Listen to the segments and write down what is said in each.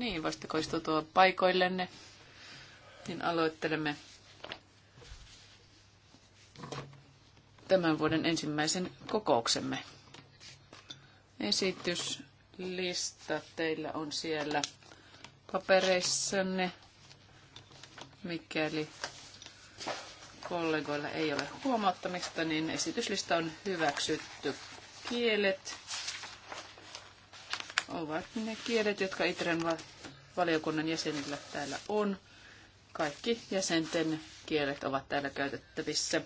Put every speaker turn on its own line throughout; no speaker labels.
niin, vasta koistutua paikoillenne, niin aloittelemme tämän vuoden ensimmäisen kokouksemme. Esityslista teillä on siellä papereissanne, mikäli kollegoilla ei ole huomauttamista, niin esityslista on hyväksytty. Kielet ovat ne kielet, jotka Itren valiokunnan jäsenillä täällä on. Kaikki jäsenten kielet ovat täällä käytettävissä.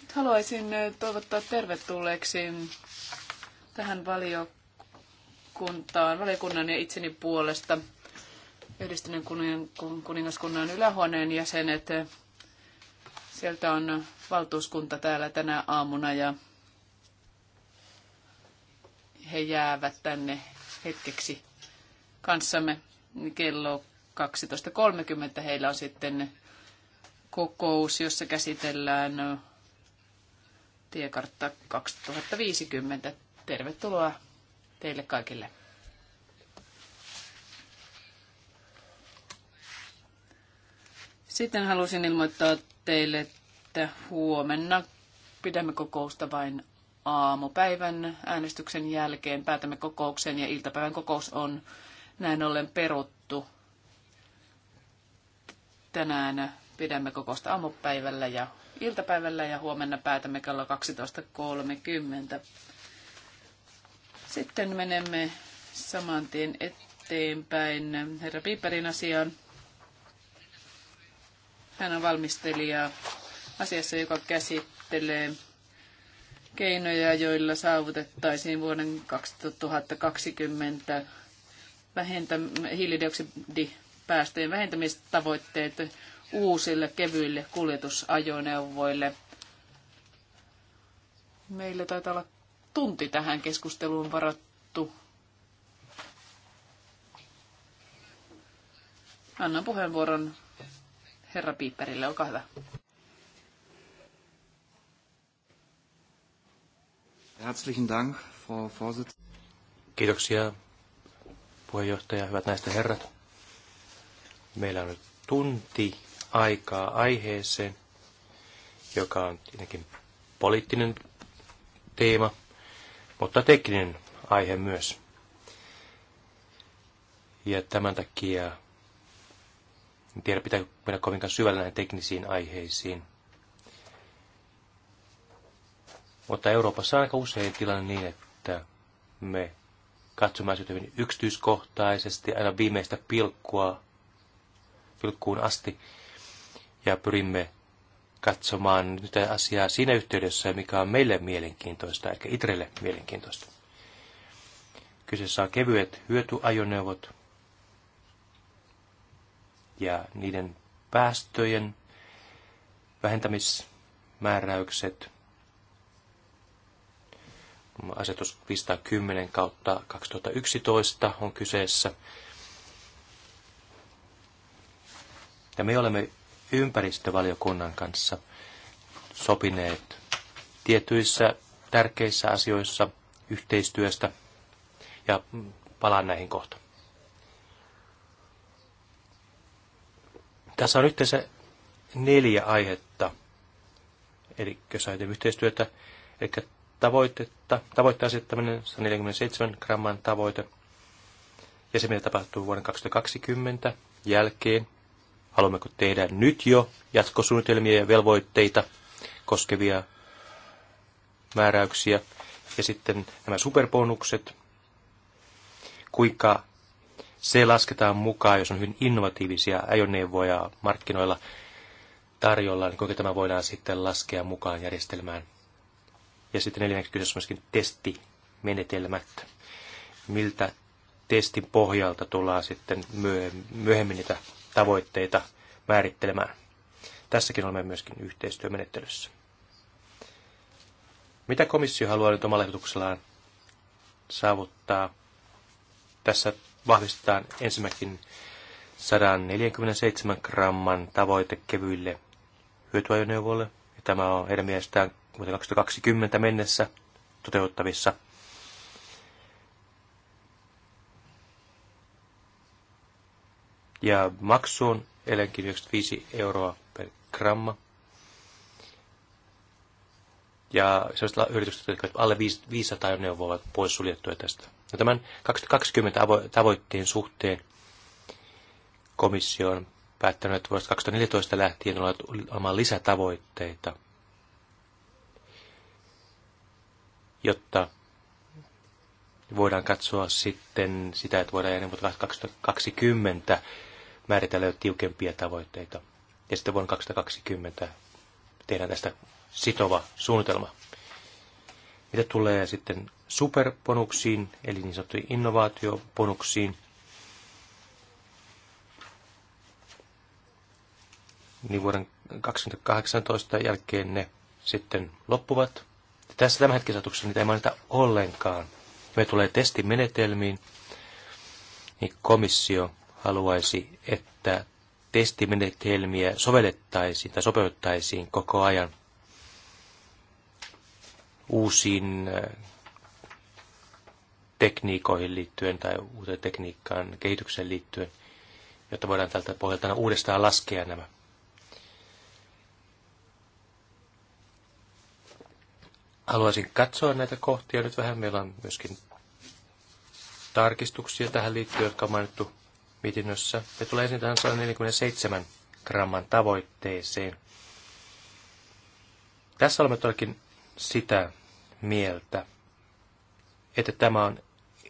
Nyt haluaisin toivottaa tervetulleeksi tähän valiokuntaan, valiokunnan ja itseni puolesta yhdistyneen kuningaskunnan ylähuoneen jäsenet. Sieltä on valtuuskunta täällä tänä aamuna ja he jäävät tänne hetkeksi kanssamme kello 12.30. Heillä on sitten kokous, jossa käsitellään tiekartta 2050. Tervetuloa teille kaikille. Sitten halusin ilmoittaa teille, että huomenna pidämme kokousta vain aamupäivän äänestyksen jälkeen päätämme kokouksen ja iltapäivän kokous on näin ollen peruttu. Tänään pidämme kokousta aamupäivällä ja iltapäivällä ja huomenna päätämme kello 12.30. Sitten menemme saman tien eteenpäin herra Piperin asiaan. Hän on valmistelija asiassa, joka käsittelee keinoja, joilla saavutettaisiin vuoden 2020 vähentä, hiilidioksidipäästöjen vähentämistavoitteet uusille kevyille kuljetusajoneuvoille. Meillä taitaa olla tunti tähän keskusteluun varattu. Annan puheenvuoron herra Piipperille, olkaa hyvä.
Herzlichen Dank,
Frau Vorsitzende. Kiitoksia, puheenjohtaja, hyvät naiset ja herrat. Meillä on nyt tunti aikaa aiheeseen, joka on tietenkin poliittinen teema, mutta tekninen aihe myös. Ja tämän takia en tiedä, pitääkö mennä kovinkaan syvällä näihin teknisiin aiheisiin, Mutta Euroopassa on aika usein tilanne niin, että me katsomme asioita hyvin yksityiskohtaisesti, aina viimeistä pilkkua, pilkkuun asti, ja pyrimme katsomaan nyt asiaa siinä yhteydessä, mikä on meille mielenkiintoista, eikä itrelle mielenkiintoista. Kyseessä on kevyet hyötyajoneuvot ja niiden päästöjen vähentämismääräykset – Asetus 510 kautta 2011 on kyseessä. Ja me olemme ympäristövaliokunnan kanssa sopineet tietyissä tärkeissä asioissa yhteistyöstä ja palaan näihin kohta. Tässä on yhteensä neljä aihetta, eli jos yhteistyötä, eli tavoitetta, tavoitteen asettaminen, 147 gramman tavoite, ja se mitä tapahtuu vuoden 2020 jälkeen, haluammeko tehdä nyt jo jatkosuunnitelmia ja velvoitteita koskevia määräyksiä, ja sitten nämä superbonukset, kuinka se lasketaan mukaan, jos on hyvin innovatiivisia ajoneuvoja markkinoilla tarjolla, niin kuinka tämä voidaan sitten laskea mukaan järjestelmään. Ja sitten neljänneksi kyseessä myöskin testimenetelmät. Miltä testin pohjalta tullaan sitten myöhemmin niitä tavoitteita määrittelemään. Tässäkin olemme myöskin yhteistyömenettelyssä. Mitä komissio haluaa nyt omalla ehdotuksellaan saavuttaa? Tässä vahvistetaan ensimmäkin 147 gramman tavoite kevyille hyötyajoneuvoille. Ja tämä on heidän mielestään vuoteen 2020 mennessä toteuttavissa. Ja maksu on edelleenkin 95 euroa per gramma. Ja sellaiset yritykset, jotka alle 500 euroa ovat pois suljettuja tästä. Ja no tämän 2020 tavoitteen suhteen komissio on päättänyt, että vuodesta 2014 lähtien olemaan lisätavoitteita – jotta voidaan katsoa sitten sitä, että voidaan ennen vuotta 2020 määritellä jo tiukempia tavoitteita. Ja sitten vuonna 2020 tehdään tästä sitova suunnitelma. Mitä tulee sitten superponuksiin, eli niin sanottuihin innovaatioponuksiin, niin vuoden 2018 jälkeen ne sitten loppuvat. Tässä hetken asetuksessa niitä ei mainita ollenkaan. Me tulee testimenetelmiin, niin komissio haluaisi, että testimenetelmiä sovellettaisiin tai sopeuttaisiin koko ajan uusiin äh, tekniikoihin liittyen tai uuteen tekniikkaan kehitykseen liittyen, jotta voidaan tältä pohjalta uudestaan laskea nämä. Haluaisin katsoa näitä kohtia nyt vähän. Meillä on myöskin tarkistuksia tähän liittyen, jotka on mainittu mietinnössä. Me tulee ensin tähän 147 gramman tavoitteeseen. Tässä olemme todellakin sitä mieltä, että tämä on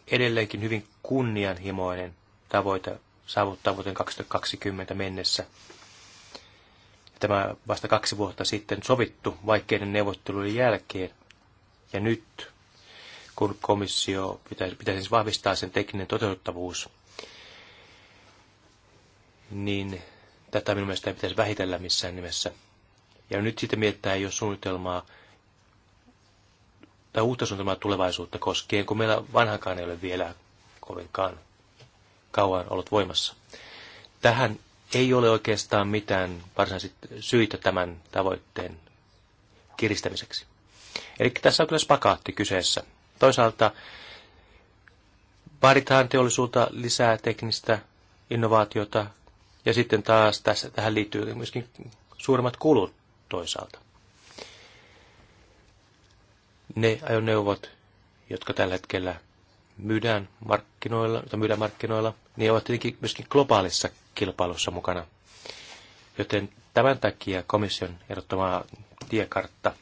edelleenkin hyvin kunnianhimoinen tavoite saavuttaa vuoteen 2020 mennessä. Tämä vasta kaksi vuotta sitten sovittu vaikeiden neuvottelujen jälkeen. Ja nyt, kun komissio pitäisi, pitäisi siis vahvistaa sen tekninen toteuttavuus, niin tätä minun mielestä ei pitäisi vähitellä missään nimessä. Ja nyt sitten miettää jo suunnitelmaa tai uutta suunnitelmaa tulevaisuutta koskien, kun meillä vanhakaan ei ole vielä kovinkaan kauan ollut voimassa. Tähän ei ole oikeastaan mitään varsinaisesti syitä tämän tavoitteen kiristämiseksi. Eli tässä on kyllä spakaatti kyseessä. Toisaalta vaaditaan teollisuutta lisää teknistä innovaatiota, ja sitten taas tässä, tähän liittyy myöskin suuremmat kulut toisaalta. Ne ajoneuvot, jotka tällä hetkellä myydään markkinoilla, tai myydään markkinoilla, niin ovat tietenkin myöskin globaalissa kilpailussa mukana. Joten tämän takia komission erottama tiekartta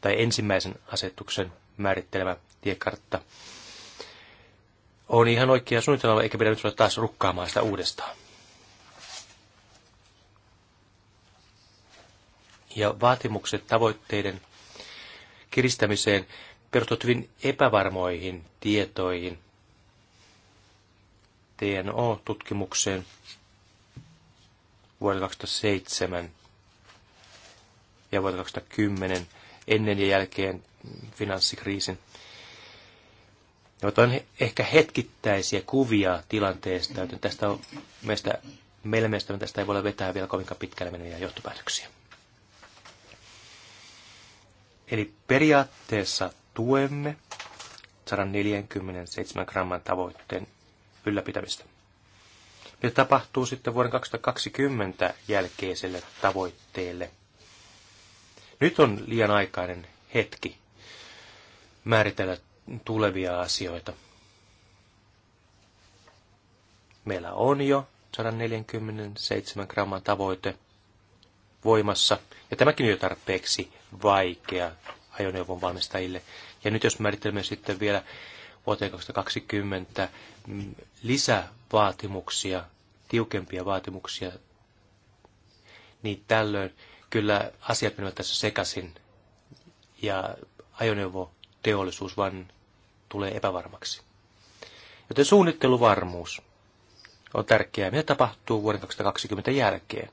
tai ensimmäisen asetuksen määrittelemä tiekartta on ihan oikea suunnitelma, eikä pidä nyt olla taas rukkaamaan sitä uudestaan. Ja vaatimukset tavoitteiden kiristämiseen perustuvat hyvin epävarmoihin tietoihin, TNO-tutkimukseen vuodelta 2007 ja vuodelta 2010 ennen ja jälkeen finanssikriisin. Ne ovat ehkä hetkittäisiä kuvia tilanteesta, joten tästä on meistä, meillä mielestämme tästä ei voi vetää vielä kovinkaan pitkälle meneviä johtopäätöksiä. Eli periaatteessa tuemme 147 gramman tavoitteen ylläpitämistä. Mitä tapahtuu sitten vuoden 2020 jälkeiselle tavoitteelle? Nyt on liian aikainen hetki määritellä tulevia asioita. Meillä on jo 147 gramman tavoite voimassa, ja tämäkin on jo tarpeeksi vaikea ajoneuvon valmistajille. Ja nyt jos määrittelemme sitten vielä vuoteen 2020 lisävaatimuksia, tiukempia vaatimuksia, niin tällöin kyllä asiat menivät tässä sekaisin ja ajoneuvoteollisuus vaan tulee epävarmaksi. Joten suunnitteluvarmuus on tärkeää. Mitä tapahtuu vuoden 2020 jälkeen?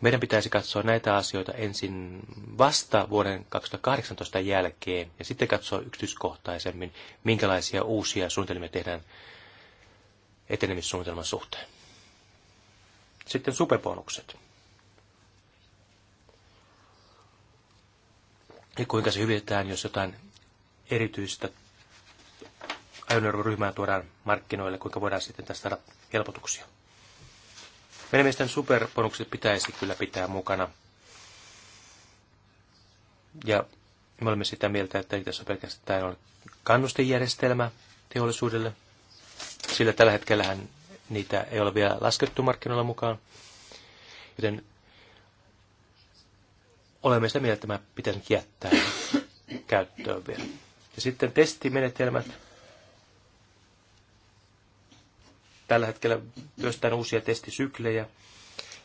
Meidän pitäisi katsoa näitä asioita ensin vasta vuoden 2018 jälkeen ja sitten katsoa yksityiskohtaisemmin, minkälaisia uusia suunnitelmia tehdään etenemissuunnitelman suhteen. Sitten superbonukset. ja kuinka se hyvitetään, jos jotain erityistä ajoneuvoryhmää tuodaan markkinoille, kuinka voidaan sitten tästä saada helpotuksia. Meidän mielestä superponukset pitäisi kyllä pitää mukana. Ja me olemme sitä mieltä, että ei tässä pelkästään ole kannustejärjestelmä teollisuudelle, sillä tällä hetkellähän niitä ei ole vielä laskettu markkinoilla mukaan. Joten olemme sitä mieltä, että tämä pitäisi jättää käyttöön vielä. Ja sitten testimenetelmät. Tällä hetkellä työstään uusia testisyklejä.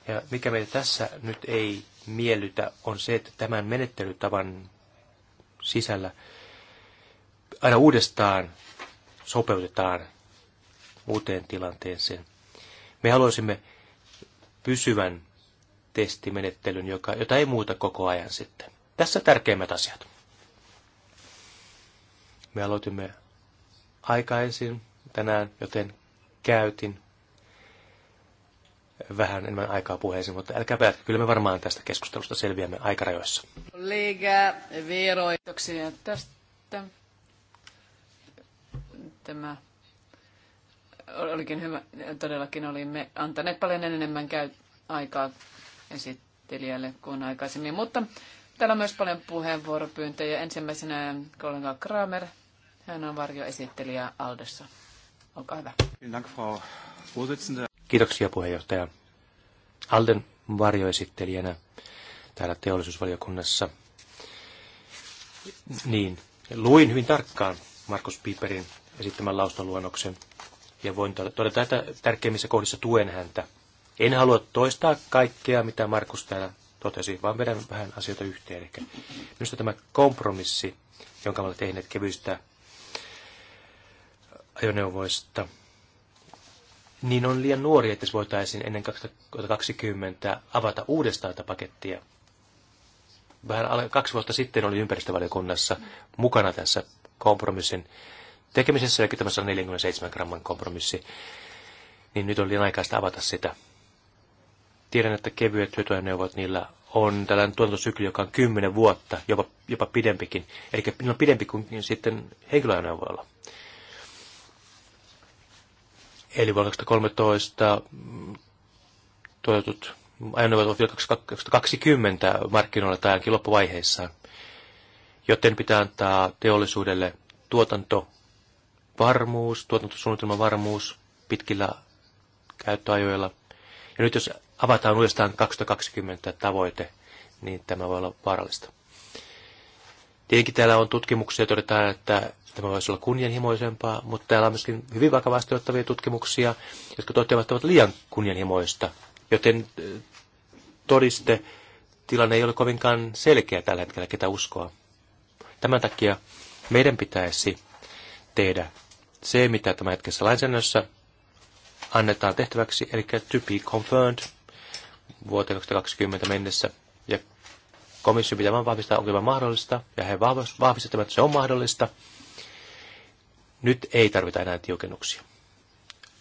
Ja mikä meitä tässä nyt ei miellytä, on se, että tämän menettelytavan sisällä aina uudestaan sopeutetaan uuteen tilanteeseen. Me haluaisimme pysyvän testimenettelyn, joka, jota ei muuta koko ajan sitten. Tässä tärkeimmät asiat. Me aloitimme aikaisin tänään, joten käytin vähän enemmän aikaa puheisiin, mutta älkää pelätkö, kyllä me varmaan tästä keskustelusta selviämme aikarajoissa.
Kollega Veero, tästä. Tämä olikin hyvä, todellakin olimme antaneet paljon enemmän käy- aikaa esittelijälle kuin aikaisemmin. Mutta täällä on myös paljon puheenvuoropyyntöjä. Ensimmäisenä kollega Kramer. Hän on varjoesittelijä Aldessa. Olkaa hyvä.
Kiitoksia puheenjohtaja. Alden varjoesittelijänä täällä teollisuusvaliokunnassa. Niin, luin hyvin tarkkaan Markus Piperin esittämän lausuntoluonnoksen ja voin todeta, että tärkeimmissä kohdissa tuen häntä. En halua toistaa kaikkea, mitä Markus täällä totesi, vaan vedän vähän asioita yhteen. Eli minusta tämä kompromissi, jonka olemme tehneet kevyistä ajoneuvoista, niin on liian nuori, että se voitaisiin ennen 2020 avata uudestaan tätä pakettia. Vähän alle kaksi vuotta sitten oli ympäristövaliokunnassa mukana tässä kompromissin tekemisessä, eli tämä 147 gramman kompromissi, niin nyt on liian aikaista avata sitä. Tiedän, että kevyet hyötyajoneuvot niillä on tällainen tuotantosykli, joka on 10 vuotta, jopa, jopa pidempikin. Eli ne on pidempi kuin sitten henkilöajoneuvoilla. Eli vuonna 2013 mm, tuotetut ajoneuvot ovat vielä 2020 markkinoilla tai ainakin loppuvaiheissaan. Joten pitää antaa teollisuudelle tuotantovarmuus, varmuus pitkillä käyttöajoilla. Ja nyt jos avataan uudestaan 2020 tavoite, niin tämä voi olla vaarallista. Tietenkin täällä on tutkimuksia, todetaan, että tämä voisi olla kunnianhimoisempaa, mutta täällä on myöskin hyvin vakavasti ottavia tutkimuksia, jotka toteavat, ovat liian kunnianhimoista. Joten eh, todiste tilanne ei ole kovinkaan selkeä tällä hetkellä, ketä uskoa. Tämän takia meidän pitäisi tehdä se, mitä tämä hetkessä lainsäädännössä annetaan tehtäväksi, eli to be confirmed, vuoteen 2020 mennessä. Ja komissio pitää vain vahvistaa, onko tämä mahdollista, ja he vahvistavat, että se on mahdollista. Nyt ei tarvita enää tiukennuksia.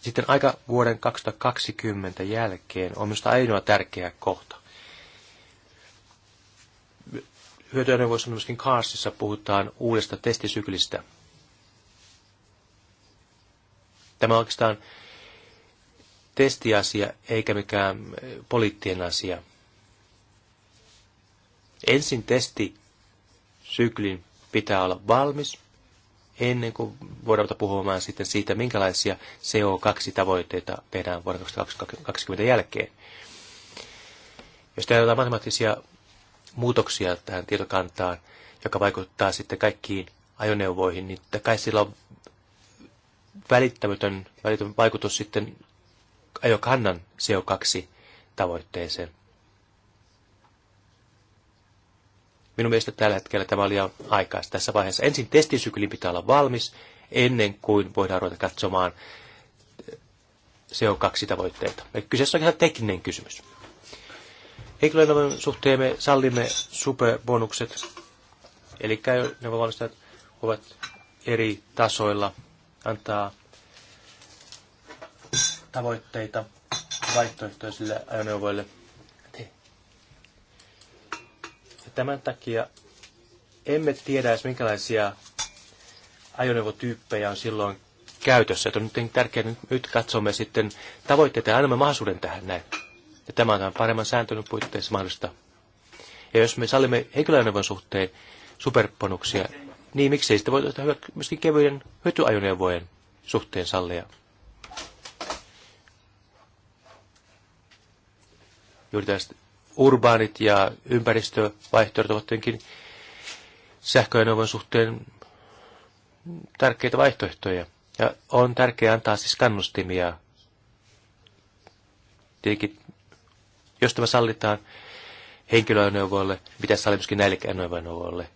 Sitten aika vuoden 2020 jälkeen on minusta ainoa tärkeä kohta. Hyötyöneuvoissa myöskin Karsissa puhutaan uudesta testisyklistä. Tämä on oikeastaan testiasia eikä mikään eh, poliittinen asia. Ensin testi syklin pitää olla valmis, ennen kuin voidaan puhumaan sitten siitä, minkälaisia CO2-tavoitteita tehdään vuoden 2020 jälkeen. Jos tehdään jotain matemaattisia muutoksia tähän tietokantaan, joka vaikuttaa sitten kaikkiin ajoneuvoihin, niin kai sillä on välittämätön, vaikutus sitten kannan CO2-tavoitteeseen. Minun mielestä tällä hetkellä tämä oli liian aikaista tässä vaiheessa. Ensin testisykli pitää olla valmis, ennen kuin voidaan ruveta katsomaan eh, CO2-tavoitteita. Eli kyseessä on ihan tekninen kysymys. Henkilöelämän suhteen me sallimme superbonukset, eli ne valmistajat ovat eri tasoilla antaa tavoitteita vaihtoehtoisille ajoneuvoille. Ja tämän takia emme tiedä edes minkälaisia ajoneuvotyyppejä on silloin käytössä. Et on nyt tärkeää, että nyt katsomme sitten tavoitteita ja annamme mahdollisuuden tähän näin. Ja tämä on paremman sääntelyn puitteissa mahdollista. Ja jos me sallimme henkilöajoneuvon suhteen superponuksia, niin miksei sitä voitaisiin myöskin kevyiden hyötyajoneuvojen suhteen sallia. juuri tällaiset urbaanit ja ympäristövaihtoehdot ovat tietenkin sähköajoneuvon suhteen tärkeitä vaihtoehtoja. Ja on tärkeää antaa siis kannustimia. Tietenkin, jos tämä sallitaan henkilöajoneuvoille, pitäisi sallia myöskin näille ajoneuvoille.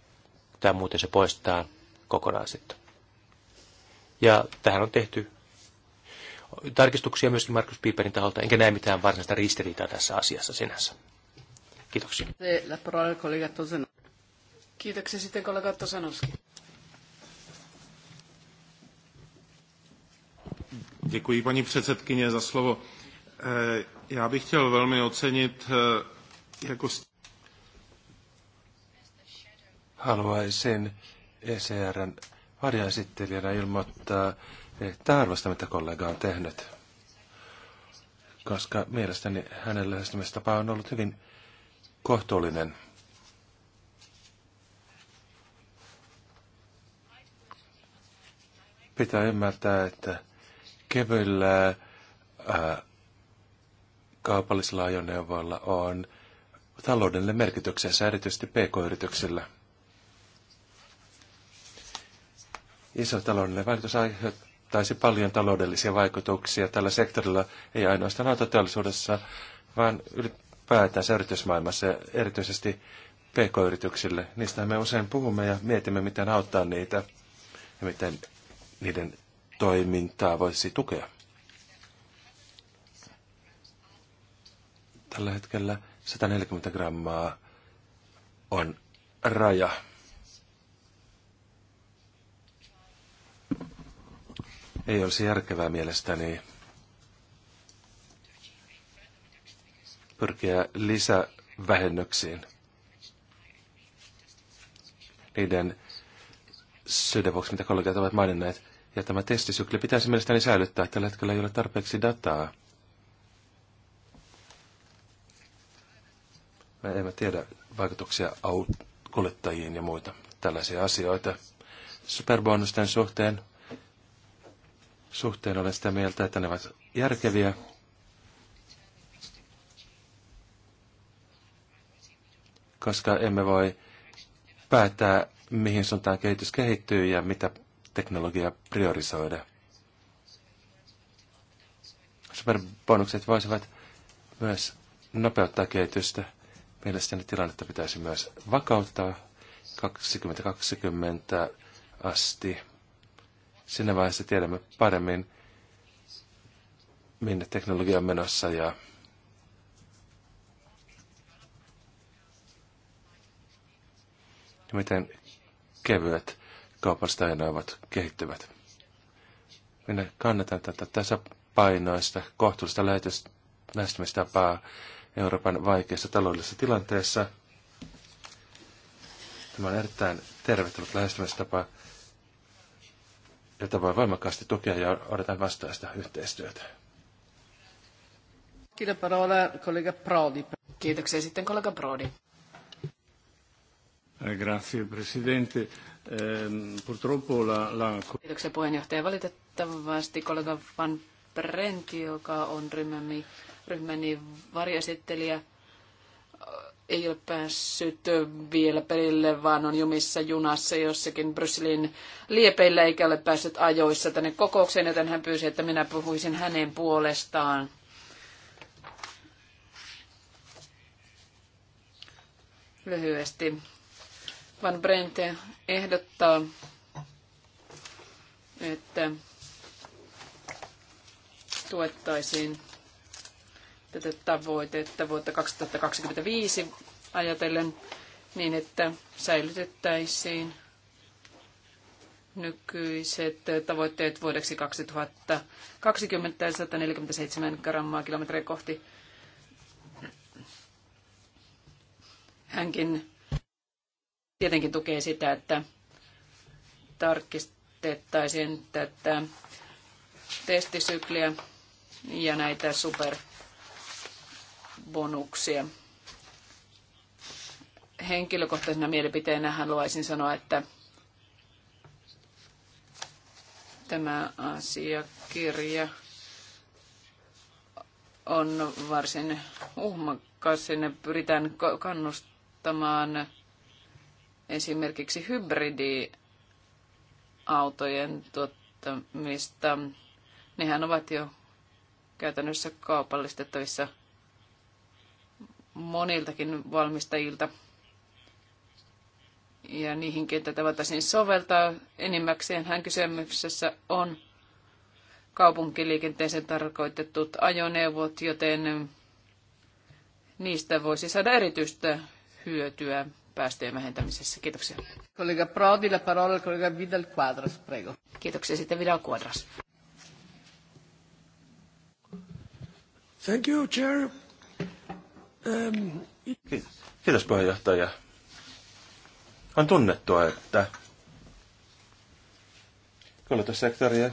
Tämä muuten se poistaa kokonaan sitten. Ja tähän on tehty tarkistuksia myöskin Markus Piperin taholta, enkä näe mitään varsinaista ristiriitaa tässä asiassa sinänsä. Kiitoksia.
Kiitoksia sitten kollega Tosanovski.
Děkuji paní předsedkyně za slovo. Eh, já bych chtěl velmi ocenit eh, jako... Haluaisin ECRn varjaesittelijänä ilmoittaa että arvosta, mitä kollega on tehnyt, koska mielestäni hänen lähestymistapa on ollut hyvin kohtuullinen. Pitää ymmärtää, että kevyillä ää, äh, kaupallisilla ajoneuvoilla on taloudellinen merkityksensä erityisesti pk-yrityksillä. Iso taloudellinen vaikutus aiheuttaa taisi paljon taloudellisia vaikutuksia tällä sektorilla, ei ainoastaan autoteollisuudessa, vaan ylipäätänsä yritysmaailmassa ja erityisesti pk-yrityksille. Niistä me usein puhumme ja mietimme, miten auttaa niitä ja miten niiden toimintaa voisi tukea. Tällä hetkellä 140 grammaa on raja. ei olisi järkevää mielestäni pyrkiä lisävähennyksiin. Niiden syyden vuoksi, mitä kollegat ovat maininneet, ja tämä testisykli pitäisi mielestäni säilyttää. Tällä hetkellä ei ole tarpeeksi dataa. Me emme tiedä vaikutuksia kuljettajiin ja muita tällaisia asioita. Superbonusten suhteen suhteen olen sitä mieltä, että ne ovat järkeviä. Koska emme voi päättää, mihin suuntaan kehitys kehittyy ja mitä teknologiaa priorisoida. Superbonukset voisivat myös nopeuttaa kehitystä. Mielestäni tilannetta pitäisi myös vakauttaa 2020 asti Siinä vaiheessa tiedämme paremmin, minne teknologia on menossa ja ja miten kevyet kaupalliset ajoneuvot kehittyvät. Minä kannatan tätä tasapainoista, kohtuullista lähestymistapaa Euroopan vaikeassa taloudellisessa tilanteessa. Tämä on erittäin tervetullut lähestymistapa jota voi voimakkaasti tukea ja odotan vastaista yhteistyötä.
Kiitoksia sitten kollega Prodi.
Eh, grazie Presidente. Ehm, purtroppo la, la...
Kiitoksia puheenjohtaja. Valitettavasti kollega Van Brent, joka on ryhmäni, ryhmäni varjoesittelijä, ei ole päässyt vielä perille, vaan on jumissa junassa jossakin Brysselin liepeillä, eikä ole päässyt ajoissa tänne kokoukseen, joten hän pyysi, että minä puhuisin hänen puolestaan. Lyhyesti. Van Brente ehdottaa, että tuettaisiin tätä tavoitetta vuotta 2025 ajatellen niin, että säilytettäisiin nykyiset tavoitteet vuodeksi 2020 147 grammaa kilometriä kohti. Hänkin tietenkin tukee sitä, että tarkistettaisiin tätä testisykliä ja näitä super bonuksia. Henkilökohtaisena mielipiteenä haluaisin sanoa, että tämä asiakirja on varsin uhmakas. Sinne pyritään kannustamaan esimerkiksi hybridiautojen tuottamista. Nehän ovat jo käytännössä kaupallistettavissa – moniltakin valmistajilta. Ja niihin tätä voitaisiin soveltaa. Enimmäkseen hän kysymyksessä on kaupunkiliikenteeseen tarkoitetut ajoneuvot, joten niistä voisi saada erityistä hyötyä päästöjen vähentämisessä. Kiitoksia. Kollega Prodi, la parola kollega Vidal Quadras, prego. Kiitoksia sitten Vidal Quadras.
Thank you, Chair. Kiitos puheenjohtaja. On tunnettua, että kulutussektoria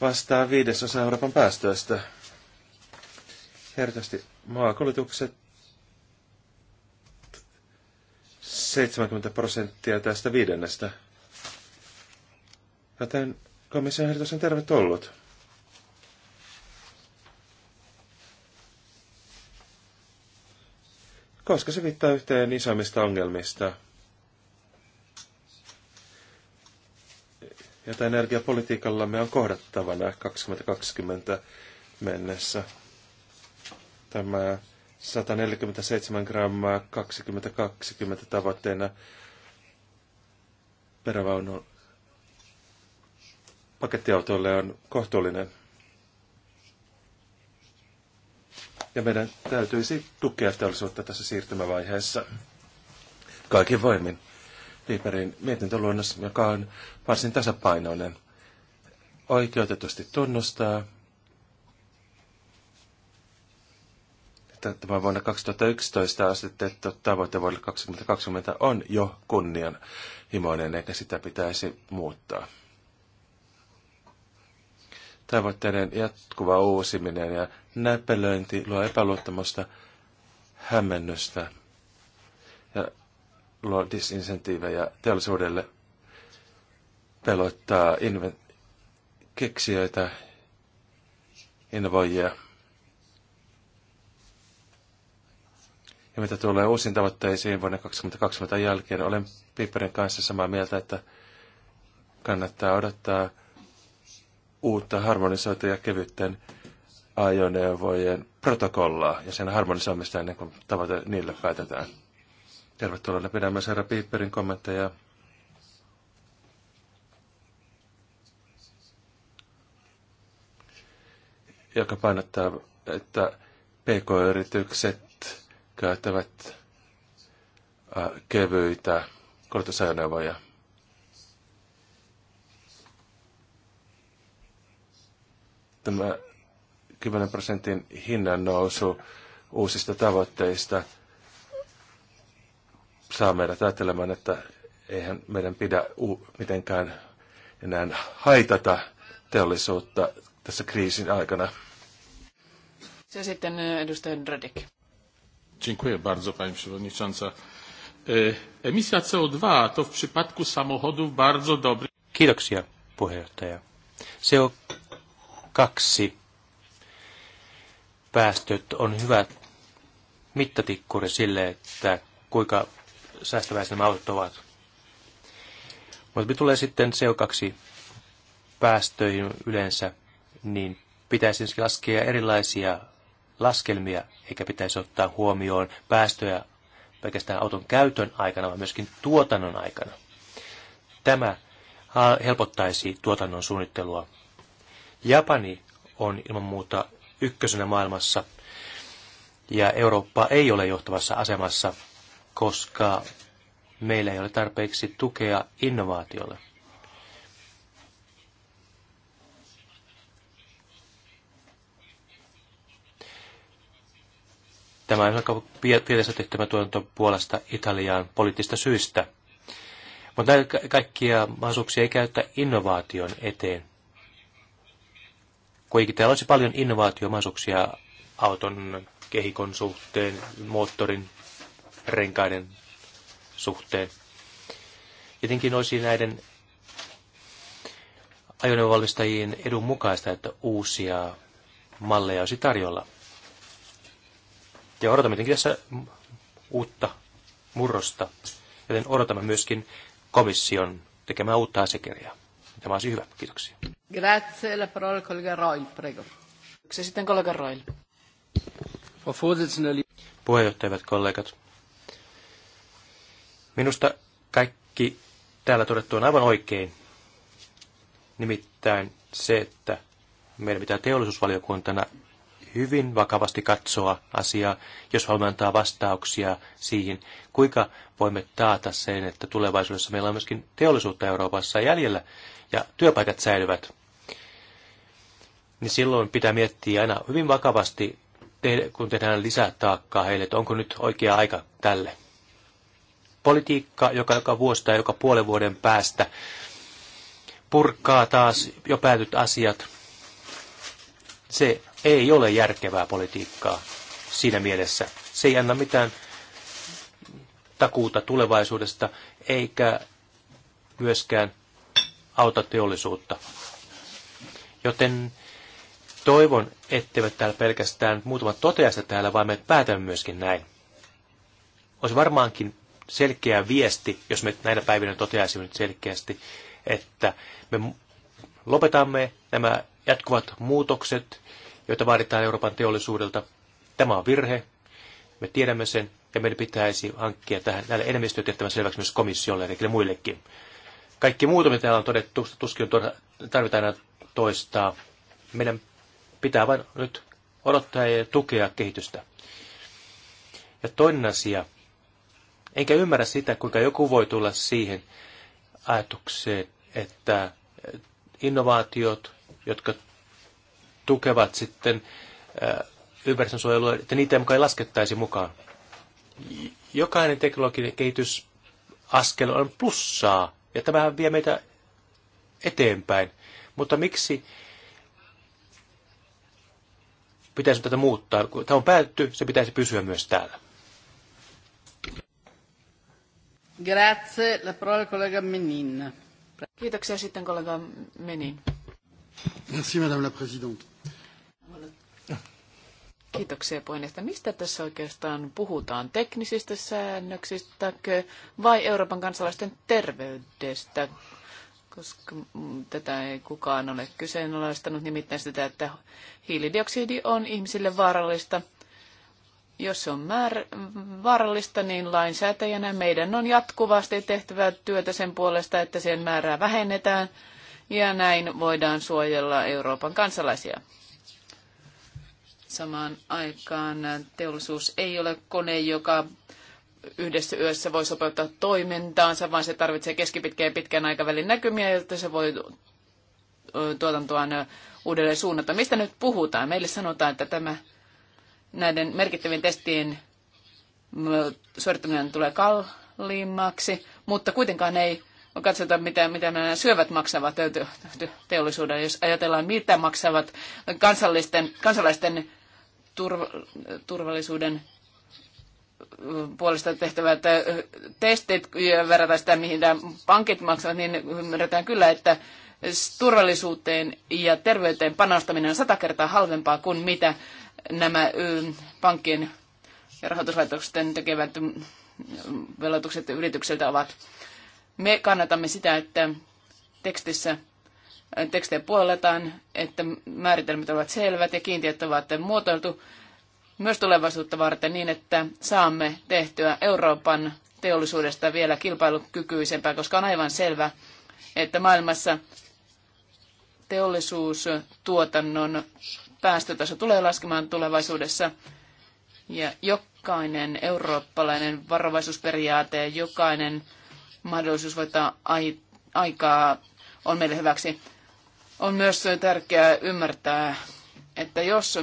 vastaa viidesosa Euroopan päästöistä. Herkästi maakulutukset 70 prosenttia tästä viidennestä. Joten komission ehdotus on tervetullut. koska se viittaa yhteen isoimmista ongelmista, jota energiapolitiikallamme on kohdattavana 2020 mennessä. Tämä 147 grammaa 2020 tavoitteena perävaunu pakettiautoille on kohtuullinen ja meidän täytyisi tukea teollisuutta tässä siirtymävaiheessa kaikin voimin. Liiperin mietintöluonnos, joka on varsin tasapainoinen, oikeutetusti tunnustaa, että tämä vuonna 2011 asetettu tavoite vuodelle 2020 on jo kunnianhimoinen, eikä sitä pitäisi muuttaa tavoitteiden jatkuva uusiminen ja näpelöinti luo epäluottamusta, hämmennystä ja luo disinsentiivejä teollisuudelle pelottaa inven- keksijöitä, innovoijia. Ja mitä tulee uusiin tavoitteisiin vuonna 2020 jälkeen, olen Piperin kanssa samaa mieltä, että kannattaa odottaa uutta ja kevytten ajoneuvojen protokollaa ja sen harmonisoimista ennen kuin tavoite niille päätetään. Tervetuloa pidän myös herra Piipperin kommentteja. joka painottaa, että PK-yritykset käyttävät äh, kevyitä kulutusajoneuvoja. tämä 10 prosentin hinnan nousu uusista tavoitteista saa meidät ajattelemaan, että eihän meidän pidä mitenkään enää haitata teollisuutta tässä kriisin
aikana.
Se sitten edustaja Dredek.
Dziękuję bardzo, pani przewodnicząca. E, emisja CO2 to w przypadku samochodów
bardzo dobry... Kiitoksia, puheenjohtaja. CO2 Kaksi 2 päästöt on hyvä mittatikkuri sille, että kuinka säästäväisiä nämä autot ovat. Mutta mitä tulee sitten CO2-päästöihin yleensä, niin pitäisi laskea erilaisia laskelmia, eikä pitäisi ottaa huomioon päästöjä pelkästään auton käytön aikana, vaan myöskin tuotannon aikana. Tämä helpottaisi tuotannon suunnittelua Japani on ilman muuta ykkösenä maailmassa ja Eurooppa ei ole johtavassa asemassa, koska meillä ei ole tarpeeksi tukea innovaatiolle. Tämä on aika pienessä tehtävä tuotanto Puolasta Italiaan poliittista syistä. Mutta näitä kaikkia mahdollisuuksia ei käytä innovaation eteen. Kuitenkin täällä olisi paljon innovaatiomaisuuksia auton kehikon suhteen, moottorin, renkaiden suhteen. Jotenkin olisi näiden ajoneuvonvalmistajien edun mukaista, että uusia malleja olisi tarjolla. Ja odotamme jotenkin tässä uutta murrosta, joten odotamme myöskin komission tekemään uutta asiakirjaa. Tämä olisi hyvä. Kiitoksia.
Grazie. La parola collega Roil, prego. Se sitten kollega Roil.
Puheenjohtajat kollegat. Minusta kaikki täällä todettu on aivan oikein. Nimittäin se, että meidän pitää teollisuusvaliokuntana hyvin vakavasti katsoa asiaa, jos haluamme antaa vastauksia siihen, kuinka voimme taata sen, että tulevaisuudessa meillä on myöskin teollisuutta Euroopassa jäljellä ja työpaikat säilyvät. Niin silloin pitää miettiä aina hyvin vakavasti, kun tehdään lisää taakkaa heille, että onko nyt oikea aika tälle. Politiikka, joka joka vuosi tai joka puolen vuoden päästä purkaa taas jo päätyt asiat, se ei ole järkevää politiikkaa siinä mielessä. Se ei anna mitään takuuta tulevaisuudesta, eikä myöskään auta teollisuutta. Joten toivon, etteivät täällä pelkästään muutamat toteasta täällä, vaan me päätämme myöskin näin. Olisi varmaankin selkeä viesti, jos me näinä päivinä toteaisimme nyt selkeästi, että me lopetamme nämä jatkuvat muutokset joita vaaditaan Euroopan teollisuudelta. Tämä on virhe, me tiedämme sen, ja meidän pitäisi hankkia tähän näille enemmistötehtävän selväksi myös komissiolle ja muillekin. Kaikki muut, mitä täällä on todettu, tuskin tarvitaan aina toistaa. Meidän pitää vain nyt odottaa ja tukea kehitystä. Ja toinen asia, enkä ymmärrä sitä, kuinka joku voi tulla siihen ajatukseen, että innovaatiot, jotka tukevat sitten äh, ympäristönsuojelua, että niitä ei mukaan laskettaisi mukaan. Jokainen teknologinen kehitysaskel on plussaa, ja tämä vie meitä eteenpäin. Mutta miksi pitäisi tätä muuttaa? Kun tämä on päätty, se pitäisi pysyä myös täällä.
Grazie, la parola collega Menin. Kiitoksia sitten kollega Menin.
Merci, madame la présidente.
Kiitoksia puheenjohtaja. Mistä tässä oikeastaan puhutaan? Teknisistä säännöksistä vai Euroopan kansalaisten terveydestä? Koska mm, tätä ei kukaan ole kyseenalaistanut, nimittäin sitä, että hiilidioksidi on ihmisille vaarallista. Jos se on määr- vaarallista, niin lainsäätäjänä meidän on jatkuvasti tehtävä työtä sen puolesta, että sen määrää vähennetään ja näin voidaan suojella Euroopan kansalaisia. Samaan aikaan teollisuus ei ole kone, joka yhdessä yössä voi sopeuttaa toimintaansa, vaan se tarvitsee keskipitkän ja pitkän aikavälin näkymiä, jotta se voi tuotantoaan uudelleen suunnata. Mistä nyt puhutaan? Meille sanotaan, että tämä, näiden merkittävien testien suorittaminen tulee kalliimmaksi, mutta kuitenkaan ei katsota, mitä, mitä nämä syövät maksavat teollisuudelle. Jos ajatellaan, mitä maksavat kansallisten, kansalaisten turvallisuuden puolesta tehtävät äh, testit ja verrata sitä, mihin nämä pankit maksavat, niin ymmärretään kyllä, että turvallisuuteen ja terveyteen panostaminen on sata kertaa halvempaa kuin mitä nämä pankkien ja rahoituslaitosten tekevät velotukset yritykseltä ovat. Me kannatamme sitä, että tekstissä tekstejä puoletaan, että määritelmät ovat selvät ja kiintiöt ovat muotoiltu myös tulevaisuutta varten niin, että saamme tehtyä Euroopan teollisuudesta vielä kilpailukykyisempää, koska on aivan selvä, että maailmassa teollisuustuotannon päästötaso tulee laskemaan tulevaisuudessa. Ja jokainen eurooppalainen varovaisuusperiaate ja jokainen mahdollisuus voittaa aikaa on meille hyväksi. On myös tärkeää ymmärtää, että jos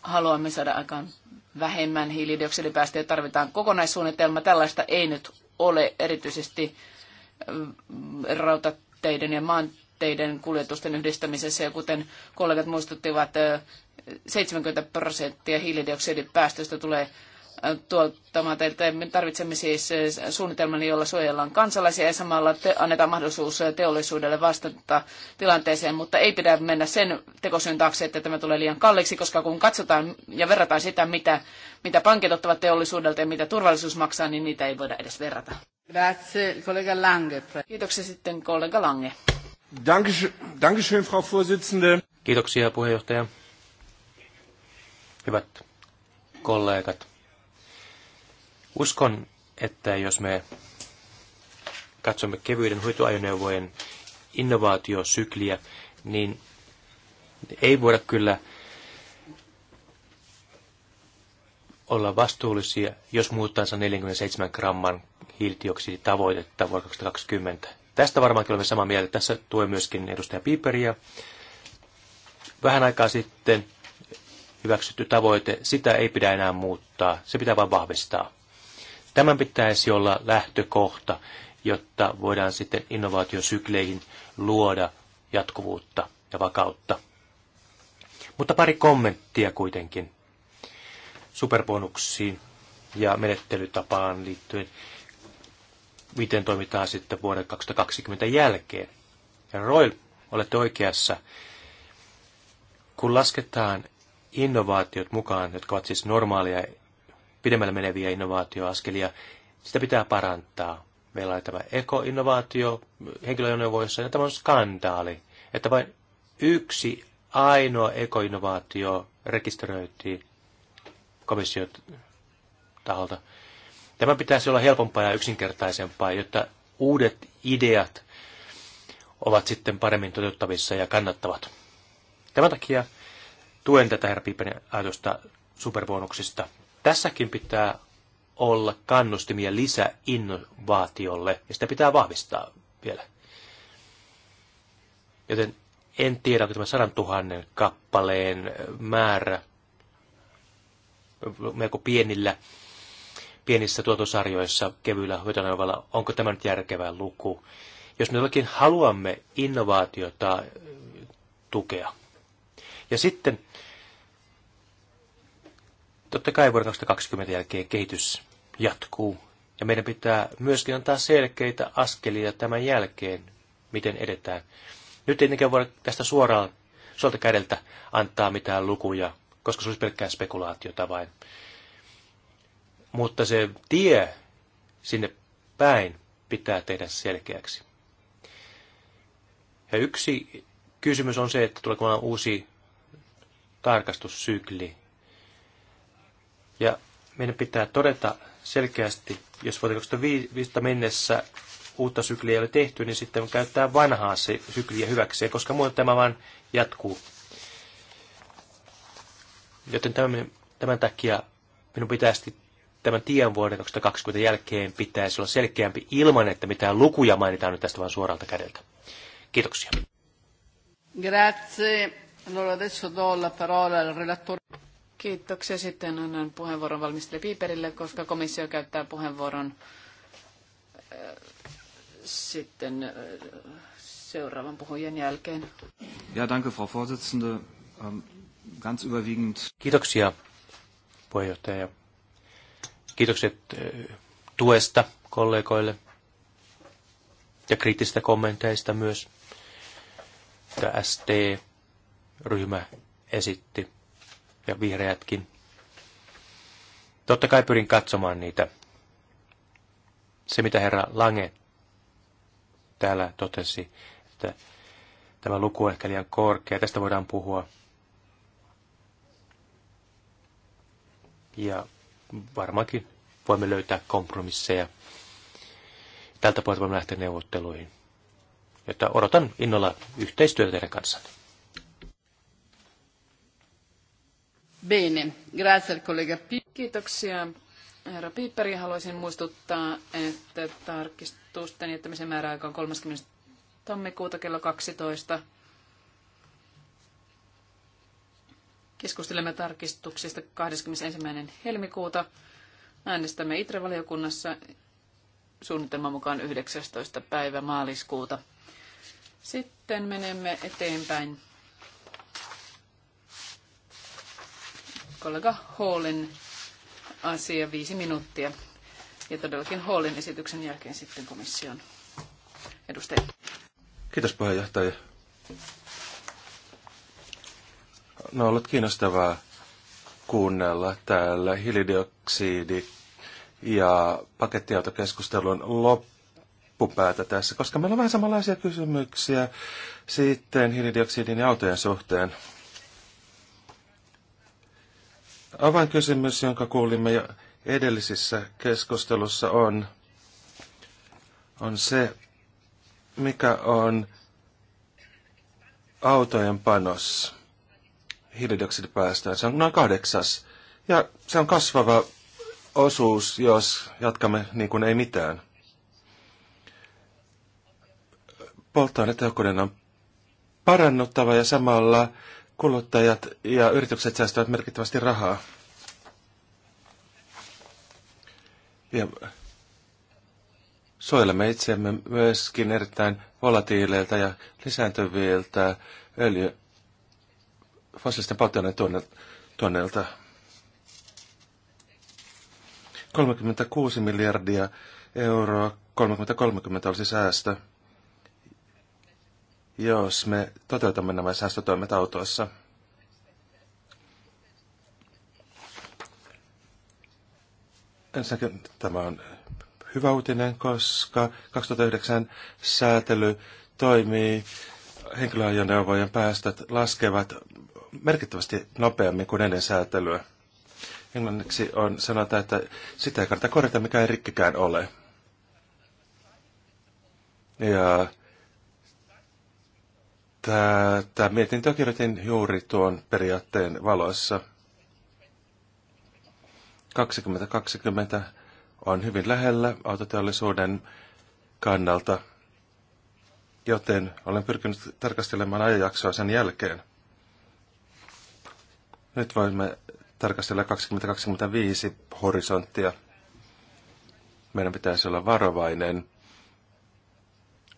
haluamme saada aikaan vähemmän hiilidioksidipäästöjä, tarvitaan kokonaissuunnitelma. Tällaista ei nyt ole erityisesti äh, rautateiden ja maanteiden kuljetusten yhdistämisessä. Ja kuten kollegat muistuttivat, 70 äh, prosenttia hiilidioksidipäästöistä tulee tuottamaan teiltä. Me tarvitsemme siis eh, suunnitelman, jolla suojellaan kansalaisia ja samalla te- annetaan mahdollisuus eh, teollisuudelle vastata tilanteeseen, mutta ei pidä mennä sen tekosyyn taakse, että tämä tulee liian kalliiksi, koska kun katsotaan ja verrataan sitä, mitä, mitä pankit ottavat teollisuudelta ja mitä turvallisuus maksaa, niin niitä ei voida edes verrata. kollega Lange. Kiitoksia sitten kollega Lange.
Dankeschön, Frau Vorsitzende.
Kiitoksia puheenjohtaja. Hyvät kollegat Uskon, että jos me katsomme kevyiden huituajoneuvojen innovaatiosykliä, niin ei voida kyllä olla vastuullisia, jos muuttaa 47 gramman hiilidioksiditavoitetta vuonna 2020. Tästä varmaan olemme samaa mieltä. Tässä tuen myöskin edustaja Piiperiä. Vähän aikaa sitten hyväksytty tavoite, sitä ei pidä enää muuttaa, se pitää vain vahvistaa. Tämän pitäisi olla lähtökohta, jotta voidaan sitten innovaatiosykleihin luoda jatkuvuutta ja vakautta. Mutta pari kommenttia kuitenkin superbonuksiin ja menettelytapaan liittyen, miten toimitaan sitten vuoden 2020 jälkeen. Ja Roy, olette oikeassa. Kun lasketaan innovaatiot mukaan, jotka ovat siis normaalia pidemmälle meneviä innovaatioaskelia. Sitä pitää parantaa. Meillä on tämä ekoinnovaatio henkilöjoneuvoissa ja tämä on skandaali, että vain yksi ainoa ekoinnovaatio rekisteröitiin komission taholta. Tämä pitäisi olla helpompaa ja yksinkertaisempaa, jotta uudet ideat ovat sitten paremmin toteuttavissa ja kannattavat. Tämän takia tuen tätä herra Piipänen ajatusta superbonuksista. Tässäkin pitää olla kannustimia lisäinnovaatiolle, ja sitä pitää vahvistaa vielä. Joten en tiedä, onko tämä sadantuhannen kappaleen määrä melko pienillä, pienissä tuotosarjoissa kevyillä hoitoneuvalla, onko tämä nyt järkevä luku. Jos me jollakin haluamme innovaatiota tukea. Ja sitten Totta kai vuoden 2020 jälkeen kehitys jatkuu ja meidän pitää myöskin antaa selkeitä askelia tämän jälkeen, miten edetään. Nyt ei tietenkään voida tästä suoraan suolta kädeltä antaa mitään lukuja, koska se olisi pelkkää spekulaatiota vain. Mutta se tie sinne päin pitää tehdä selkeäksi. Ja yksi kysymys on se, että tuleeko uusi tarkastussykli ja meidän pitää todeta selkeästi, jos vuoteen 2005 mennessä uutta sykliä ei ole tehty, niin sitten käyttää vanhaa se sykliä hyväkseen, koska muuten tämä vaan jatkuu. Joten tämän, tämän takia minun pitäisi tämän tien vuoden 2020 jälkeen pitäisi olla selkeämpi ilman, että mitään lukuja mainitaan nyt tästä vain suoralta kädeltä. Kiitoksia.
Grazie.
Allora adesso do la parola al relatore. Kiitoksia. Sitten annan puheenvuoron valmistele Piiperille, koska komissio käyttää puheenvuoron äh, sitten äh, seuraavan puhujan jälkeen.
Ja, danke, Frau Vorsitzende.
Ähm, ganz überwiegend. Kiitoksia, puheenjohtaja. Kiitokset äh, tuesta kollegoille ja kriittisistä kommenteista myös, mitä ST-ryhmä esitti ja vihreätkin. Totta kai pyrin katsomaan niitä. Se, mitä herra Lange täällä totesi, että tämä luku on ehkä liian korkea, tästä voidaan puhua. Ja varmaankin voimme löytää kompromisseja. Tältä pohjalta voimme lähteä neuvotteluihin. Jotta odotan innolla yhteistyötä teidän kanssanne.
Bene, grazie al collega Kiitoksia. Herra Piipperi, haluaisin muistuttaa, että tarkistusten jättämisen määräaika on 30. tammikuuta kello 12. Keskustelemme tarkistuksista 21. helmikuuta. Äänestämme ITRE-valiokunnassa suunnitelman mukaan 19. päivä maaliskuuta. Sitten menemme eteenpäin kollega Hallin asia viisi minuuttia. Ja todellakin Hallin esityksen jälkeen sitten komission edustajat.
Kiitos puheenjohtaja. No ollut kiinnostavaa kuunnella täällä hiilidioksidi ja pakettiautokeskustelun loppupäätä tässä, koska meillä on vähän samanlaisia kysymyksiä sitten hiilidioksidin ja autojen suhteen. Avainkysymys, jonka kuulimme edellisissä keskustelussa on, on se, mikä on autojen panos hiilidioksidipäästöön. Se on noin kahdeksas. Ja se on kasvava osuus, jos jatkamme niin kuin ei mitään. Polttoainetehokkuuden on parannuttava ja samalla kuluttajat ja yritykset säästävät merkittävästi rahaa. Ja suojelemme itseämme myöskin erittäin volatiileilta ja lisääntyviltä öljy fossiilisten polttoaineiden tuonnelta. 36 miljardia euroa 30-30 olisi säästö jos me toteutamme nämä säästötoimet autoissa. Ensinnäkin tämä on hyvä uutinen, koska 2009 säätely toimii. Henkilöajoneuvojen päästöt laskevat merkittävästi nopeammin kuin ennen säätelyä. Englanniksi on sanota, että sitä ei kannata korjata, mikä ei rikkikään ole. Ja Tämä mietintö kirjoitin juuri tuon periaatteen valoissa. 2020 on hyvin lähellä autoteollisuuden kannalta, joten olen pyrkinyt tarkastelemaan ajanjaksoa sen jälkeen. Nyt voimme tarkastella 2025 horisonttia. Meidän pitäisi olla varovainen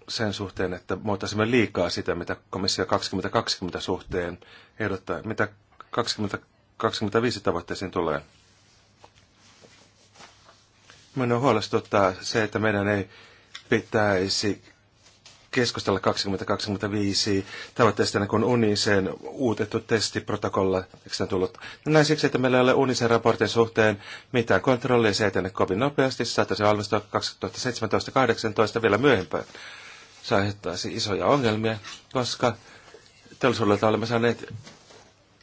sen suhteen, että muotaisimme liikaa sitä, mitä komissio 2020 suhteen ehdottaa, mitä 2025 tavoitteisiin tulee. Minua huolestuttaa se, että meidän ei pitäisi keskustella 2025 tavoitteista, kun Unisen uutettu testiprotokolla, eikö se tullut? Näin siksi, että meillä ei ole Unisen raportin suhteen mitään kontrollia, se etene kovin nopeasti, saattaa se valmistua 2017-2018 vielä myöhempään se aiheuttaisi isoja ongelmia, koska teollisuudelta olemme saaneet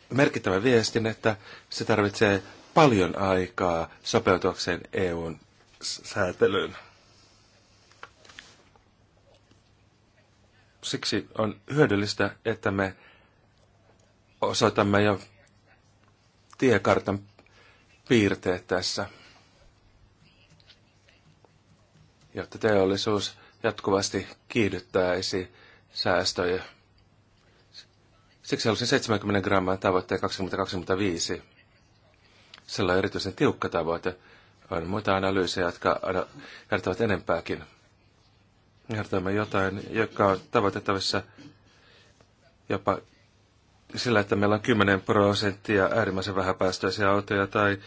merkittävän viestin, että se tarvitsee paljon aikaa sopeutuakseen EUn säätelyyn. Siksi on hyödyllistä, että me osoitamme jo tiekartan piirteet tässä, jotta teollisuus jatkuvasti kiihdyttäisi säästöjä. Siksi halusin 70 grammaa tavoitteen 2025. Sillä on erityisen tiukka tavoite. On muita analyysejä, jotka kertovat enempääkin. Kertoimme jotain, joka on tavoitettavissa jopa sillä, että meillä on 10 prosenttia äärimmäisen vähäpäästöisiä autoja tai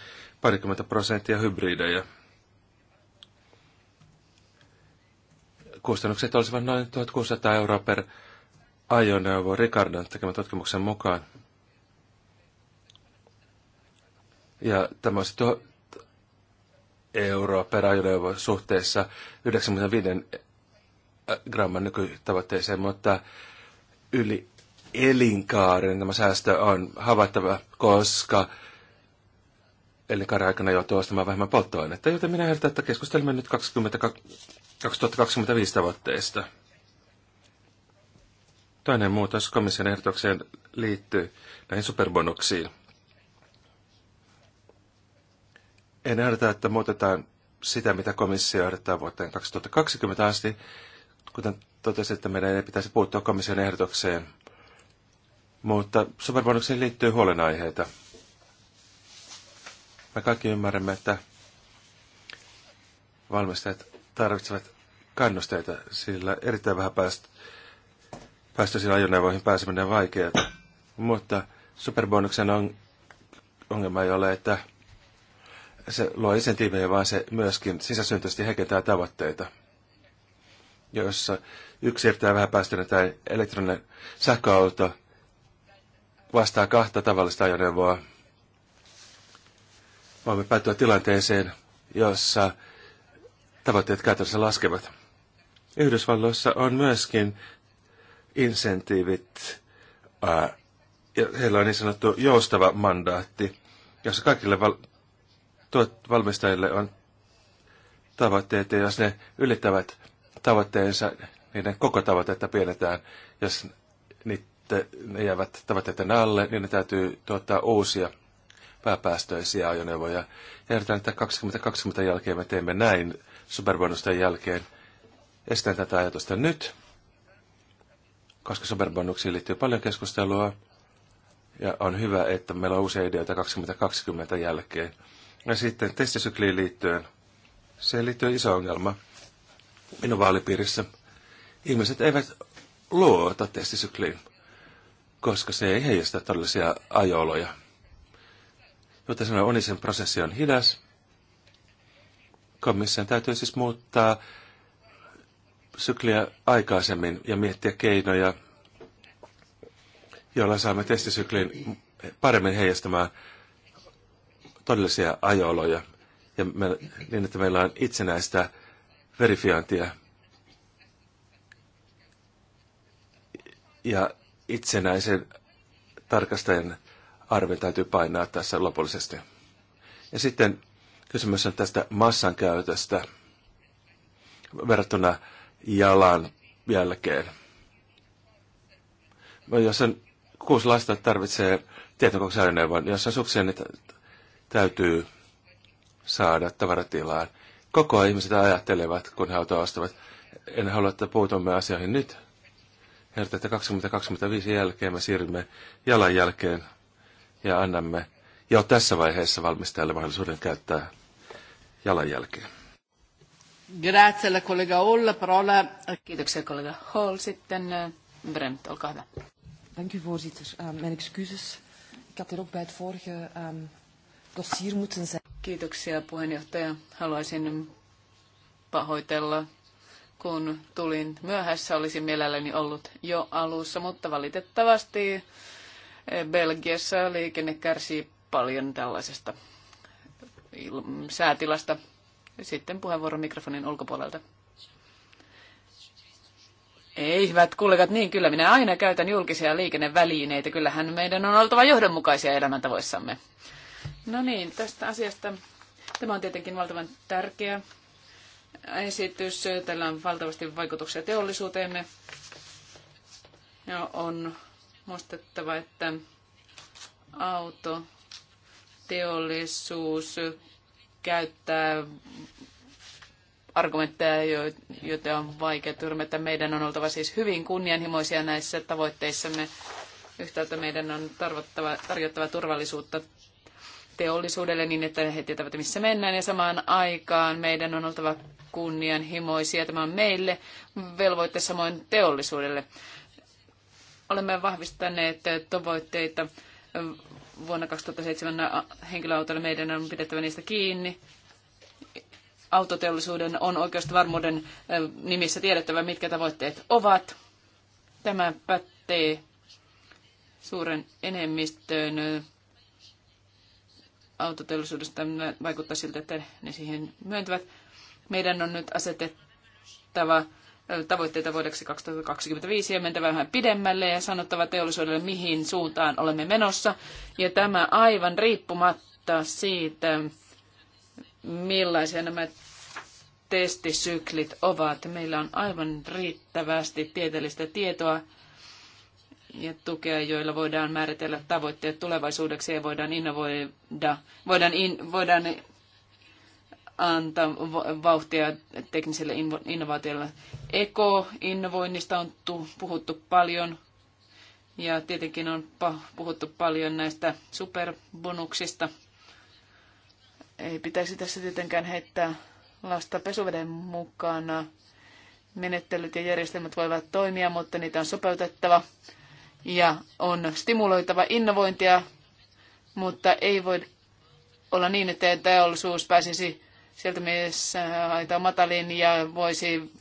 parikymmentä prosenttia hybridejä. kustannukset olisivat noin 1600 euroa per ajoneuvo Ricardon tekemän tutkimuksen mukaan. Ja tämä olisi tuo euroa per ajoneuvo suhteessa 95 äh, gramman nykytavoitteeseen, mutta yli elinkaaren tämä säästö on havaittava, koska elinkaaren aikana joutuu ostamaan vähemmän polttoainetta, joten minä ehdotan, että keskustelemme nyt 20, 2025 tavoitteista. Toinen muutos komission ehdotukseen liittyy näihin superbonuksiin. En ehdota, että muutetaan sitä, mitä komissio ehdottaa vuoteen 2020 asti. Kuten totesin, että meidän ei pitäisi puuttua komission ehdotukseen, mutta superbonuksiin liittyy huolenaiheita – me kaikki ymmärrämme, että valmistajat tarvitsevat kannusteita, sillä erittäin vähän päästä, päästöisiin ajoneuvoihin pääseminen on vaikeaa. Mutta superbonuksen on, ongelma ei ole, että se luo insentiivejä, vaan se myöskin sisäsyntyisesti heikentää tavoitteita, jossa yksi erittäin vähäpäästöinen tai elektroninen sähköauto vastaa kahta tavallista ajoneuvoa – voimme päätyä tilanteeseen, jossa tavoitteet käytännössä laskevat. Yhdysvalloissa on myöskin insentiivit, ja heillä on niin sanottu joustava mandaatti, jossa kaikille val- tuot valmistajille on tavoitteet, ja jos ne ylittävät tavoitteensa, niiden koko tavoitetta pienetään. Jos niitä, ne jäävät tavoitteiden alle, niin ne täytyy tuottaa uusia vähäpäästöisiä ajoneuvoja. Ja yritän, että 2020 jälkeen me teemme näin superbonusten jälkeen. Estän tätä ajatusta nyt, koska superbonuksiin liittyy paljon keskustelua. Ja on hyvä, että meillä on uusia ideoita 2020 jälkeen. Ja sitten testisykliin liittyen. Se liittyy iso ongelma minun vaalipiirissä. Ihmiset eivät luota testisykliin, koska se ei heijasta todellisia ajoloja. Joten sanoen Onisen prosessi on hidas. Komission täytyy siis muuttaa sykliä aikaisemmin ja miettiä keinoja, joilla saamme testisyklin paremmin heijastamaan todellisia ajoloja ja me, niin, että meillä on itsenäistä verifiointia ja itsenäisen tarkastajan arvi täytyy painaa tässä lopullisesti. Ja sitten kysymys on tästä massan käytöstä verrattuna jalan jälkeen. No, jos on kuusi lasta, tarvitsee tietokoneen Jos on suksia, niin täytyy saada tavaratilaan. Koko ajan ihmiset ajattelevat, kun he autoa ostavat. En halua, että puutumme asioihin nyt. Herta, että 2025 jälkeen me siirrymme jalanjälkeen ja annamme jo tässä vaiheessa valmistajalle mahdollisuuden käyttää jalanjälkeä.
Grazie kollega Hall. Parola. Kiitoksia kollega Hall. Sitten äh, Brent, olkaa hyvä. Dank u voorzitter. Ehm, mijn excuses. Ik had er ook bij het vorige ehm, dossier moeten zijn. Kiitoksia puheenjohtaja. Haluaisin pahoitella, kun tulin myöhässä. Olisin mielelläni ollut jo alussa, mutta valitettavasti Belgiassa liikenne kärsii paljon tällaisesta säätilasta. Sitten puheenvuoro mikrofonin ulkopuolelta. Ei, hyvät kollegat, niin kyllä minä aina käytän julkisia liikennevälineitä. Kyllähän meidän on oltava johdonmukaisia elämäntavoissamme. No niin, tästä asiasta. Tämä on tietenkin valtavan tärkeä esitys. Tällä on valtavasti vaikutuksia teollisuuteemme. Ja on muistettava, että auto teollisuus käyttää argumentteja, joita on vaikea tyrmätä. Meidän on oltava siis hyvin kunnianhimoisia näissä tavoitteissamme. Yhtäältä meidän on tarjottava turvallisuutta teollisuudelle niin, että he tietävät, missä mennään. Ja samaan aikaan meidän on oltava kunnianhimoisia. Tämä on meille velvoitte samoin teollisuudelle. Olemme vahvistaneet tavoitteita vuonna 2007 henkilöautoilla meidän on pidettävä niistä kiinni. Autoteollisuuden on oikeasta varmuuden nimissä tiedettävä, mitkä tavoitteet ovat. Tämä pätee suuren enemmistöön autoteollisuudesta. Vaikuttaa siltä, että ne siihen myöntävät. Meidän on nyt asetettava tavoitteita vuodeksi 2025 ja mentävä vähän pidemmälle ja sanottava teollisuudelle, mihin suuntaan olemme menossa. Ja tämä aivan riippumatta siitä, millaisia nämä testisyklit ovat. Meillä on aivan riittävästi tieteellistä tietoa ja tukea, joilla voidaan määritellä tavoitteet tulevaisuudeksi ja voidaan innovoida, voidaan, in, voidaan antaa vauhtia tekniselle innovaatiolle. Eko-innovoinnista on puhuttu paljon ja tietenkin on puhuttu paljon näistä superbonuksista. Ei pitäisi tässä tietenkään heittää lasta pesuveden mukana. Menettelyt ja järjestelmät voivat toimia, mutta niitä on sopeutettava ja on stimuloitava innovointia, mutta ei voi olla niin, että teollisuus pääsisi sieltä myös äh, aita matalin ja voisi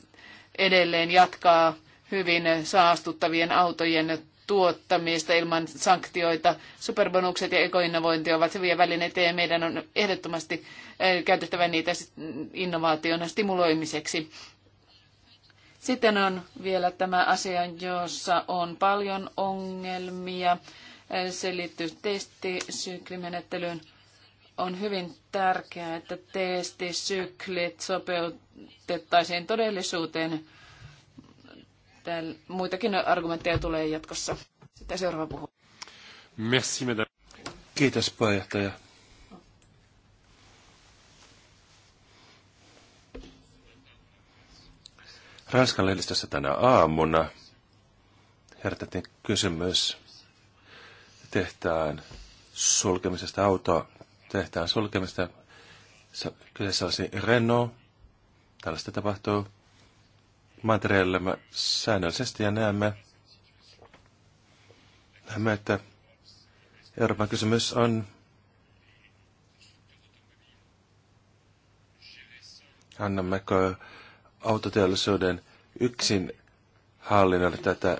edelleen jatkaa hyvin saastuttavien autojen tuottamista ilman sanktioita. Superbonukset ja ekoinnovointi ovat hyviä välineitä ja meidän on ehdottomasti äh, käytettävä niitä mm, innovaationa stimuloimiseksi. Sitten on vielä tämä asia, jossa on paljon ongelmia. Äh, se liittyy testisyklimenettelyyn on hyvin tärkeää, että testisyklit sopeutettaisiin todellisuuteen. Täällä muitakin argumentteja tulee jatkossa. Sitten seuraava puhu.
Merci,
madame. Kiitos, puheenjohtaja. Ranskan lehdistössä tänä aamuna herätettiin kysymys tehtaan sulkemisesta autoa tehtaan sulkemista. Kyseessä olisi Renault. Tällaista tapahtuu mantereelle säännöllisesti ja näemme, näemme, että Euroopan kysymys on annammeko autoteollisuuden yksin hallinnolle tätä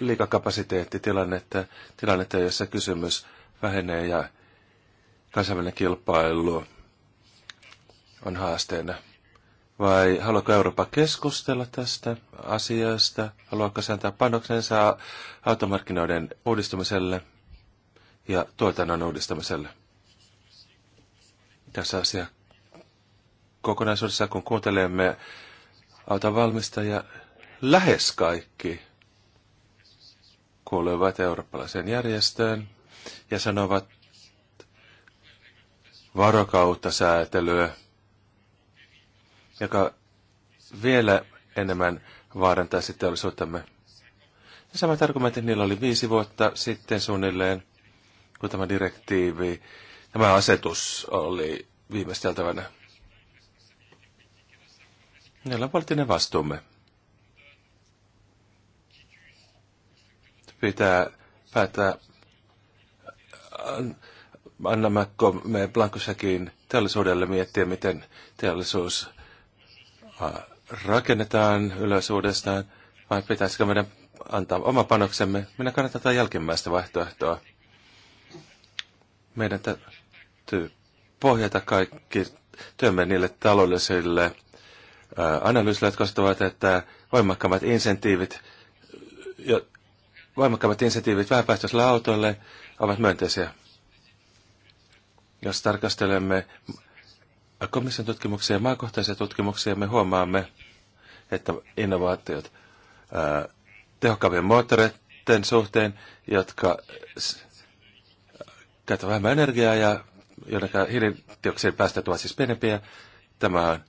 liikakapasiteettitilannetta, tilannetta, jossa kysymys vähenee ja kansainvälinen kilpailu on haasteena. Vai haluatko Eurooppa keskustella tästä asiasta? Haluatko se antaa panoksensa automarkkinoiden uudistamiselle ja tuotannon uudistamiselle? Tässä asia kokonaisuudessa, kun kuuntelemme auton valmistajia, lähes kaikki kuuluvat eurooppalaiseen järjestöön ja sanovat varakautta säätelyä, joka vielä enemmän vaarantaisi teollisuuttamme. Ja samat argumentit niillä oli viisi vuotta sitten suunnilleen, kun tämä direktiivi, tämä asetus oli viimeisteltävänä. Meillä on poliittinen vastuumme. Pitää päättää Anna Mäkko, me Blankosäkin teollisuudelle miettiä, miten teollisuus rakennetaan ylös uudestaan, vai pitäisikö meidän antaa oma panoksemme? Minä kannatan tätä jälkimmäistä vaihtoehtoa. Meidän täytyy pohjata kaikki työmme niille taloudellisille analyysille, jotka koskevat, että voimakkaammat insentiivit, voimakkaammat insentiivit vähäpäästöisille autoille ovat myönteisiä jos tarkastelemme komission tutkimuksia ja maakohtaisia tutkimuksia, me huomaamme, että innovaatiot tehokkaavien moottoreiden suhteen, jotka käyttävät vähemmän energiaa ja joiden hiilidioksidin päästöt ovat siis pienempiä. Tämä on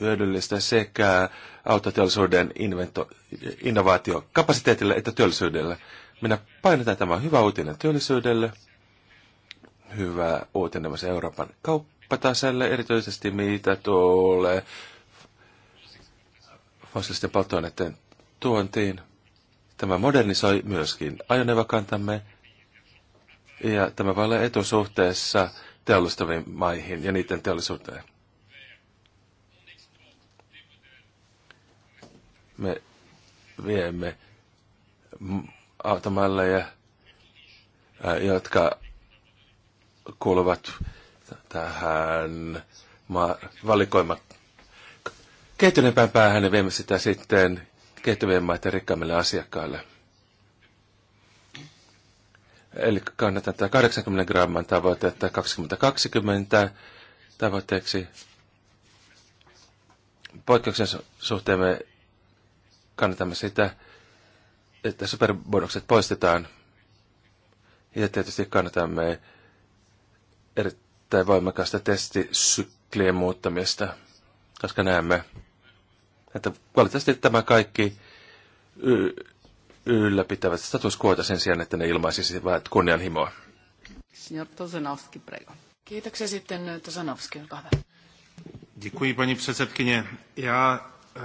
hyödyllistä sekä autoteollisuuden invento- innovaatiokapasiteetille että työllisyydelle. Minä painotan tämä on hyvä uutinen työllisyydelle – hyvä uutinen Euroopan kauppataselle, erityisesti mitä tulee fossiilisten polttoaineiden tuontiin. Tämä modernisoi myöskin ajoneuvokantamme ja tämä voi olla etusuhteessa teollistaviin maihin ja niiden teollisuuteen. Me viemme automalleja, jotka kuuluvat tähän valikoima kehittyneempään päähän ja viemme sitä sitten kehittyvien maiden rikkaimmille asiakkaille. Eli kannatan tätä 80 gramman tavoitetta 2020 tavoitteeksi. Poikkeuksen suhteen me kannatamme sitä, että superbonukset poistetaan. Ja tietysti kannatamme erittäin voimakasta testisyklien muuttamista, koska näemme, että valitettavasti tämä kaikki y- ylläpitävät status quota sen sijaan, että ne ilmaisisivat kunnianhimoa.
Signor prego. Kiitoksia sitten äh, Tosanovski, olkaa hyvä.
Děkuji, paní předsedkyně. Já, äh,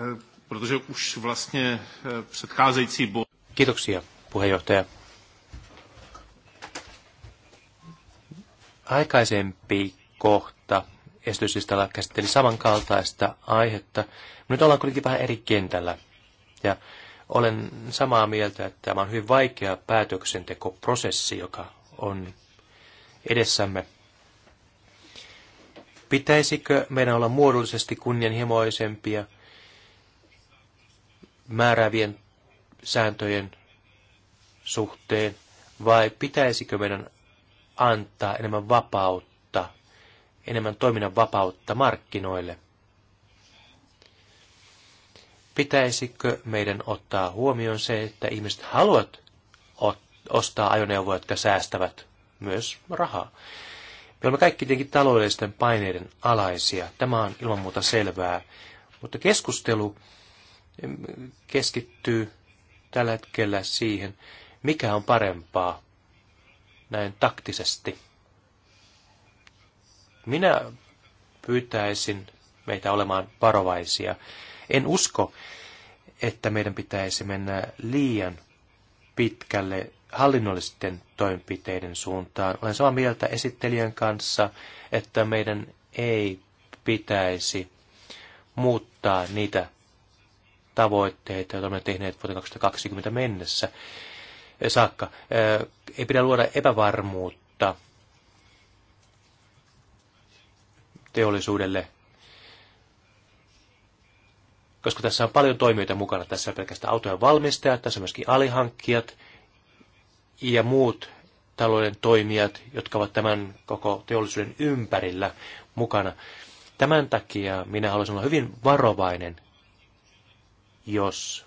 protože už vlastně äh, předcházející bod... Kiitoksia, puheenjohtaja. aikaisempi kohta esityslistalla käsitteli samankaltaista aihetta. Nyt ollaan kuitenkin vähän eri kentällä. Ja olen samaa mieltä, että tämä on hyvin vaikea päätöksentekoprosessi, joka on edessämme. Pitäisikö meidän olla muodollisesti kunnianhimoisempia määräävien sääntöjen suhteen, vai pitäisikö meidän antaa enemmän vapautta, enemmän toiminnan vapautta markkinoille. Pitäisikö meidän ottaa huomioon se, että ihmiset haluavat ostaa ajoneuvoja, jotka säästävät myös rahaa? Me olemme kaikki tietenkin taloudellisten paineiden alaisia. Tämä on ilman muuta selvää. Mutta keskustelu keskittyy tällä hetkellä siihen, mikä on parempaa, näin taktisesti. Minä pyytäisin meitä olemaan varovaisia. En usko, että meidän pitäisi mennä liian pitkälle hallinnollisten toimenpiteiden suuntaan. Olen samaa mieltä esittelijän kanssa, että meidän ei pitäisi muuttaa niitä tavoitteita, joita olemme tehneet vuoteen 2020 mennessä saakka. Ei pidä luoda epävarmuutta teollisuudelle, koska tässä on paljon toimijoita mukana. Tässä on pelkästään autojen valmistajat, tässä on myöskin alihankkijat ja muut talouden toimijat, jotka ovat tämän koko teollisuuden ympärillä mukana. Tämän takia minä haluaisin olla hyvin varovainen, jos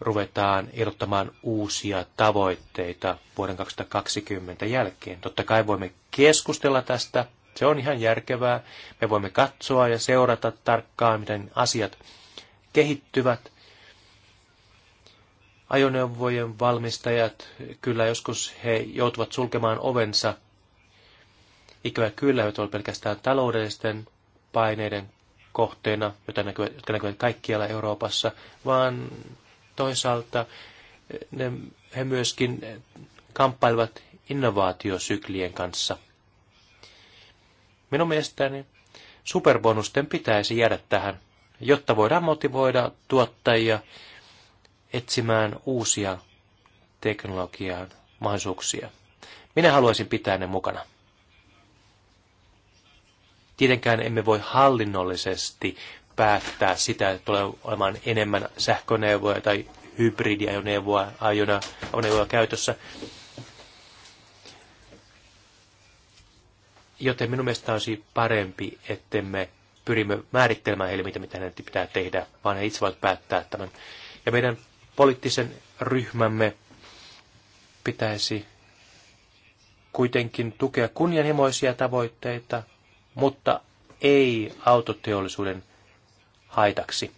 ruvetaan irrottamaan uusia tavoitteita vuoden 2020 jälkeen. Totta kai voimme keskustella tästä, se on ihan järkevää. Me voimme katsoa ja seurata tarkkaan, miten asiat kehittyvät. Ajoneuvojen valmistajat, kyllä joskus he joutuvat sulkemaan ovensa. Ikävä kyllä, he ovat pelkästään taloudellisten paineiden kohteena, jotka näkyvät, jotka näkyvät kaikkialla Euroopassa, vaan toisaalta ne, he myöskin kamppailevat innovaatiosyklien kanssa. Minun mielestäni superbonusten pitäisi jäädä tähän, jotta voidaan motivoida tuottajia etsimään uusia teknologian mahdollisuuksia. Minä haluaisin pitää ne mukana. Tietenkään emme voi hallinnollisesti päättää sitä, että tulee olemaan enemmän sähköneuvoja tai hybridiajoneuvoa ajona, ajoneuvoja käytössä. Joten minun mielestä on parempi, me pyrimme määrittelemään heille, mitä, mitä heidän pitää tehdä, vaan he itse voivat päättää tämän. Ja meidän poliittisen ryhmämme pitäisi kuitenkin tukea kunnianhimoisia tavoitteita, mutta ei autoteollisuuden haitaksi.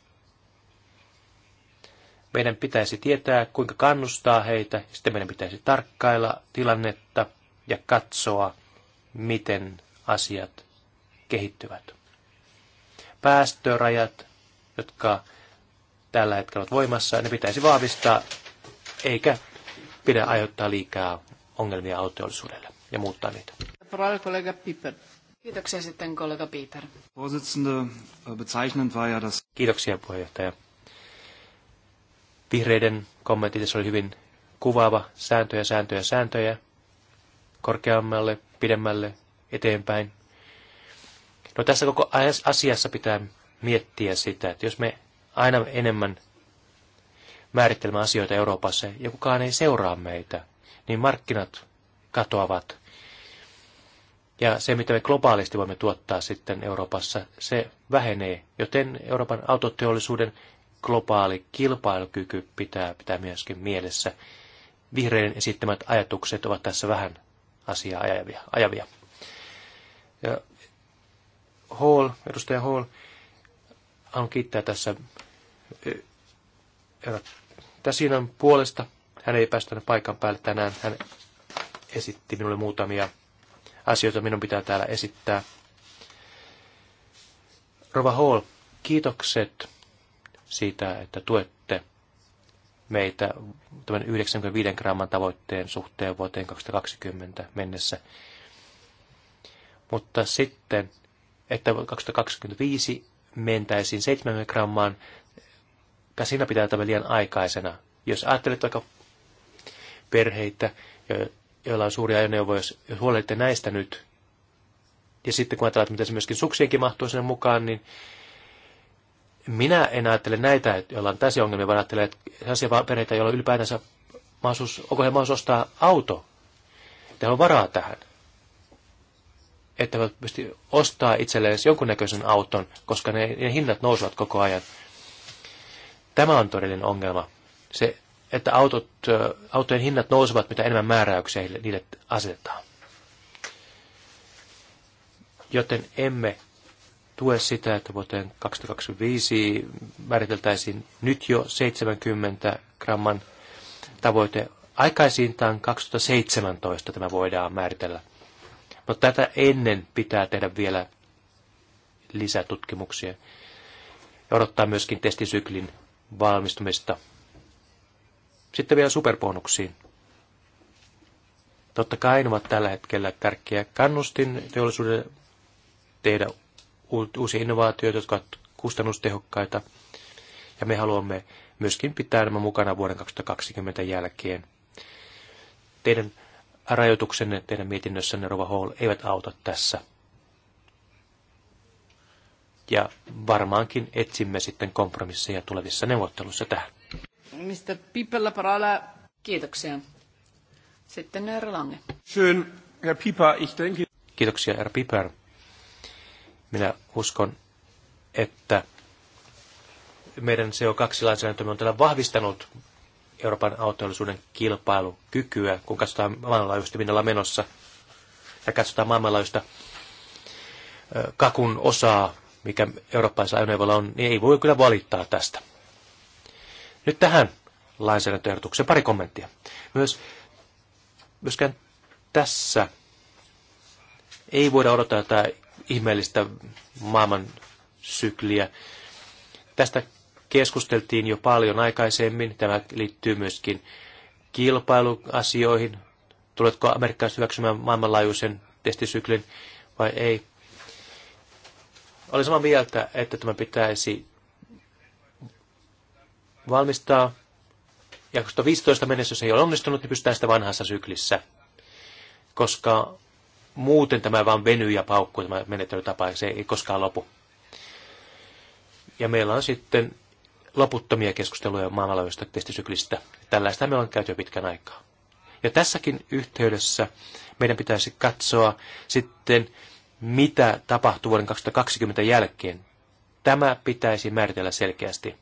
Meidän pitäisi tietää, kuinka kannustaa heitä, ja sitten meidän pitäisi tarkkailla tilannetta ja katsoa, miten asiat kehittyvät. Päästörajat, jotka tällä hetkellä ovat voimassa, ne pitäisi vahvistaa, eikä pidä aiheuttaa liikaa ongelmia autoteollisuudelle ja muuttaa niitä.
Kollega Piper. Kiitoksia sitten kollega Peter.
Äh, Kiitoksia puheenjohtaja. Vihreiden kommentti tässä oli hyvin kuvaava. Sääntöjä, sääntöjä, sääntöjä. Korkeammalle, pidemmälle, eteenpäin. No tässä koko asiassa pitää miettiä sitä, että jos me aina enemmän määrittelemme asioita Euroopassa ja kukaan ei seuraa meitä, niin markkinat katoavat ja se, mitä me globaalisti voimme tuottaa sitten Euroopassa, se vähenee, joten Euroopan autoteollisuuden globaali kilpailukyky pitää pitää myöskin mielessä. Vihreiden esittämät ajatukset ovat tässä vähän asiaa ajavia. ajavia. Ja Hall, edustaja Hall, haluan kiittää tässä, Täsinan puolesta. Hän ei päästänyt paikan päälle tänään. Hän esitti minulle muutamia asioita minun pitää täällä esittää. Rova Hall, kiitokset siitä, että tuette meitä tämän 95 gramman tavoitteen suhteen vuoteen 2020 mennessä. Mutta sitten, että 2025 mentäisiin 7 grammaan, siinä pitää tämä liian aikaisena. Jos ajattelet vaikka perheitä, joilla on suuria ajoneuvoja, jos huolehditte näistä nyt, ja sitten kun ajatellaan, että miten se myöskin suksienkin mahtuu sinne mukaan, niin minä en ajattele näitä, joilla on täysin ongelmia, vaan ajattelen, että sellaisia perheitä, joilla on ylipäätänsä mahdollisuus, onko he mahdollisuus ostaa auto, että on varaa tähän. Että he pysty ostaa itselleen jonkunnäköisen auton, koska ne, ne hinnat nousevat koko ajan. Tämä on todellinen ongelma. Se että autot, autojen hinnat nousevat, mitä enemmän määräyksiä niille asetetaan. Joten emme tue sitä, että vuoteen 2025 määriteltäisiin nyt jo 70 gramman tavoite. Aikaisintaan 2017 tämä voidaan määritellä. Mutta no, tätä ennen pitää tehdä vielä lisätutkimuksia ja odottaa myöskin testisyklin valmistumista sitten vielä superponuksiin. Totta kai ne ovat tällä hetkellä tärkeä kannustin teollisuudelle tehdä uusia innovaatioita, jotka ovat kustannustehokkaita. Ja me haluamme myöskin pitää nämä mukana vuoden 2020 jälkeen. Teidän rajoituksenne teidän mietinnössänne, Rova Hall, eivät auta tässä. Ja varmaankin etsimme sitten kompromisseja tulevissa neuvotteluissa tähän.
Mr. la parola. Kiitoksia. Sitten Herra Lange.
Schön, Herr Piper, ich denke... Kiitoksia, Herra Piper. Minä uskon, että meidän CO2-lainsäädäntömme on täällä vahvistanut Euroopan autoteollisuuden kilpailukykyä, kun katsotaan maailmanlaajuisesti, minne ollaan menossa, ja katsotaan maailmanlaajuista kakun osaa, mikä eurooppalaisella ajoneuvolla on, niin ei voi kyllä valittaa tästä. Nyt tähän lainsäädäntöehdotukseen pari kommenttia. Myös, myöskään tässä ei voida odottaa tätä ihmeellistä maailman sykliä. Tästä keskusteltiin jo paljon aikaisemmin. Tämä liittyy myöskin kilpailuasioihin. Tuletko Amerikkaan hyväksymään maailmanlaajuisen testisyklin vai ei? Olen samaa mieltä, että tämä pitäisi valmistaa. Ja 15 mennessä, jos ei ole onnistunut, niin pystytään sitä vanhassa syklissä. Koska muuten tämä vaan venyy ja paukkuu tämä menettelytapa, ja se ei koskaan lopu. Ja meillä on sitten loputtomia keskusteluja maailmanlaajuisesta testisyklistä. Tällaista me ollaan käyty jo pitkän aikaa. Ja tässäkin yhteydessä meidän pitäisi katsoa sitten, mitä tapahtuu vuoden 2020 jälkeen. Tämä pitäisi määritellä selkeästi.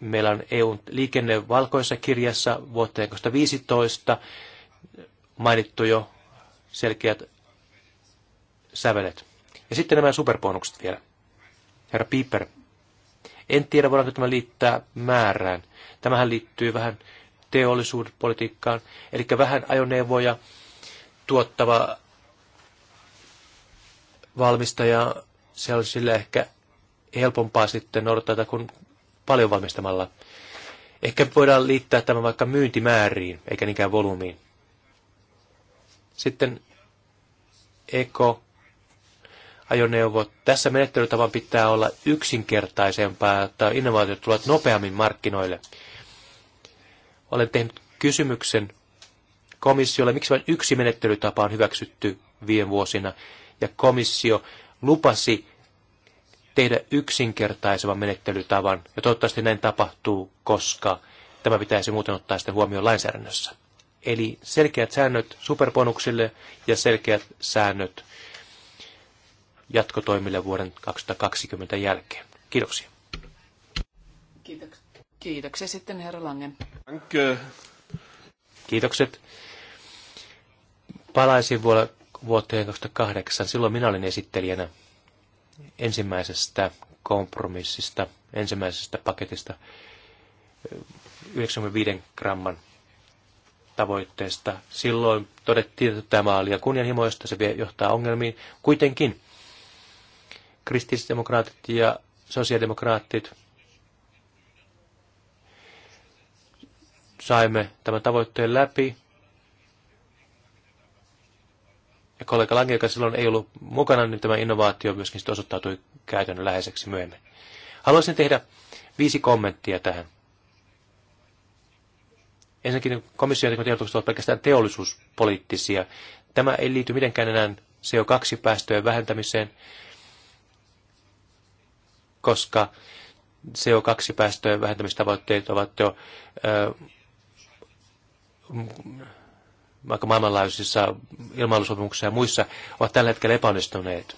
Meillä on EUn liikenne valkoisessa kirjassa vuoteen 2015 mainittu jo selkeät sävelet. Ja sitten nämä superponukset vielä. Herra Piper, en tiedä voidaanko tämä liittää määrään. Tämähän liittyy vähän teollisuuspolitiikkaan, eli vähän ajoneuvoja tuottava valmistaja, se olisi sillä ehkä helpompaa sitten odottaa, kun paljon valmistamalla. Ehkä voidaan liittää tämä vaikka myyntimääriin, eikä niinkään volyymiin. Sitten eko ajoneuvot. Tässä menettelytavan pitää olla yksinkertaisempaa, että innovaatiot tulevat nopeammin markkinoille. Olen tehnyt kysymyksen komissiolle, miksi vain yksi menettelytapa on hyväksytty viime vuosina, ja komissio lupasi tehdä yksinkertaisemman menettelytavan, ja toivottavasti näin tapahtuu, koska tämä pitäisi muuten ottaa sitten huomioon lainsäädännössä. Eli selkeät säännöt superponuksille ja selkeät säännöt jatkotoimille vuoden 2020 jälkeen. Kiitoksia.
Kiitoksia. Kiitoksia sitten herra Langen.
Danke. Kiitokset. Palaisin vuoteen 2008. Silloin minä olin esittelijänä ensimmäisestä kompromissista, ensimmäisestä paketista 95 eh, gramman tavoitteesta. Silloin todettiin, että tämä oli ja kunnianhimoista, se johtaa ongelmiin. Kuitenkin kristillisdemokraatit ja sosiaalidemokraatit saimme tämän tavoitteen läpi kollega Lange, joka silloin ei ollut mukana, niin tämä innovaatio myöskin sitten osoittautui käytännönläheiseksi myöhemmin. Haluaisin tehdä viisi kommenttia tähän. Ensinnäkin komission tekemät ovat pelkästään teollisuuspoliittisia. Tämä ei liity mitenkään enää CO2-päästöjen vähentämiseen, koska CO2-päästöjen vähentämistavoitteet ovat jo äh, vaikka maailmanlaajuisissa ilmailusopimuksissa ja muissa, ovat tällä hetkellä epäonnistuneet.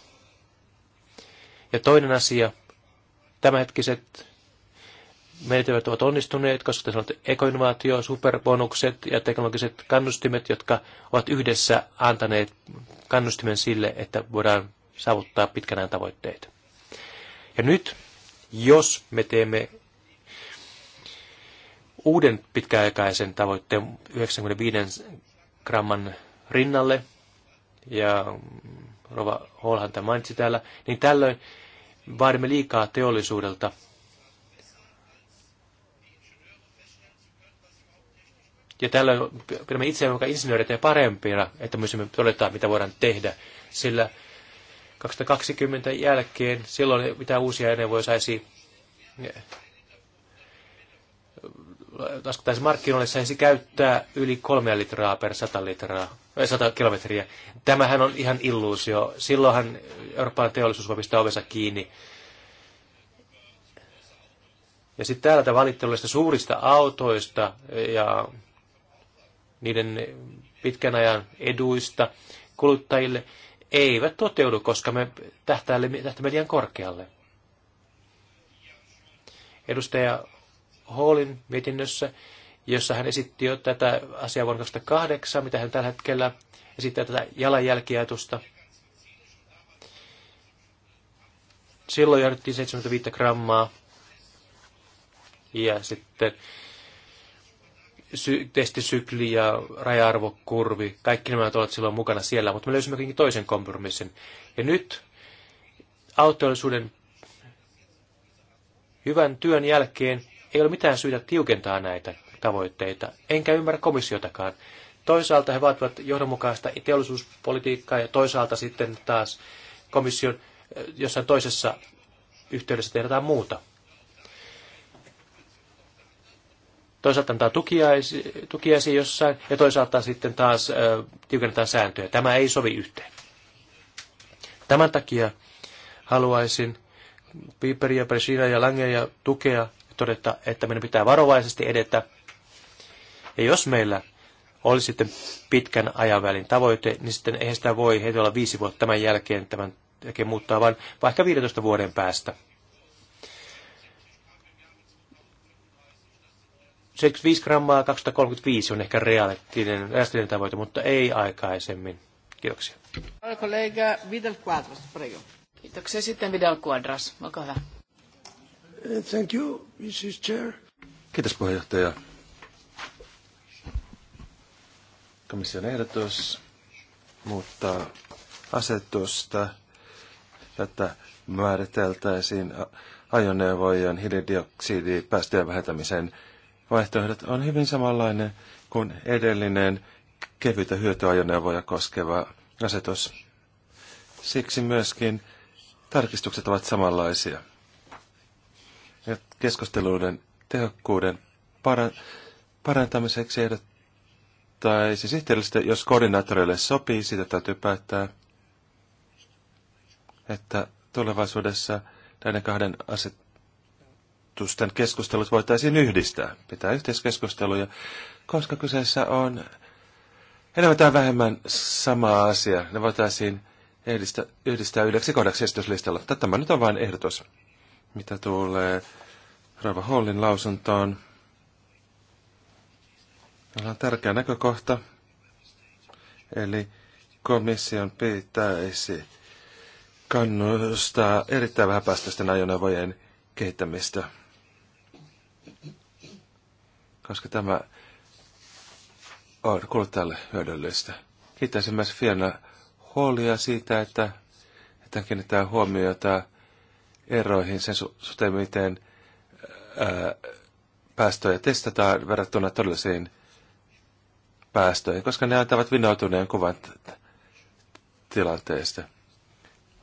Ja toinen asia, tämänhetkiset menetelmät ovat onnistuneet, koska tässä on ekoinnovaatio, superbonukset ja teknologiset kannustimet, jotka ovat yhdessä antaneet kannustimen sille, että voidaan saavuttaa pitkän tavoitteet. Ja nyt, jos me teemme uuden pitkäaikaisen tavoitteen 95 gramman rinnalle, ja Rova Holhan tämä mainitsi täällä, niin tällöin vaadimme liikaa teollisuudelta. Ja tällöin pidämme itseämme joka insinööreitä ja parempina, että me todetaan, mitä voidaan tehdä, sillä 2020 jälkeen silloin mitä uusia enää voi saisi laskettaisiin markkinoille, saisi käyttää yli kolmea litraa per 100, litraa, 100 eh, kilometriä. Tämähän on ihan illuusio. Silloinhan Euroopan teollisuus voi pistää ovensa kiinni. Ja sitten täältä valitteluista suurista autoista ja niiden pitkän ajan eduista kuluttajille eivät toteudu, koska me tähtäämme liian korkealle. Edustaja Hallin mietinnössä, jossa hän esitti jo tätä asiaa vuonna 2008, mitä hän tällä hetkellä esittää tätä jalanjälkiajatusta. Silloin jarittiin 75 grammaa ja sitten sy- testisykli ja raja-arvokurvi, kaikki nämä ovat silloin mukana siellä, mutta me löysimme kuitenkin toisen kompromissin. Ja nyt autollisuuden hyvän työn jälkeen ei ole mitään syytä tiukentaa näitä tavoitteita, enkä ymmärrä komissiotakaan. Toisaalta he vaativat johdonmukaista teollisuuspolitiikkaa ja toisaalta sitten taas komission eh, jossain toisessa yhteydessä tehdään muuta. Toisaalta antaa tukiaisi, tukiaisi jossain ja toisaalta sitten taas ö, eh, tiukennetaan sääntöjä. Tämä ei sovi yhteen. Tämän takia haluaisin Piperia, ja Presina ja Langeja tukea todeta, että meidän pitää varovaisesti edetä. Ja jos meillä olisi sitten pitkän ajavälin tavoite, niin sitten eihän sitä voi heti olla viisi vuotta tämän jälkeen, tämän jälkeen muuttaa, vaan vaikka 15 vuoden päästä. 75 grammaa 235 on ehkä realistinen, realistinen tavoite, mutta ei aikaisemmin. Kiitoksia.
Kollega Vidal Quadras, prego. Kiitoksia. Sitten Vidal Quadras, olkaa hyvä.
Uh,
Kiitos puheenjohtaja. Komission ehdotus muuttaa asetusta, että määriteltäisiin ajoneuvojen hiilidioksidipäästöjen vähentämisen vaihtoehdot on hyvin samanlainen kuin edellinen kevyitä hyötyajoneuvoja koskeva asetus. Siksi myöskin tarkistukset ovat samanlaisia ja keskusteluiden tehokkuuden parantamiseksi ehdottaisi sihteeristä, jos koordinaattoreille sopii, sitä täytyy päättää, että tulevaisuudessa näiden kahden asetusten keskustelut voitaisiin yhdistää, pitää yhteiskeskusteluja, koska kyseessä on enemmän tai vähemmän sama asia. Ne voitaisiin yhdistää, yhdistää yhdeksi kohdaksi esityslistalla. Tämä nyt on vain ehdotus. Mitä tulee Rava Hallin lausuntoon, meillä on tärkeä näkökohta, eli komission pitäisi kannustaa erittäin vähäpäästöisten ajoneuvojen kehittämistä, koska tämä on kuluttajalle hyödyllistä. Kiittäisin myös Fiona Hallia siitä, että, että hän kiinnittää huomiota eroihin sen su- suhteen, miten ää, päästöjä testataan verrattuna todellisiin päästöihin, koska ne antavat vinoutuneen kuvan tilanteesta.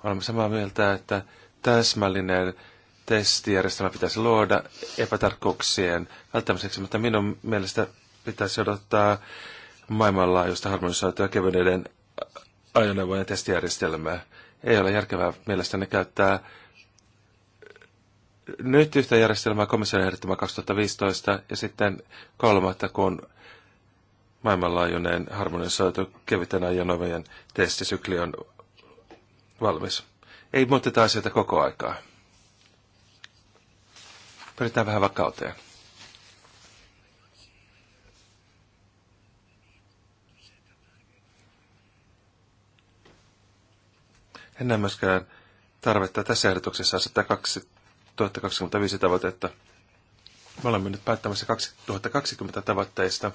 Olemme samaa mieltä, että täsmällinen testijärjestelmä pitäisi luoda epätarkkuuksien välttämiseksi, mutta minun mielestä pitäisi odottaa maailmanlaajuista harmonisoitua kevyneiden ajoneuvojen testijärjestelmää. Ei ole järkevää mielestäni käyttää nyt yhtä järjestelmää komission ehdottama 2015 ja sitten kolmatta, kun maailmanlaajuinen harmonisoitu kevyten ajoneuvojen testisykli on valmis. Ei muuteta asioita koko aikaa. Pyritään vähän vakauteen. En näe myöskään tarvetta tässä ehdotuksessa asettaa kaksi 2025 tavoitetta. Me olemme nyt päättämässä 2020 tavoitteista.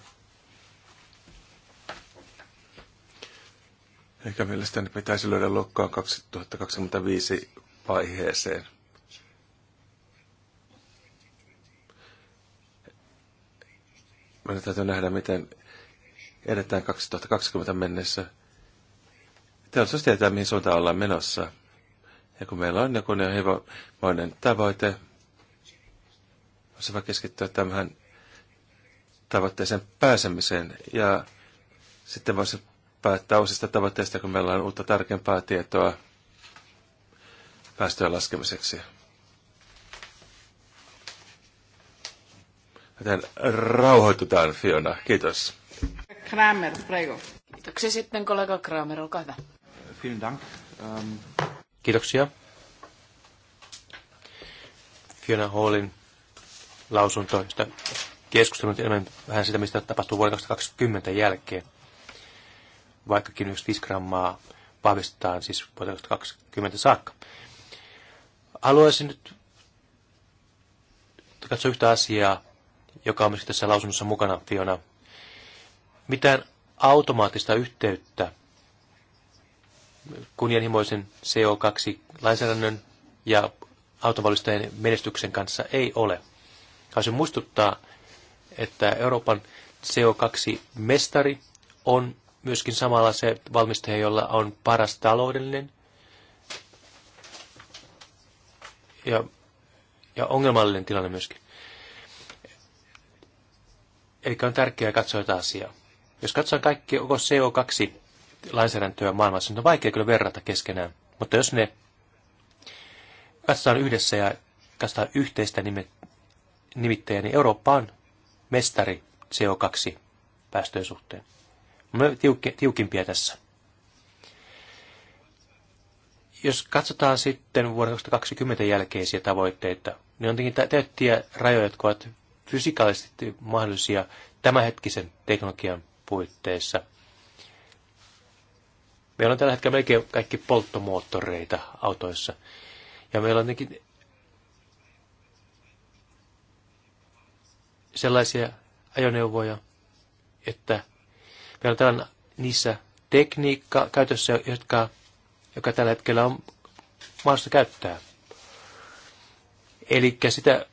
Eikä mielestäni pitäisi löydä lokkaa 2025 vaiheeseen. Meidän täytyy nähdä, miten edetään 2020 mennessä. Teollisuus tietää, mihin suuntaan ollaan menossa. Ja kun meillä on joku hyvä tavoite, se hyvä keskittyä tämän tavoitteeseen pääsemiseen ja sitten voisi päättää uusista tavoitteista, kun meillä on uutta tarkempaa tietoa päästöjen laskemiseksi. Joten rauhoitutaan, Fiona. Kiitos.
Kramer, prego. Kiitoksia sitten kollega Kramer, olkaa hyvä.
Vielen
dank. Ähm, Kiitoksia. Fiona Hallin lausunto, josta keskustelun enemmän vähän sitä, mistä tapahtuu vuoden 2020 jälkeen. Vaikkakin 5 grammaa vahvistetaan siis vuoden 2020 saakka. Haluaisin nyt katsoa yhtä asiaa, joka on myös tässä lausunnossa mukana, Fiona. Mitään automaattista yhteyttä kunnianhimoisen CO2-lainsäädännön ja autovalistajien menestyksen kanssa ei ole. Haluaisin muistuttaa, että Euroopan CO2-mestari on myöskin samalla se valmistaja, jolla on paras taloudellinen ja, ja ongelmallinen tilanne myöskin. Eli on tärkeää katsoa jotain asiaa. Jos katsotaan kaikki, onko CO2 lainsäädäntöä maailmassa. niin on vaikea kyllä verrata keskenään, mutta jos ne katsotaan yhdessä ja katsotaan yhteistä nime, nimittäjä, niin Eurooppa on mestari CO2-päästöjen suhteen. Me tiukki, tiukimpia tässä. Jos katsotaan sitten vuoden 2020 jälkeisiä tavoitteita, niin on tietenkin täyttiä rajoja, jotka ovat fysikaalisesti mahdollisia tämänhetkisen teknologian puitteissa – Meillä on tällä hetkellä melkein kaikki polttomoottoreita autoissa. Ja meillä on nekin sellaisia ajoneuvoja, että meillä on tällainen niissä tekniikka käytössä, jotka, joka tällä hetkellä on mahdollista käyttää. Eli sitä,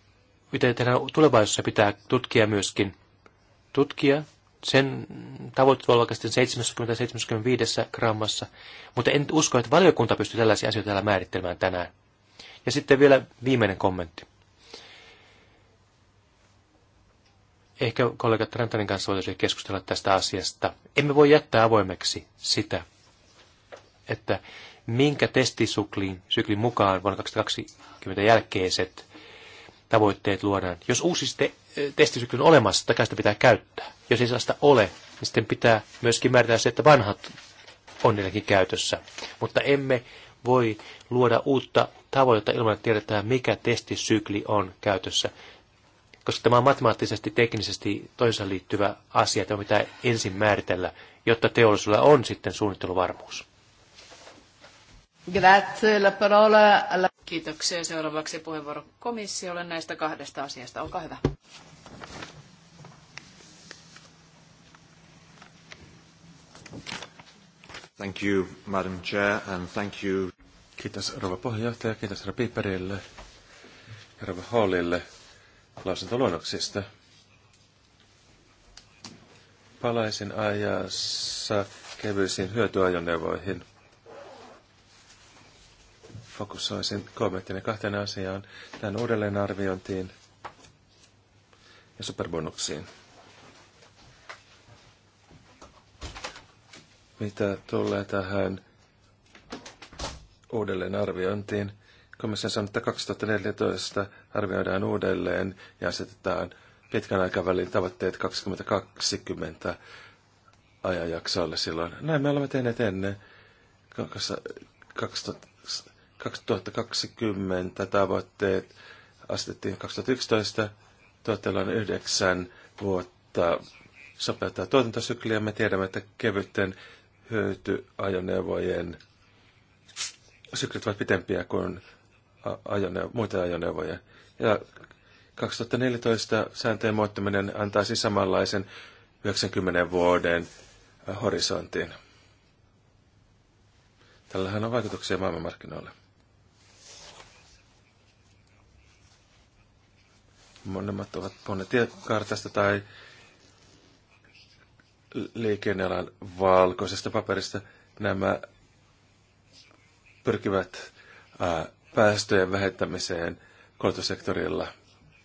mitä tehdään tulevaisuudessa, pitää tutkia myöskin. Tutkia sen tavoitteet olla oikeasti 70-75 grammassa, mutta en usko, että valiokunta pystyy tällaisia asioita täällä määrittelemään tänään. Ja sitten vielä viimeinen kommentti. Ehkä kollega Trantanin kanssa voitaisiin keskustella tästä asiasta. Emme voi jättää avoimeksi sitä, että minkä testisyklin syklin mukaan vuonna 2020 jälkeiset tavoitteet luodaan. Jos uusi te- testisykli on olemassa, takaa sitä pitää käyttää. Jos ei sellaista ole, niin sitten pitää myöskin määritellä se, että vanhat on niilläkin käytössä. Mutta emme voi luoda uutta tavoitetta ilman, että tiedetään, mikä testisykli on käytössä. Koska tämä on matemaattisesti, teknisesti toisensa liittyvä asia, että pitää ensin määritellä, jotta teollisuudella on sitten suunnitteluvarmuus.
Grazie, la parola alla... Kiitoksia. Seuraavaksi puheenvuoro komissiolle näistä kahdesta asiasta. Olkaa hyvä.
Thank you, Madam Chair, and thank you. Kiitos rouva puheenjohtaja, kiitos rouva Piperille ja rouva Hallille lausuntoluonnoksista. Palaisin ajassa kevyisiin hyötyajoneuvoihin – fokusoisin kommenttini kahteen asiaan, tämän uudelleenarviointiin ja superbonuksiin. Mitä tulee tähän uudelleenarviointiin, komissio sanoi, että 2014 arvioidaan uudelleen ja asetetaan pitkän aikavälin tavoitteet 2020 ajanjaksolle silloin. Näin me olemme tehneet ennen 2000 2020 tavoitteet asetettiin 2011. Tuotteilla on yhdeksän vuotta sopeuttaa tuotantosykliä. Me tiedämme, että kevytten hyötyajoneuvojen syklit ovat pitempiä kuin ajoneuvo, muita ajoneuvoja. Ja 2014 sääntöjen antaa antaisi siis samanlaisen 90 vuoden horisontin. Tällähän on vaikutuksia maailmanmarkkinoille. Monemmat ovat puhuneet tiekartasta tai liikennealan valkoisesta paperista. Nämä pyrkivät ää, päästöjen vähentämiseen koulutussektorilla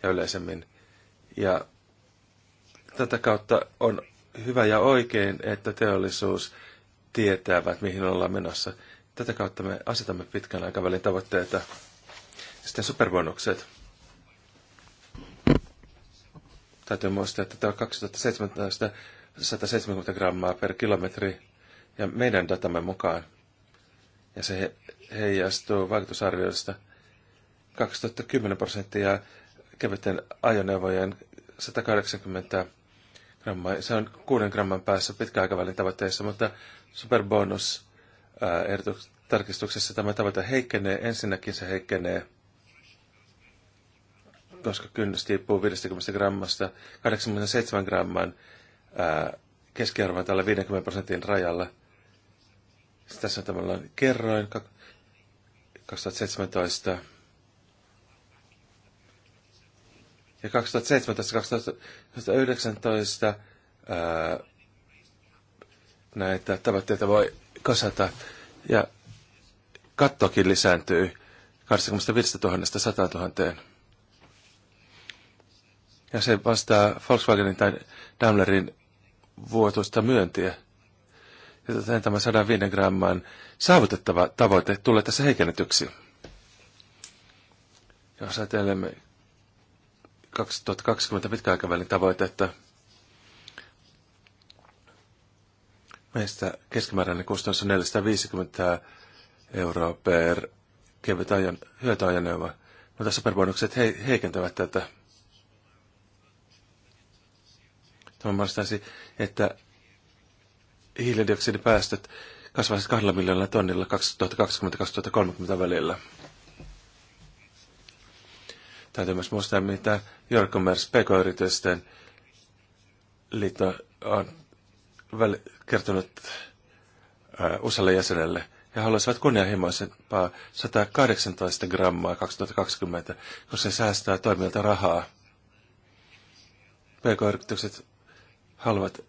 ja yleisemmin. Ja tätä kautta on hyvä ja oikein, että teollisuus tietävät, mihin ollaan menossa. Tätä kautta me asetamme pitkän aikavälin tavoitteita. Sitten superbonukset. Täytyy muistaa, että tämä on 2017 170 grammaa per kilometri ja meidän datamme mukaan. Ja se heijastuu vaikutusarvioista 2010 prosenttia kevyten ajoneuvojen 180 grammaa. Se on 6 gramman päässä pitkäaikavälin tavoitteissa, mutta superbonus tarkistuksessa tämä tavoite heikkenee. Ensinnäkin se heikkenee koska kynnys tippuu 50 grammasta 87 gramman keskiarvoon tällä 50 prosentin rajalla. Sitten tässä on tämmöinen kerroin 2017 ja 2017-2019 näitä tavoitteita voi kasata ja kattokin lisääntyy 25 000 100 000. Ja se vastaa Volkswagenin tai Daimlerin vuotuista myöntiä. Ja tämä 105 grammaan saavutettava tavoite tulee tässä heikennetyksi. Jos ajatellemme 2020 pitkäaikavälin tavoitetta, meistä keskimääräinen kustannus on 450 euroa per kevyt ajan, hyötyajaneuvo. Mutta no, superbonukset he, heikentävät tätä. Tämä mahdollistaisi, että hiilidioksidipäästöt kasvaisivat kahdella miljoonalla tonnilla 2020-2030 välillä. Täytyy myös muistaa, mitä Jorkomers PK-yritysten liitto on väl- kertonut ää, äh, usealle jäsenelle. He haluaisivat kunnianhimoisempaa 118 grammaa 2020, koska se säästää toimilta rahaa. PK-yritykset haluat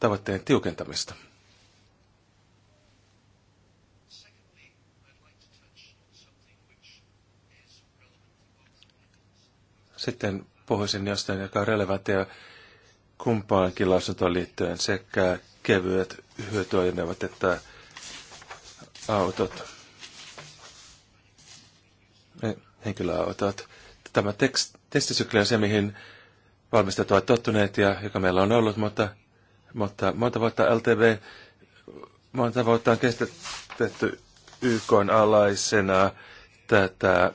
tavoitteen tiukentamista. Sitten puhuisin jostain, joka on relevanttia kumpaankin lausuntoon liittyen sekä kevyet hyötyajoneuvot että autot, henkilöautot. Tämä tekst, testisykli on se, mihin valmistajat ovat tottuneet ja joka meillä on ollut, mutta, mutta monta vuotta LTV, monta vuotta on kestetty YK alaisena tätä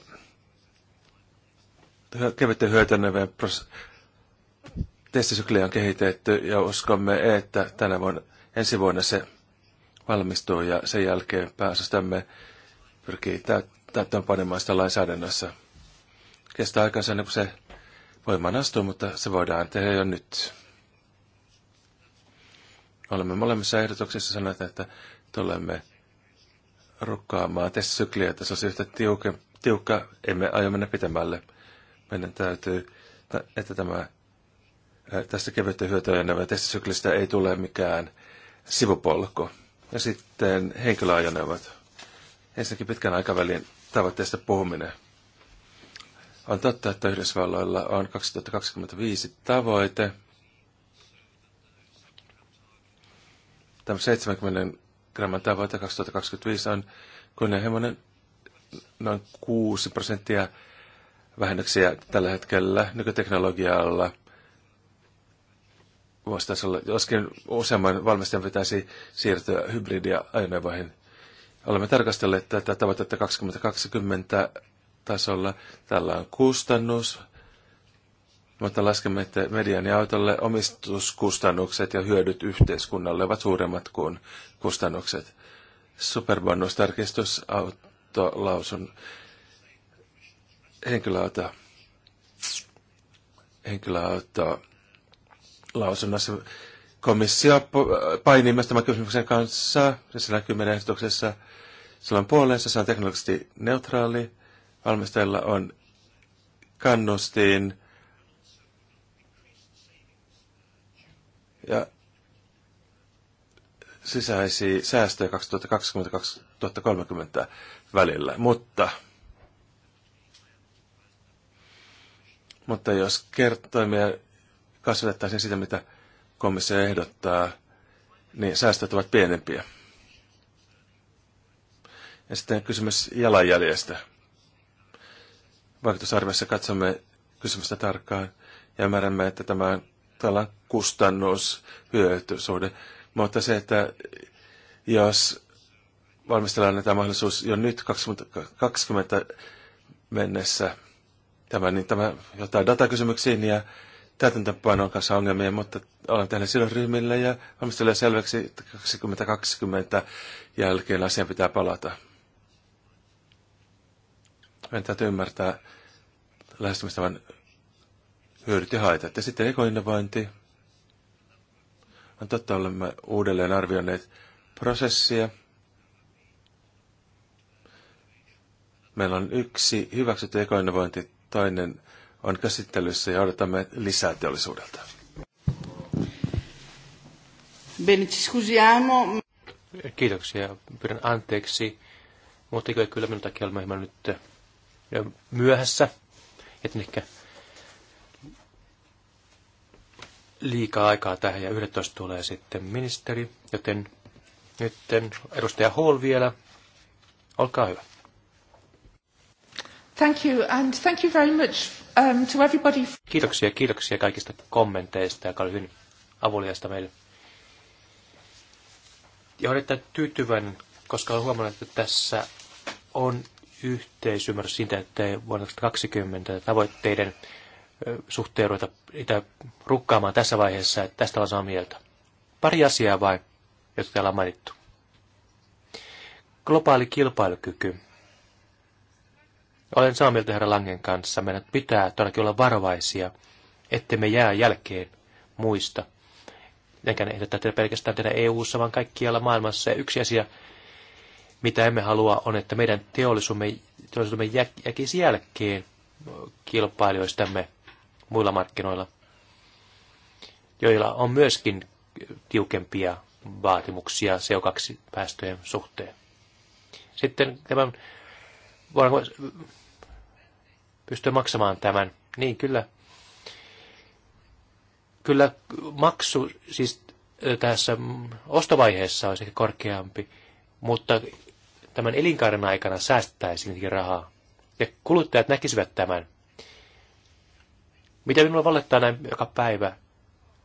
kevyttä hyötyneiden testisykliä on kehitetty ja uskomme, että tänä vuonna, ensi vuonna se valmistuu ja sen jälkeen pääosastamme pyrkii täyttämään panemaan sitä lainsäädännössä. Kestää aikaa sen, kun se voimaan astua, mutta se voidaan tehdä jo nyt. Olemme molemmissa ehdotuksissa sanoneet, että tulemme rukkaamaan sykliä, että se olisi yhtä tiukka, tiukka, emme aio mennä pitemmälle. Meidän täytyy, että tämä tästä kevyttä hyötyä nämä testisyklistä ei tule mikään sivupolku. Ja sitten henkilöajoneuvot. Ensinnäkin pitkän aikavälin tavoitteesta puhuminen – on totta, että Yhdysvalloilla on 2025 tavoite. Tämä 70 gramman tavoite 2025 on kunnianhimoinen noin 6 prosenttia vähennyksiä tällä hetkellä nykyteknologialla Olla, Joskin useamman valmistajan pitäisi siirtyä hybridia ajoneuvoihin. Olemme tarkastelleet tätä tavoitetta 2020 tasolla. Tällä on kustannus, mutta laskemme, että mediaaniautolle omistuskustannukset ja hyödyt yhteiskunnalle ovat suuremmat kuin kustannukset. Superbonus-tarkistus autolausun henkilöauto, henkilöauto lausunnossa. Komissio painii myös tämän kysymyksen kanssa, se näkyy meidän ehdotuksessa. Sillä on puolensa, se on teknologisesti neutraali, valmistajilla on kannustin ja sisäisiä säästöjä 2020-2030 välillä, mutta, mutta jos kertoimia kasvatettaisiin sitä, mitä komissio ehdottaa, niin säästöt ovat pienempiä. Ja sitten kysymys jalanjäljestä vaikutusarviossa katsomme kysymystä tarkkaan ja määrämme, että tämä on tällä kustannushyötysuhde. Mutta se, että jos valmistellaan näitä mahdollisuus jo nyt 2020 mennessä, tämä, niin tämä jotain datakysymyksiin ja täytäntöpanon kanssa ongelmia, mutta olen tehnyt silloin ryhmille ja valmistelen selväksi, että 2020 jälkeen asian pitää palata. Meidän täytyy ymmärtää lähestymistavan hyödyt ja haitat. Ja sitten ekoinnovointi. On totta, olemme uudelleen arvioineet prosessia. Meillä on yksi hyväksytty ekoinnovointi, toinen on käsittelyssä ja odotamme lisää teollisuudelta.
Kiitoksia. Pyydän anteeksi. Mutta kyllä minun takia olemme nyt ja myöhässä, että liikaa aikaa tähän ja 11 tulee sitten ministeri, joten nyt edustaja Hall vielä. Olkaa hyvä.
Thank you and thank you very much um, to everybody.
Kiitoksia, kiitoksia kaikista kommenteista, ja oli hyvin avuliasta meille. Ja olen tyytyväinen, koska olen huomannut, että tässä on yhteisymmärrys siitä, että vuonna 2020 tavoitteiden suhteen ruveta niitä rukkaamaan tässä vaiheessa, että tästä ollaan samaa mieltä. Pari asiaa vai, jotka täällä on mainittu. Globaali kilpailukyky. Olen samaa mieltä herra Langen kanssa. Meidän pitää todellakin olla varovaisia, ettei me jää jälkeen muista. Enkä ehdottaa pelkästään tehdä EU-ssa, vaan kaikkialla maailmassa. Ja yksi asia, mitä emme halua on, että meidän teollisuutemme, teollisuutemme jäkisi jälkeen kilpailijoistamme muilla markkinoilla, joilla on myöskin tiukempia vaatimuksia CO2-päästöjen suhteen. Sitten tämän, voidaanko pystyä maksamaan tämän? Niin, kyllä. Kyllä maksu siis tässä ostovaiheessa olisi ehkä korkeampi, mutta tämän elinkaaren aikana säästettäisiin rahaa. Ja kuluttajat näkisivät tämän. Mitä minulla valittaa näin joka päivä,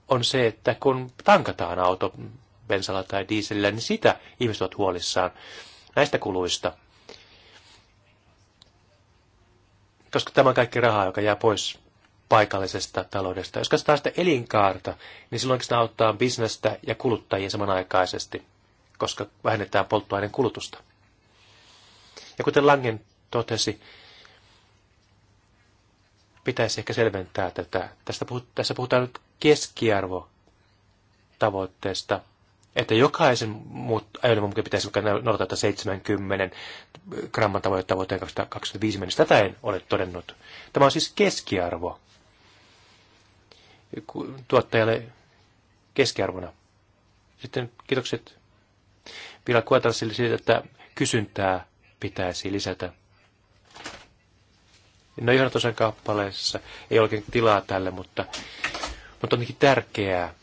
on se, että kun tankataan auto bensalla tai diisellä, niin sitä ihmiset ovat huolissaan näistä kuluista. Koska tämä on kaikki rahaa, joka jää pois paikallisesta taloudesta. Jos katsotaan sitä elinkaarta, niin silloin sitä auttaa bisnestä ja kuluttajia samanaikaisesti, koska vähennetään polttoaineen kulutusta. Ja kuten Langen totesi, pitäisi ehkä selventää tätä. Tästä puhut, tässä puhutaan nyt keskiarvotavoitteesta, että jokaisen muut ajoneuvon pitäisi noudattaa 70 gramman tavoite vuoteen 2025 mennessä. Tätä en ole todennut. Tämä on siis keskiarvo tuottajalle keskiarvona. Sitten kiitokset vielä Kuotarsille siitä, että kysyntää pitäisi lisätä. No tosiaan kappaleessa ei ole oikein tilaa tälle, mutta, mutta on tärkeää,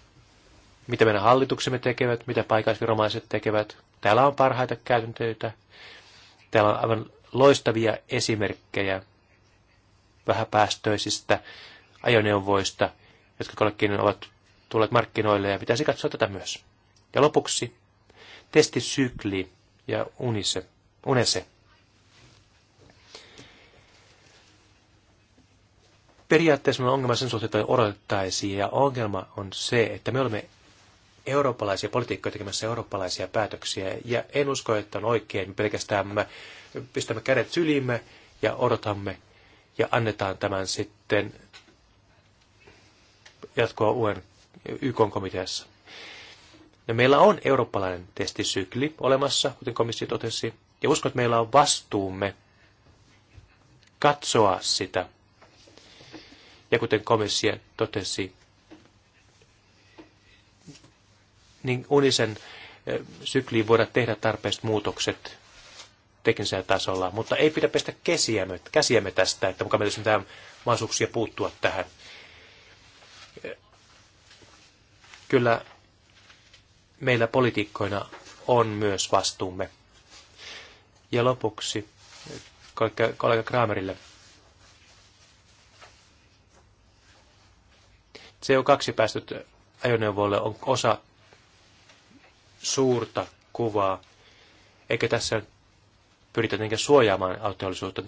mitä meidän hallituksemme tekevät, mitä paikallisviranomaiset tekevät. Täällä on parhaita käytäntöitä. Täällä on aivan loistavia esimerkkejä vähäpäästöisistä ajoneuvoista, jotka kollekin ovat tulleet markkinoille ja pitäisi katsoa tätä myös. Ja lopuksi testisykli ja UNICEF unessa. Periaatteessa meillä on ongelma sen suhteen, että odotettaisiin, ja ongelma on se, että me olemme eurooppalaisia politiikkoja tekemässä eurooppalaisia päätöksiä, ja en usko, että on oikein, me pelkästään me pistämme kädet syliimme ja odotamme ja annetaan tämän sitten jatkoa UN YK-komiteassa. Ja meillä on eurooppalainen testisykli olemassa, kuten komissio totesi, ja usko, että meillä on vastuumme katsoa sitä. Ja kuten komissio totesi, niin unisen sykliin voida tehdä tarpeelliset muutokset teknisellä tasolla, mutta ei pidä pestä käsiämme, käsiämme tästä, että mukaan meillä on mitään mahdollisuuksia puuttua tähän. Kyllä meillä poliitikkoina on myös vastuumme. Ja lopuksi kollega Kramerille. CO2-päästöt ajoneuvoille on osa suurta kuvaa, eikä tässä pyritä tietenkään suojaamaan autoteollisuutta.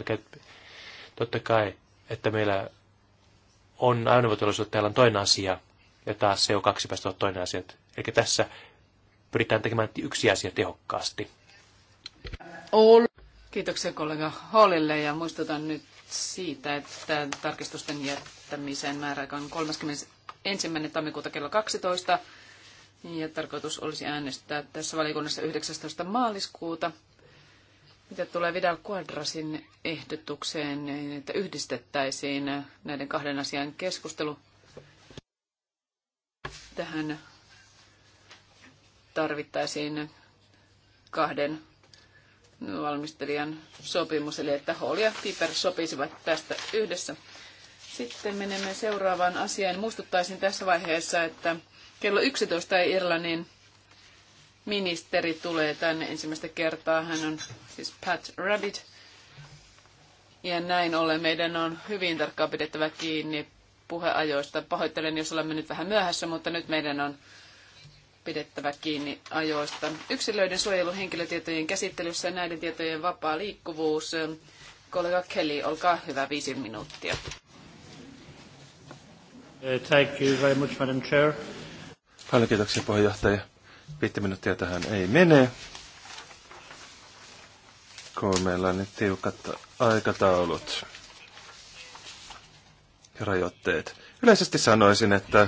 Totta kai, että meillä on ajoneuvoteollisuus, täällä on toinen asia, ja taas CO2-päästöt on toinen asia. Eli tässä pyritään tekemään yksi asia tehokkaasti
all... Kiitoksia kollega Hallille ja muistutan nyt siitä, että tarkistusten jättämisen määräaika on 31. tammikuuta kello 12. Ja tarkoitus olisi äänestää tässä valikunnassa 19. maaliskuuta. Mitä tulee Vidal Quadrasin ehdotukseen, niin että yhdistettäisiin näiden kahden asian keskustelu tähän tarvittaisiin kahden valmistelijan sopimus, eli että Hall ja Piper sopisivat tästä yhdessä. Sitten menemme seuraavaan asiaan. Muistuttaisin tässä vaiheessa, että kello 11 Irlannin ministeri tulee tänne ensimmäistä kertaa. Hän on siis Pat Rabbit. Ja näin ollen meidän on hyvin tarkkaan pidettävä kiinni puheajoista. Pahoittelen, jos olemme nyt vähän myöhässä, mutta nyt meidän on pidettävä kiinni ajoista. Yksilöiden suojelu henkilötietojen käsittelyssä ja näiden tietojen vapaa liikkuvuus. Kollega Kelly, olkaa hyvä, viisi minuuttia.
Uh, thank you very much, Madam
Chair.
Paljon kiitoksia, puheenjohtaja. Viittä minuuttia tähän ei mene, kun meillä on nyt tiukat aikataulut ja rajoitteet. Yleisesti sanoisin, että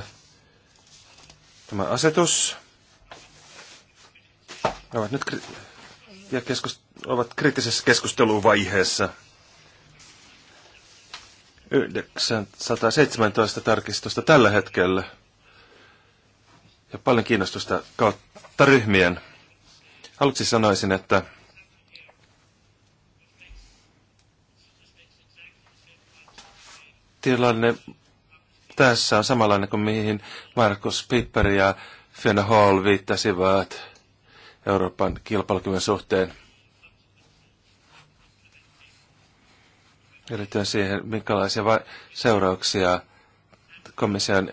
tämä asetus ne ovat nyt kri- ja keskust- ovat kriittisessä keskusteluvaiheessa. 917 tarkistusta tällä hetkellä. Ja paljon kiinnostusta kautta ryhmien. Aluksi sanoisin, että tilanne tässä on samanlainen kuin mihin Markus Pipper ja Fiona Hall viittasivat Euroopan kilpailukyvyn suhteen. erityisen siihen, minkälaisia seurauksia komission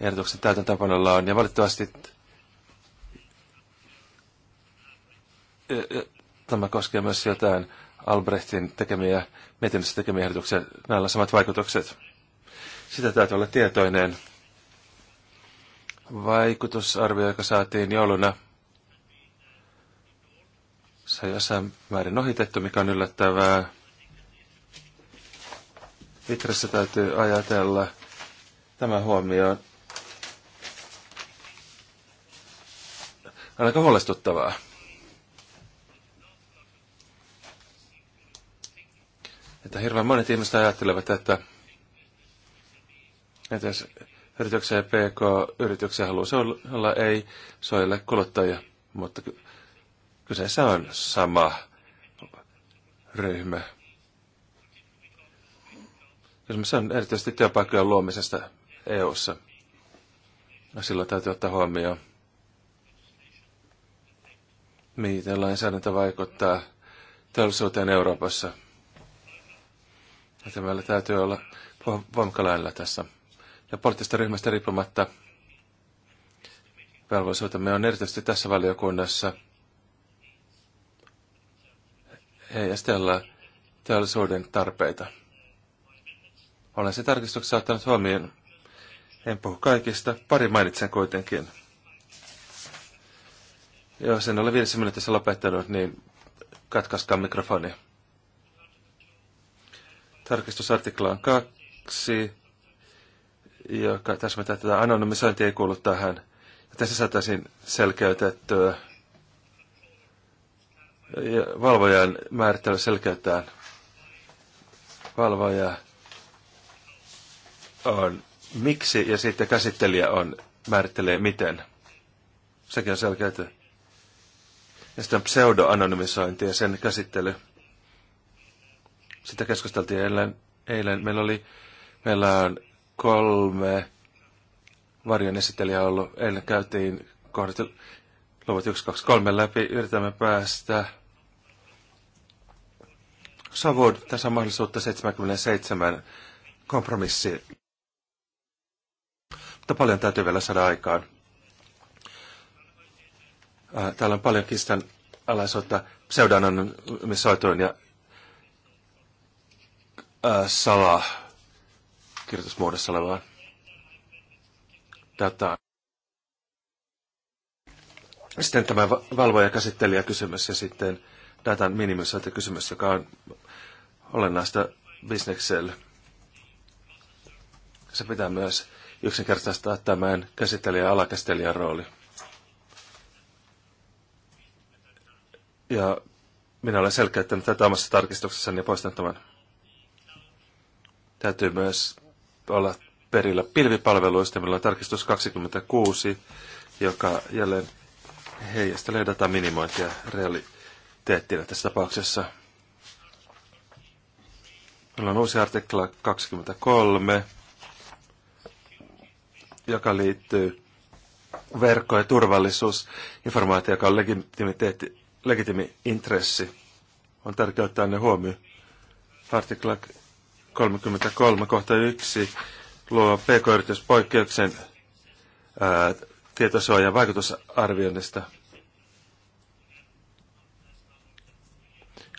ehdotuksen täytäntöönpanolla on. Ja valitettavasti e- e- tämä koskee myös jotain Albrechtin tekemiä, mietinnössä tekemiä ehdotuksia. Näillä on samat vaikutukset. Sitä täytyy olla tietoinen. Vaikutusarvio, joka saatiin jouluna se on jossain määrin ohitettu, mikä on yllättävää. Itressä täytyy ajatella tämä huomioon. Aika huolestuttavaa. Että hirveän monet ihmiset ajattelevat, että, että jos yrityksiä ja pk-yrityksiä haluaa olla, ei soille kuluttajia. Mutta Kyseessä on sama ryhmä. Kysymys on erityisesti työpaikkojen luomisesta EU-ssa. Ja silloin täytyy ottaa huomioon, miten lainsäädäntö vaikuttaa teollisuuteen Euroopassa. Että meillä täytyy olla voimakalailla tässä. Ja poliittisesta ryhmästä riippumatta velvollisuutemme on erityisesti tässä valiokunnassa – heijastella teollisuuden tarpeita. Olen se tarkistuksessa ottanut huomioon. En puhu kaikista, pari mainitsen kuitenkin. Jos en ole viidessä minuutissa lopettanut, niin katkaiskaa mikrofoni. Tarkistusartiklaan kaksi, joka täsmätään tätä anonymisointi ei kuulu tähän. Ja tässä saataisiin selkeytettyä ja valvojan määrittely selkeyttään. Valvoja on miksi ja sitten käsittelijä on määrittelee miten. Sekin on selkeyty. Ja sitten pseudo-anonymisointi ja sen käsittely. Sitä keskusteltiin eilen. eilen. Meillä, oli, meillä on kolme varjon esittelijää ollut. Eilen käytiin kohdat luvut 1, 2, 3 läpi. Yritämme päästä Savod, tässä on mahdollisuutta 77 kompromissi. Mutta paljon täytyy vielä saada aikaan. Äh, täällä on paljon kistan alaisuutta pseudonymisoituin ja äh, sala kirjoitusmuodossa olevaan dataan. Sitten tämä valvoja-käsittelijä-kysymys ja sitten datan minimisointikysymys, joka on olennaista bisnekselle. Se pitää myös yksinkertaistaa tämän käsittelijä- ja alakäsittelijän rooli. Ja minä olen selkeyttänyt tätä omassa tarkistuksessani ja poistan tämän. Täytyy myös olla perillä pilvipalveluista. Meillä on tarkistus 26, joka jälleen heijastelee datan minimointia realiteettina tässä tapauksessa. Meillä on uusi artikla 23, joka liittyy verkko- ja turvallisuusinformaatio, joka on legitimiteetti, legitimi intressi. On tärkeää ottaa ne huomioon. Artikla 33 kohta 1 luo pk-yrityspoikkeuksen tietosuojan vaikutusarvioinnista.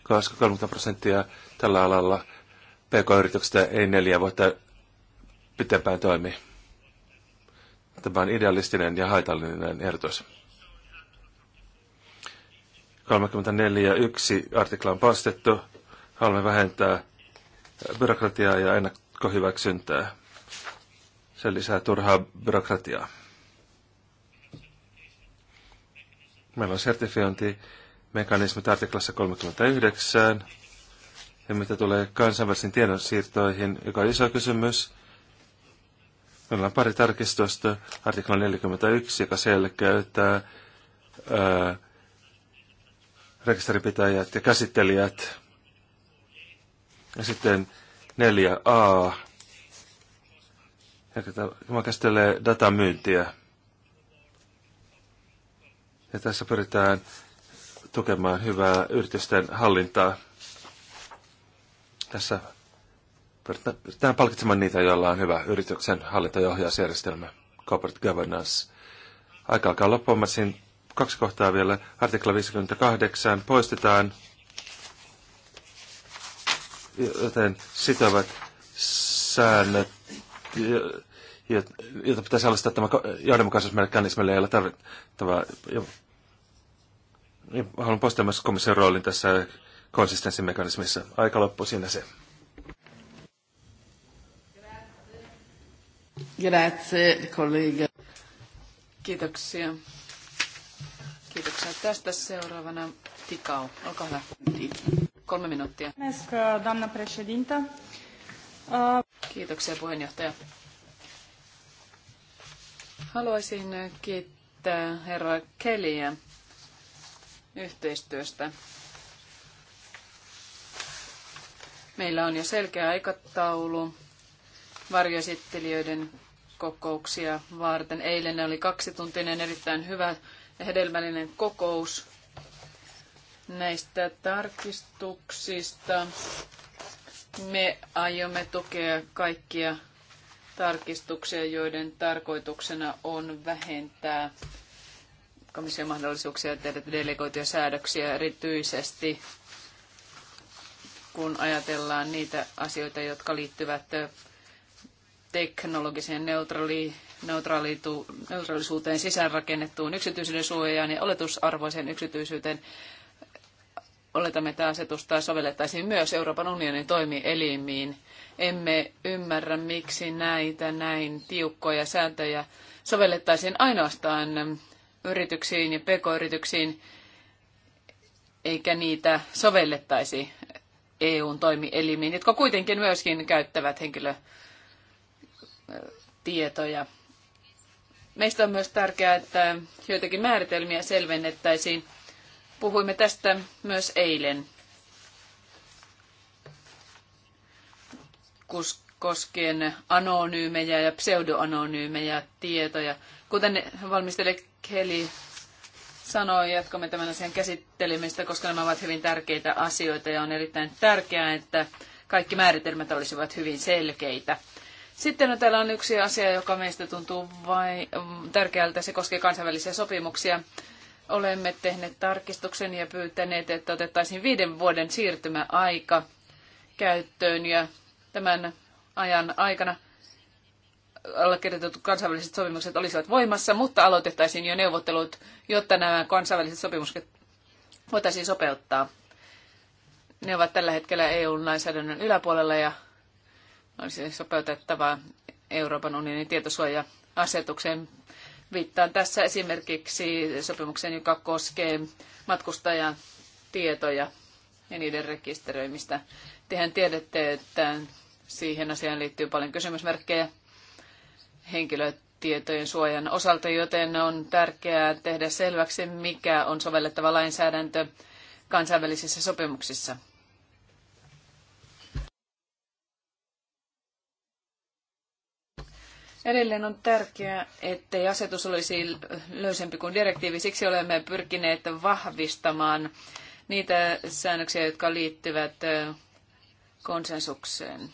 Koska prosenttia tällä alalla PK-yrityksistä ei neljä vuotta pitempään toimi. Tämä on idealistinen ja haitallinen ehdotus. 34.1 artikla on postettu. Haluamme vähentää byrokratiaa ja ennakkohyväksyntää. Se lisää turhaa byrokratiaa. Meillä on sertifiointimekanismit artiklassa 39. Ja mitä tulee kansainvälisiin tiedonsiirtoihin, joka on iso kysymys. Meillä on pari tarkistusta. Artikla 41, joka selkeyttää ää, rekisterinpitäjät ja käsittelijät. Ja sitten 4a, joka tämä käsittelee datamyyntiä. Ja tässä pyritään tukemaan hyvää yritysten hallintaa. Tässä pyritään palkitsemaan niitä, joilla on hyvä yrityksen hallintojohjausjärjestelmä, corporate governance. Aika alkaa loppuun. kaksi kohtaa vielä. Artikla 58 poistetaan, joten sitovat säännöt jota pitäisi alistaa tämä johdonmukaisuusmekanismille, ole tarvittava... Jo, niin, haluan poistaa myös komission roolin tässä konsistenssimekanismissa. Aika loppu siinä se.
Grazie, kollega. Kiitoksia. Kiitoksia tästä. Seuraavana Tikau. Olkaa hyvä. Kolme minuuttia. Kiitoksia puheenjohtaja. Haluaisin kiittää herra Keliä yhteistyöstä. Meillä on jo selkeä aikataulu varjoesittelijöiden kokouksia varten. Eilen oli kaksituntinen erittäin hyvä ja hedelmällinen kokous näistä tarkistuksista. Me aiomme tukea kaikkia tarkistuksia, joiden tarkoituksena on vähentää komission mahdollisuuksia tehdä delegoituja säädöksiä erityisesti, kun ajatellaan niitä asioita, jotka liittyvät teknologiseen neutraali, neutraalitu, neutraalisuuteen sisäänrakennettuun yksityisyyden suojaan ja oletusarvoiseen yksityisyyteen. Oletamme, että asetusta sovellettaisiin myös Euroopan unionin toimielimiin – emme ymmärrä, miksi näitä näin tiukkoja sääntöjä sovellettaisiin ainoastaan yrityksiin ja pk-yrityksiin, eikä niitä sovellettaisi EUn toimielimiin, jotka kuitenkin myöskin käyttävät henkilötietoja. Meistä on myös tärkeää, että joitakin määritelmiä selvennettäisiin. Puhuimme tästä myös eilen. koskien anonyymejä ja pseudoanonyymejä tietoja. Kuten valmistelija Kelly sanoi, jatkamme tämän asian käsittelemistä, koska nämä ovat hyvin tärkeitä asioita ja on erittäin tärkeää, että kaikki määritelmät olisivat hyvin selkeitä. Sitten on täällä on yksi asia, joka meistä tuntuu vai, tärkeältä. Se koskee kansainvälisiä sopimuksia. Olemme tehneet tarkistuksen ja pyytäneet, että otettaisiin viiden vuoden siirtymäaika käyttöön ja tämän ajan aikana allekirjoitetut kansainväliset sopimukset olisivat voimassa, mutta aloitettaisiin jo neuvottelut, jotta nämä kansainväliset sopimukset voitaisiin sopeuttaa. Ne ovat tällä hetkellä EU-lainsäädännön yläpuolella ja olisi sopeutettava Euroopan unionin tietosuoja-asetukseen. Viittaan tässä esimerkiksi sopimukseen, joka koskee matkustajan tietoja ja niiden rekisteröimistä. Tehän tiedätte, että Siihen asiaan liittyy paljon kysymysmerkkejä henkilötietojen suojan osalta, joten on tärkeää tehdä selväksi, mikä on sovellettava lainsäädäntö kansainvälisissä sopimuksissa. Edelleen on tärkeää, ettei asetus olisi löysempi kuin direktiivi. Siksi olemme pyrkineet vahvistamaan niitä säännöksiä, jotka liittyvät konsensukseen.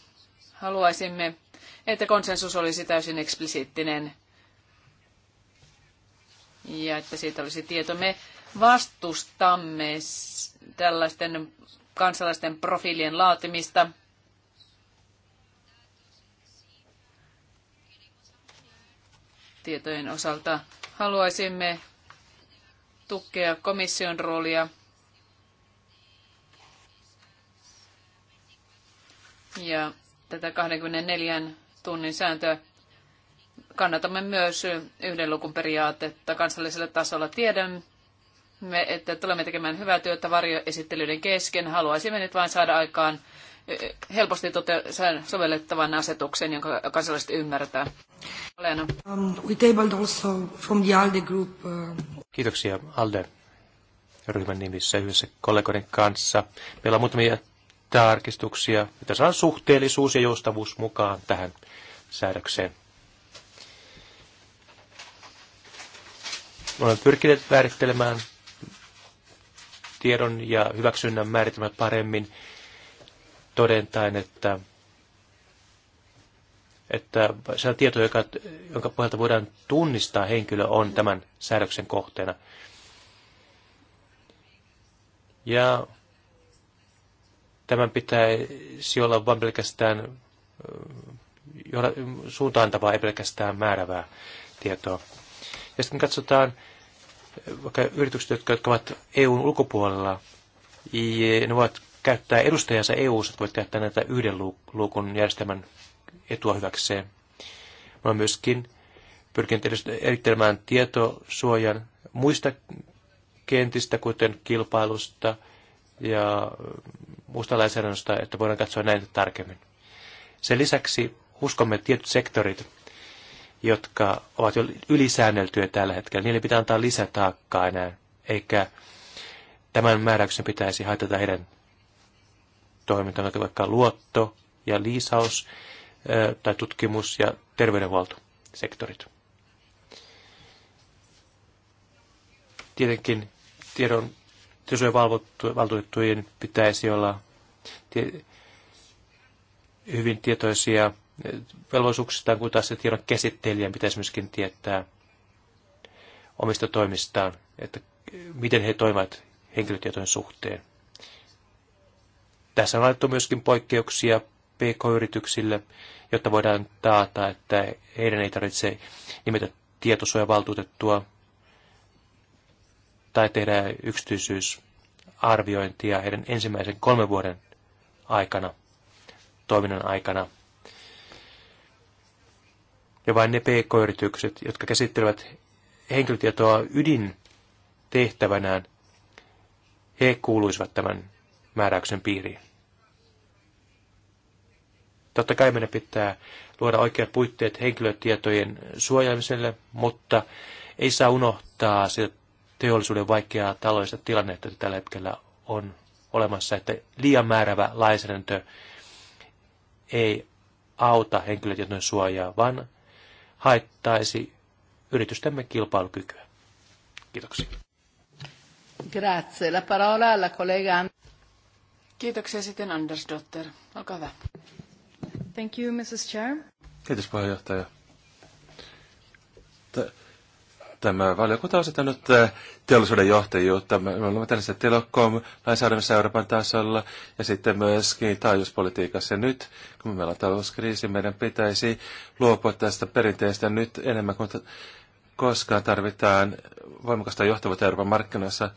Haluaisimme, että konsensus olisi täysin eksplisiittinen ja että siitä olisi tieto. Me vastustamme tällaisten kansalaisten profiilien laatimista. Tietojen osalta haluaisimme tukea komission roolia ja tätä 24 tunnin sääntöä. Kannatamme myös yhden lukun periaatetta kansallisella tasolla. Tiedämme, että tulemme tekemään hyvää työtä varjoesittelyiden kesken. Haluaisimme nyt vain saada aikaan helposti tote- sovellettavan asetuksen, jonka kansalaiset ymmärtää. Olena.
Um, also from the ALDE group. Uh...
Kiitoksia ALDE ryhmän nimissä yhdessä kollegoiden kanssa. Meillä on muutamia tarkistuksia. että saada suhteellisuus ja joustavuus mukaan tähän säädökseen. Olemme pyrkineet määrittelemään tiedon ja hyväksynnän määritelmät paremmin todentain, että, että se tieto, joka, jonka pohjalta voidaan tunnistaa henkilö, on tämän säädöksen kohteena. Ja tämän pitäisi olla vain pelkästään suuntaantavaa, ei pelkästään määrävää tietoa. Ja sitten katsotaan vaikka yritykset, jotka, jotka ovat EUn ulkopuolella, ja ne voivat käyttää edustajansa EU-ssa, voivat käyttää näitä yhden luukun järjestelmän etua hyväkseen. Mä olen myöskin pyrkinyt erittelemään tietosuojan muista kentistä, kuten kilpailusta ja muusta lainsäädännöstä, että voidaan katsoa näitä tarkemmin. Sen lisäksi uskomme tietyt sektorit, jotka ovat jo ylisäänneltyjä tällä hetkellä. Niille pitää antaa lisätaakkaa enää, eikä tämän määräyksen pitäisi haitata heidän toimintansa, vaikka luotto ja liisaus tai tutkimus ja terveydenhuoltosektorit. Tietenkin tiedon valtuutettujen pitäisi olla hyvin tietoisia velvollisuuksistaan, kun taas se tiedon käsittelijän pitäisi myöskin tietää omista toimistaan, että miten he toimivat henkilötietojen suhteen. Tässä on annettu myöskin poikkeuksia PK-yrityksille, jotta voidaan taata, että heidän ei tarvitse nimetä tietosuojavaltuutettua tai tehdä yksityisyysarviointia heidän ensimmäisen kolmen vuoden aikana, toiminnan aikana. Ja vain ne pk-yritykset, jotka käsittelevät henkilötietoa ydintehtävänään, he kuuluisivat tämän määräyksen piiriin. Totta kai meidän pitää luoda oikeat puitteet henkilötietojen suojaamiselle, mutta ei saa unohtaa sitä teollisuuden vaikeaa taloudellista tilannetta tällä hetkellä on olemassa, että liian määrävä lainsäädäntö ei auta henkilötietojen suojaa, vaan haittaisi yritystemme kilpailukykyä. Kiitoksia.
Grazie. La parola alla collega. Kiitoksia sitten Anders Dotter. Olkaa hyvä. Thank you, Mrs. Chair.
Kiitos puheenjohtaja. Tämä valiokunta on asettanut äh, teollisuuden johtajuutta. Me olemme tällaisessa telekom-lainsäädännössä Euroopan tasolla ja sitten myöskin taajuuspolitiikassa. Nyt, kun meillä on talouskriisi, meidän pitäisi luopua tästä perinteestä nyt enemmän kuin koskaan tarvitaan voimakasta johtavuutta Euroopan markkinoissa.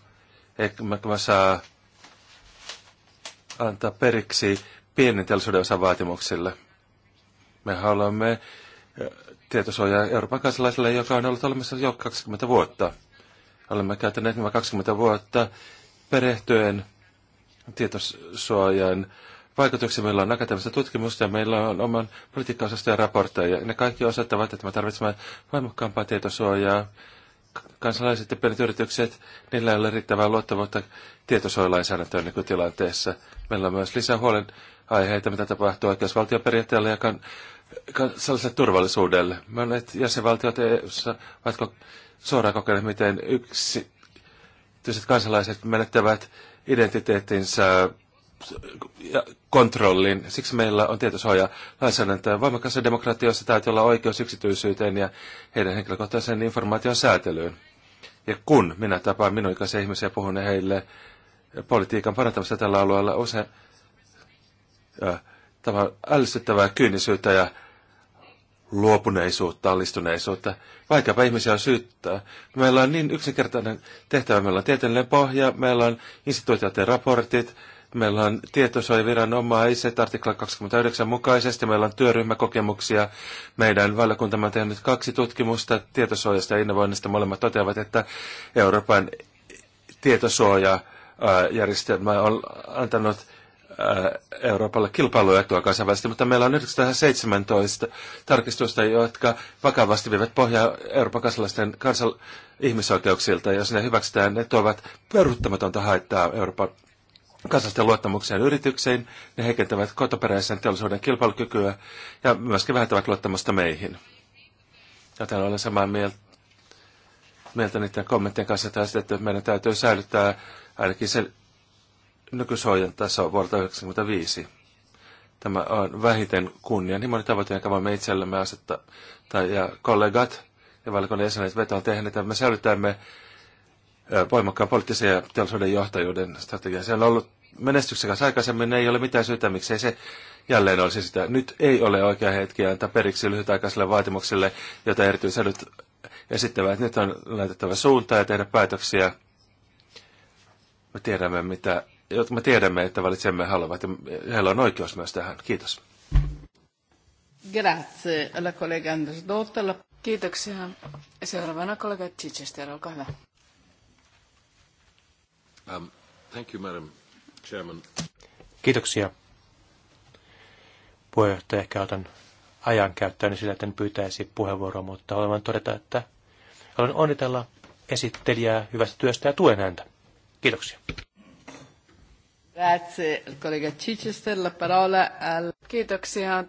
Eikö me saa antaa periksi pienen teollisuuden osan vaatimuksille. Me haluamme tietosuojaa Euroopan kansalaisille, joka on ollut olemassa jo 20 vuotta. Olemme käyttäneet nämä 20 vuotta perehtyen tietosuojan vaikutuksia. Meillä on akateemista tutkimusta ja meillä on oman politiikkaosastojen raportteja. Ne kaikki osoittavat, että me tarvitsemme voimakkaampaa tietosuojaa. Kansalaiset ja pienet yritykset, niillä ei ole riittävää luottavuutta tietosuojalainsäädäntöön nykytilanteessa. Meillä on myös lisää huolen aiheita, mitä tapahtuu oikeusvaltioperiaatteella ja kan- kansalliselle turvallisuudelle. Monet jäsenvaltiot e ovat suoraan kokeneet, miten yksityiset kansalaiset menettävät identiteettinsä ja kontrollin. Siksi meillä on tietosuoja lainsäädäntöä. Voimakkaassa demokratiassa täytyy olla oikeus yksityisyyteen ja heidän henkilökohtaisen informaation säätelyyn. Ja kun minä tapaan minun ikäisiä ihmisiä puhun heille politiikan parantamista tällä alueella usein, äh, tämä ällistyttävää kyynisyyttä ja luopuneisuutta, alistuneisuutta. Vaikeapa ihmisiä on syyttää. Meillä on niin yksinkertainen tehtävä. Meillä on tieteellinen pohja, meillä on instituutioiden raportit, meillä on tietosuojaviranomaiset artikla 29 mukaisesti, meillä on työryhmäkokemuksia. Meidän valiokuntamme on tehnyt kaksi tutkimusta tietosuojasta ja innovoinnista. Molemmat toteavat, että Euroopan tietosuojajärjestelmä on antanut Äh, Euroopalle kilpailuetua kansainvälisesti, mutta meillä on 1917 tarkistusta, jotka vakavasti vievät pohjaa Euroopan kansalaisten kansal- ihmisoikeuksilta. Jos ne hyväksytään, ne tuovat peruuttamatonta haittaa Euroopan kansallisten luottamukseen yrityksiin, ne heikentävät kotoperäisen teollisuuden kilpailukykyä ja myöskin vähentävät luottamusta meihin. Joten olen samaa mieltä, mieltä niiden kommenttien kanssa että meidän täytyy säilyttää ainakin se tässä on vuodelta 1995. Tämä on vähiten kunnianhimoinen tavoite, jonka voimme itsellemme asettaa, tai, ja kollegat ja valkoinen jäsenet vetoa tehneet, että me säilytämme voimakkaan poliittisen ja teollisuuden johtajuuden strategian. Se on ollut menestyksekäs aikaisemmin, ei ole mitään syytä, miksei se jälleen olisi sitä. Nyt ei ole oikea hetki antaa periksi lyhytaikaiselle vaatimukselle, jota erityisedut esittävät. Nyt on laitettava suuntaa ja tehdä päätöksiä. Me tiedämme, mitä jotka me tiedämme, että valitsemme haluavat. Ja heillä on oikeus myös tähän. Kiitos.
Grazie alla collega Andersdotter. Kiitoksia. Seuraavana kollega Chichester, olkaa hyvä.
Um, thank you, Madam Chairman.
Kiitoksia. Puheenjohtaja, ehkä otan ajan käyttöön niin sillä, että en pyytäisi puheenvuoroa, mutta haluan vain todeta, että haluan onnitella esittelijää hyvästä työstä ja tuen häntä. Kiitoksia.
Grazie, kollega Chichester. La parola al... Kiitoksia.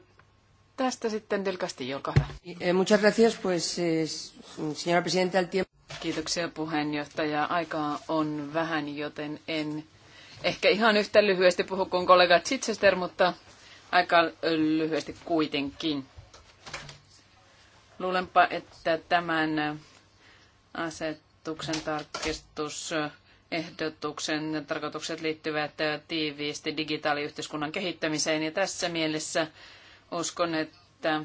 Tästä sitten Del Castillo, olkaa hyvä. Eh,
muchas gracias, pues, eh, señora
presidenta, el tiempo... Kiitoksia puheenjohtaja. Aikaa on vähän, joten en ehkä ihan yhtä lyhyesti puhu kuin kollega Chichester, mutta aika lyhyesti kuitenkin. Luulenpa, että tämän asetuksen tarkistus ehdotuksen tarkoitukset liittyvät tiiviisti digitaaliyhteiskunnan kehittämiseen. Ja tässä mielessä uskon, että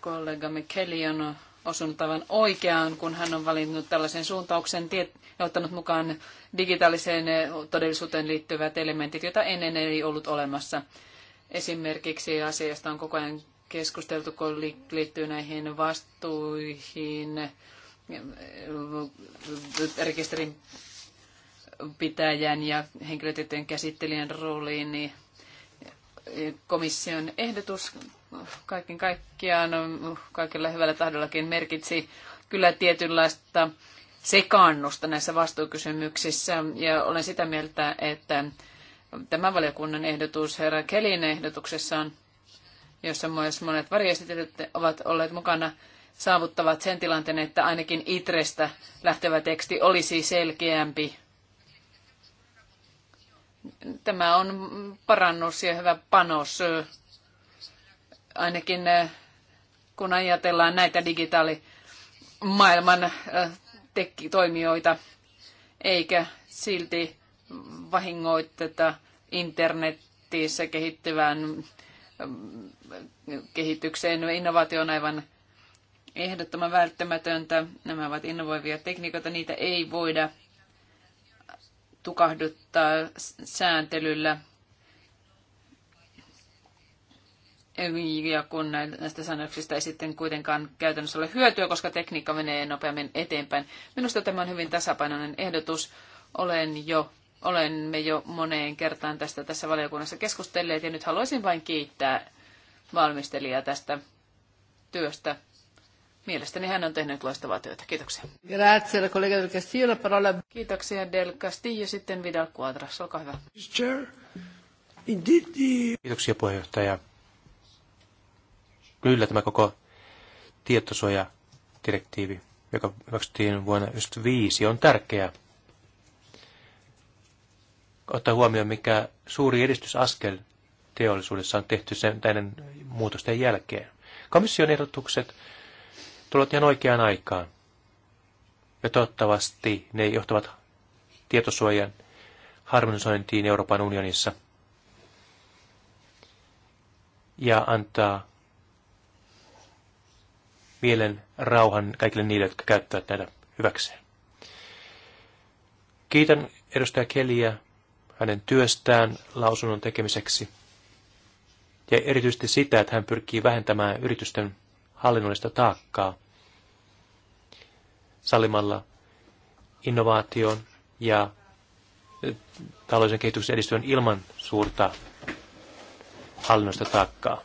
kollegamme Kelly on osunut aivan oikeaan, kun hän on valinnut tällaisen suuntauksen ja ottanut mukaan digitaaliseen todellisuuteen liittyvät elementit, joita ennen ei ollut olemassa. Esimerkiksi asiasta on koko ajan keskusteltu, kun liittyy näihin vastuihin, rekisterin pitäjän ja henkilötietojen käsittelijän rooliin, niin komission ehdotus kaiken kaikkiaan kaikilla hyvällä tahdollakin merkitsi kyllä tietynlaista sekaannusta näissä vastuukysymyksissä. Ja olen sitä mieltä, että tämä valiokunnan ehdotus herra Kelin ehdotuksessaan, jossa myös monet varjoesitellyt ovat olleet mukana, saavuttavat sen tilanteen, että ainakin ITREstä lähtevä teksti olisi selkeämpi. Tämä on parannus ja hyvä panos, ainakin eh, kun ajatellaan näitä digitaalimaailman eh, toimijoita, eikä silti vahingoiteta internetissä kehittyvään eh, kehitykseen. Innovaatio aivan ehdottoman välttämätöntä. Nämä ovat innovoivia tekniikoita, niitä ei voida tukahduttaa sääntelyllä. Ja kun näistä sanoksista ei sitten kuitenkaan käytännössä ole hyötyä, koska tekniikka menee nopeammin eteenpäin. Minusta tämä on hyvin tasapainoinen ehdotus. Olen jo, olemme jo moneen kertaan tästä tässä valiokunnassa keskustelleet ja nyt haluaisin vain kiittää valmistelijaa tästä työstä. Mielestäni hän on tehnyt loistavaa työtä. Kiitoksia. Grazie, la collega del Castillo. La parola... Kiitoksia del Castillo. Sitten Vidal Quadras. Olkaa hyvä. Kiitoksia puheenjohtaja.
Kyllä tämä koko tietosuojadirektiivi, joka hyväksyttiin vuonna 1995, on tärkeä. Ottaa huomioon, mikä suuri edistysaskel teollisuudessa on tehty sen, näiden muutosten jälkeen. Komission ehdotukset tulevat ihan oikeaan aikaan. Ja toivottavasti ne johtavat tietosuojan harmonisointiin Euroopan unionissa ja antaa mielen rauhan kaikille niille, jotka käyttävät näitä hyväkseen. Kiitän edustaja Keliä hänen työstään lausunnon tekemiseksi ja erityisesti sitä, että hän pyrkii vähentämään yritysten hallinnollista taakkaa sallimalla innovaation ja taloudellisen kehityksen edistyön ilman suurta hallinnosta taakkaa.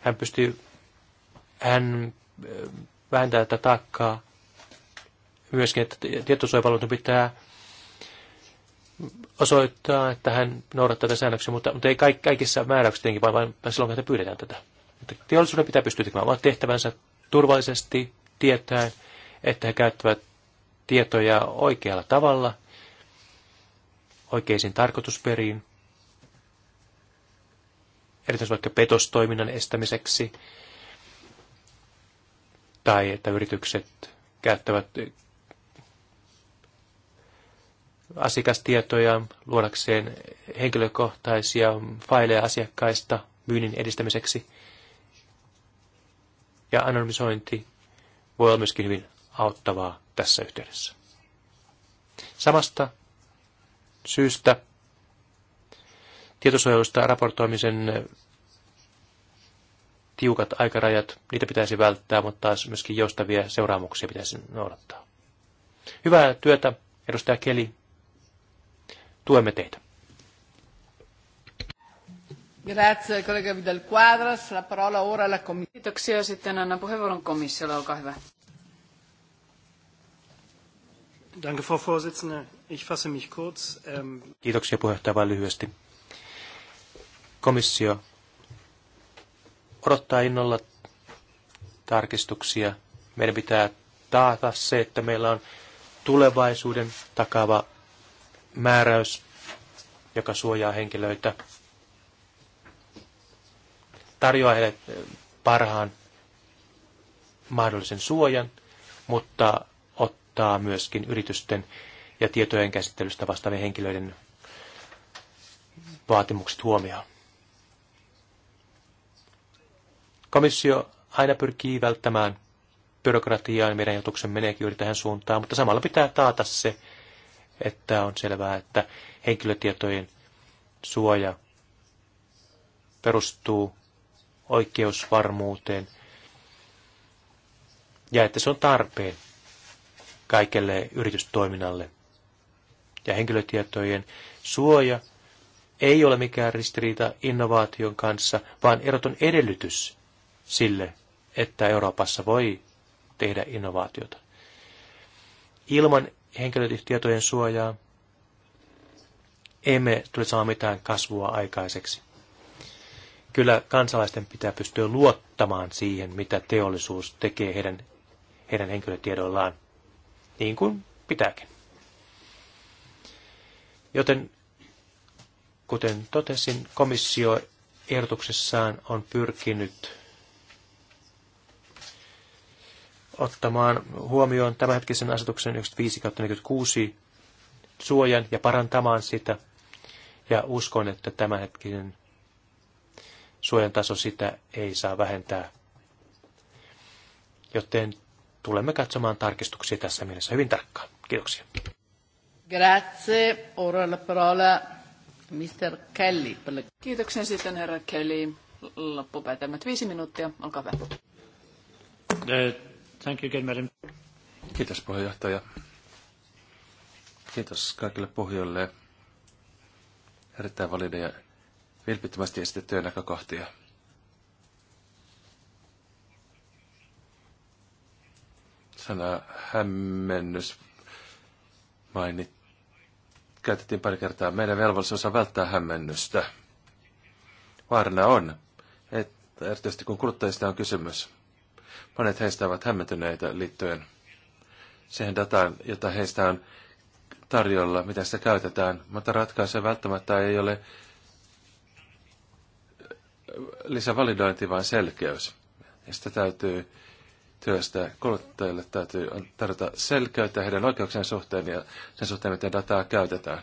Hän pystyy, hän vähentää tätä taakkaa myöskin, että tietosuojapalveluiden pitää osoittaa, että hän noudattaa tätä säännöksiä, mutta, mutta ei kaikissa määräyksissä tietenkin, vaan, vaan silloin, kun pyydetään tätä. Mutta teollisuuden pitää pystyä tekemään oman tehtävänsä turvallisesti, tietäen, että he käyttävät tietoja oikealla tavalla, oikeisiin tarkoitusperiin, erityisesti vaikka petostoiminnan estämiseksi, tai että yritykset käyttävät asiakastietoja luodakseen henkilökohtaisia faileja asiakkaista myynnin edistämiseksi – ja anonymisointi voi olla myöskin hyvin auttavaa tässä yhteydessä. Samasta syystä tietosuojelusta raportoimisen tiukat aikarajat, niitä pitäisi välttää, mutta taas myöskin joustavia seuraamuksia pitäisi noudattaa. Hyvää työtä, edustaja Keli. Tuemme teitä.
Grazie, kollega Vidal Quadras. La parola ora alla Kiitoksia. Sitten annan puheenvuoron komissiolle. Olkaa hyvä.
Danke, Frau Vorsitzende. Ich fasse mich kurz. Ähm...
Kiitoksia puheenjohtaja vain lyhyesti. Komissio odottaa innolla tarkistuksia. Meidän pitää taata se, että meillä on tulevaisuuden takava määräys, joka suojaa henkilöitä tarjoaa heille parhaan mahdollisen suojan, mutta ottaa myöskin yritysten ja tietojen käsittelystä vastaavien henkilöiden vaatimukset huomioon. Komissio aina pyrkii välttämään byrokratiaa ja niin meidän jotuksen meneekin juuri tähän suuntaan, mutta samalla pitää taata se, että on selvää, että henkilötietojen suoja perustuu oikeusvarmuuteen ja että se on tarpeen kaikelle yritystoiminnalle. Ja henkilötietojen suoja ei ole mikään ristiriita innovaation kanssa, vaan eroton edellytys sille, että Euroopassa voi tehdä innovaatiota. Ilman henkilötietojen suojaa emme tule saamaan mitään kasvua aikaiseksi kyllä kansalaisten pitää pystyä luottamaan siihen, mitä teollisuus tekee heidän, heidän henkilötiedoillaan, niin kuin pitääkin. Joten, kuten totesin, komissio ehdotuksessaan on pyrkinyt ottamaan huomioon tämänhetkisen asetuksen 95-46 suojan ja parantamaan sitä. Ja uskon, että tämänhetkinen suojan taso sitä ei saa vähentää. Joten tulemme katsomaan tarkistuksia tässä mielessä hyvin tarkkaan. Kiitoksia.
Grazie. Ora la parola Mr. Kelly. Kiitoksia sitten herra Kelly. Loppupäätelmät viisi minuuttia. Olkaa hyvä.
Eh, thank you again, madam. Kiitos puheenjohtaja.
Kiitos kaikille pohjoille. Erittäin valideja vilpittömästi esitettyjä näkökohtia. Sana hämmennys mainit, käytettiin pari kertaa. Meidän velvollisuus on välttää hämmennystä. Vaarana on, että erityisesti kun kuluttajista on kysymys, monet heistä ovat hämmentyneitä liittyen siihen dataan, jota heistä on tarjolla, mitä sitä käytetään, mutta ratkaisu välttämättä ei ole lisävalidointi, vai selkeys. Ja sitä täytyy työstää. Kuluttajille täytyy tarjota selkeyttä heidän oikeuksien suhteen ja sen suhteen, miten dataa käytetään.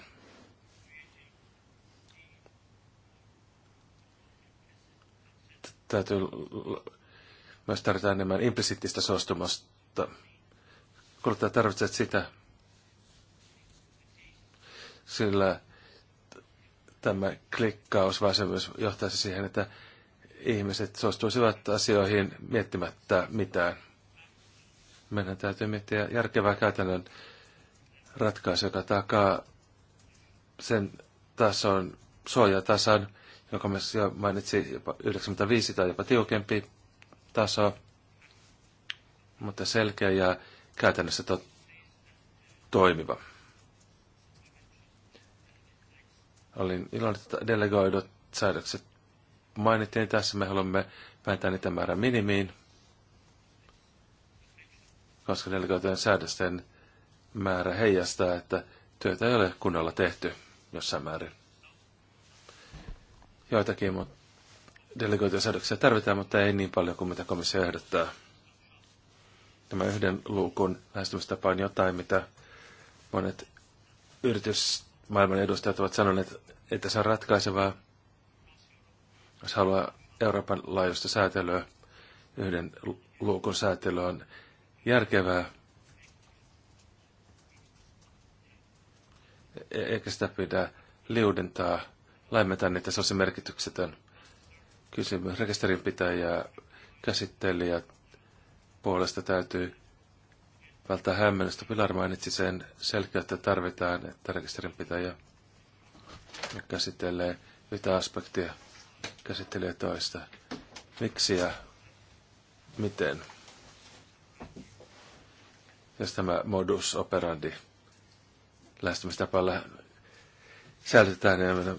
Täytyy myös tarjota enemmän implisiittistä suostumusta. Kuluttaja tarvitsee sitä, sillä tämä myös johtaisi siihen, että ihmiset suostuisivat asioihin miettimättä mitään. Meidän täytyy miettiä järkevää käytännön ratkaisua, joka takaa sen tason, suojatasan, joka myös jo mainitsi jopa 95 tai jopa tiukempi taso, mutta selkeä ja käytännössä to- toimiva. Olin iloinen, että delegoidut säädökset mainittiin tässä. Me haluamme vähentää niitä määrän minimiin, koska delegoitujen säädösten määrä heijastaa, että työtä ei ole kunnolla tehty jossain määrin. Joitakin delegoitujen säädöksiä tarvitaan, mutta ei niin paljon kuin mitä komissio ehdottaa. Tämä yhden luukun lähestymistapa on jotain, mitä monet yritys maailman edustajat ovat sanoneet, että se on ratkaisevaa, jos haluaa Euroopan laajuista säätelyä. Yhden luukun säätely on järkevää, e- eikä sitä pidä liudentaa, laimeta niitä, se on se merkityksetön kysymys. Rekisterinpitäjä ja käsittelijät puolesta täytyy välttää hämmennystä. Pilar mainitsi sen selkeyttä tarvitaan, että rekisterinpitäjä käsittelee yhtä aspektia, käsittelee toista. Miksi ja miten? Ja tämä modus operandi lähestymistapa säilytetään, ja niin mennä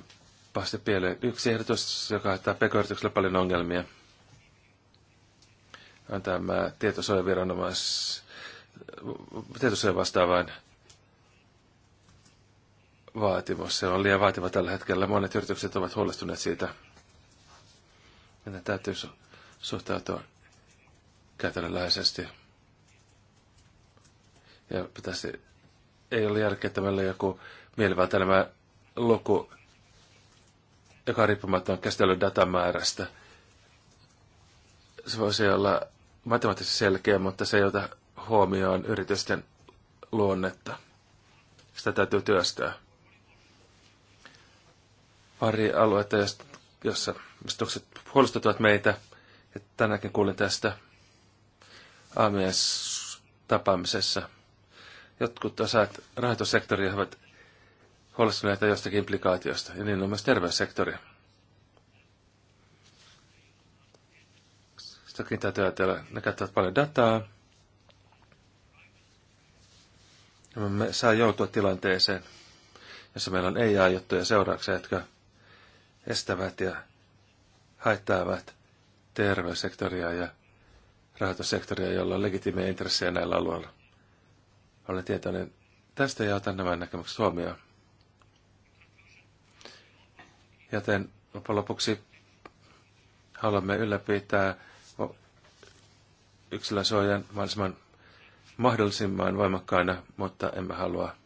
pahasti pieleen. Yksi ehdotus, joka aiheuttaa pk paljon ongelmia, on tämä tietosuojaviranomaisen tietosuojan vastaavaan vaatimus. Se on liian vaativa tällä hetkellä. Monet yritykset ovat huolestuneet siitä. Meidän täytyy su- suhtautua käytännönläheisesti. Ja pitäisi, ei ole järkeä, että meillä joku mielivaltainen luku, joka on riippumaton käsitellyn datamäärästä. Se voisi olla matemaattisesti selkeä, mutta se ei ota huomioon yritysten luonnetta. Sitä täytyy työstää. Pari aluetta, jossa mistukset huolestuttavat meitä. Ja tänäkin kuulin tästä AMS-tapaamisessa. Jotkut osat rahoitussektoria ovat huolestuneita jostakin implikaatiosta, ja niin on myös terveyssektori. Sitäkin täytyy ajatella, ne käyttävät paljon dataa, Me saa joutua tilanteeseen, jossa meillä on ei-aiottuja seurauksia, jotka estävät ja haittaavat terveyssektoria ja rahoitussektoria, jolla on legitiimejä intressejä näillä alueilla. Olen tietoinen tästä ja otan nämä näkemykset huomioon. Joten lopuksi haluamme ylläpitää yksilön suojan mahdollisimman mahdollisimman voimakkaana, mutta emme halua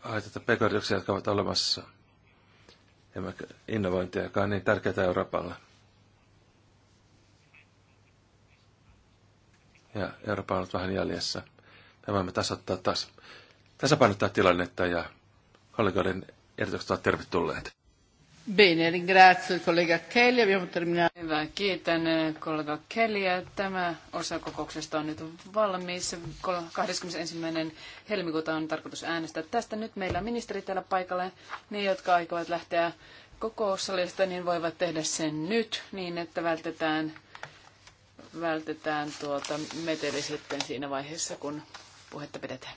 haitata pekorjuksia, jotka ovat olemassa. Emme innovointiakaan niin tärkeää Euroopalla. Ja Eurooppa on ollut vähän jäljessä. Me voimme tasoittaa taas, tasapainottaa tilannetta ja kollegoiden ehdotukset ovat tervetulleet.
Bene, ringrazio il collega Kelly. Abbiamo terminato. Hyvä, kiitän eh, kollega Kellyä. Tämä osa kokouksesta on nyt valmis. 21. helmikuuta on tarkoitus äänestää tästä. Nyt meillä on ministeri täällä paikalla. Ne, jotka aikovat lähteä kokoussalista, niin voivat tehdä sen nyt niin, että vältetään, vältetään tuota meteli sitten siinä vaiheessa, kun puhetta pidetään.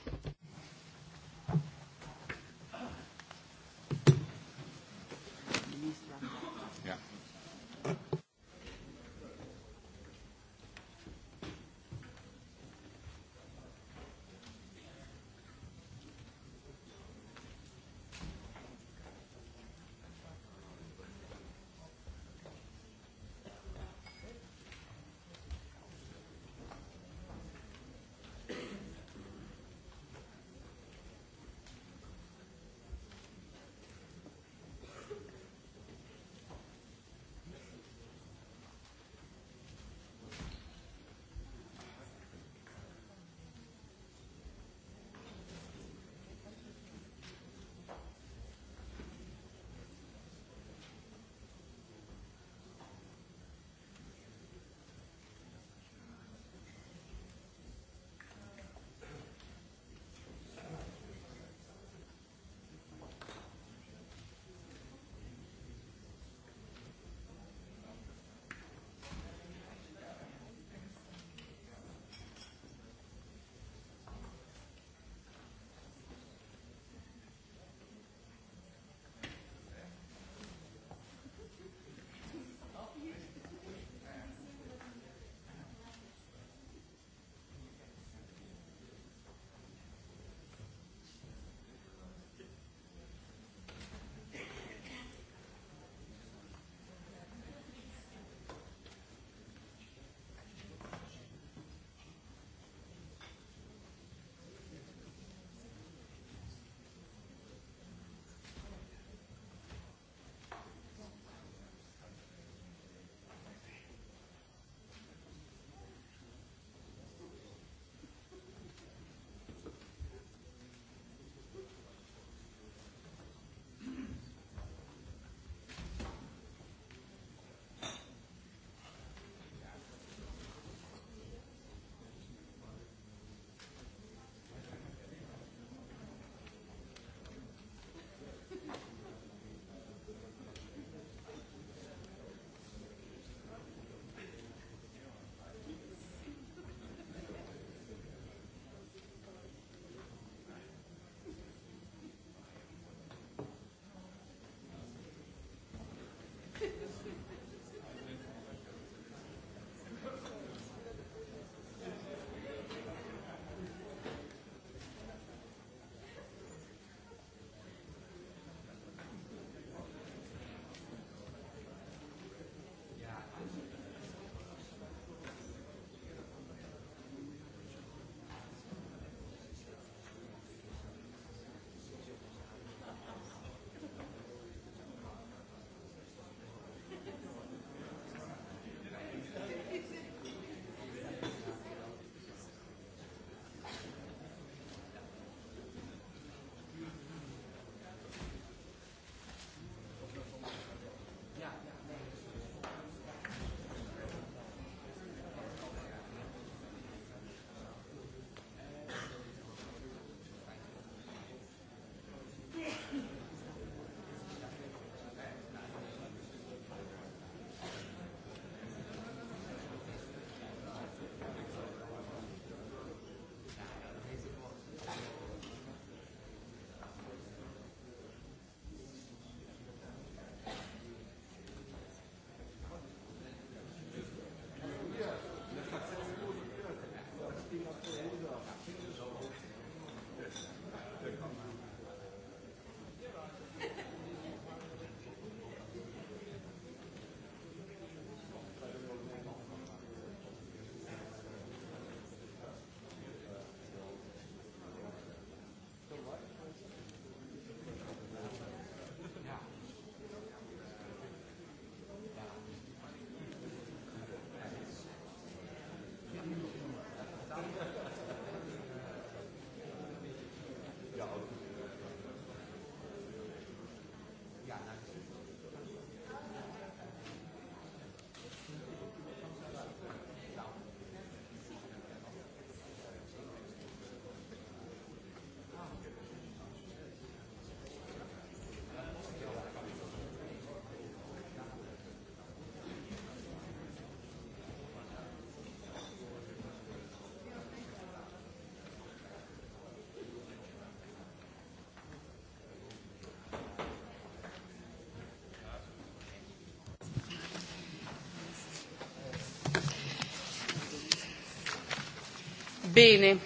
Bene.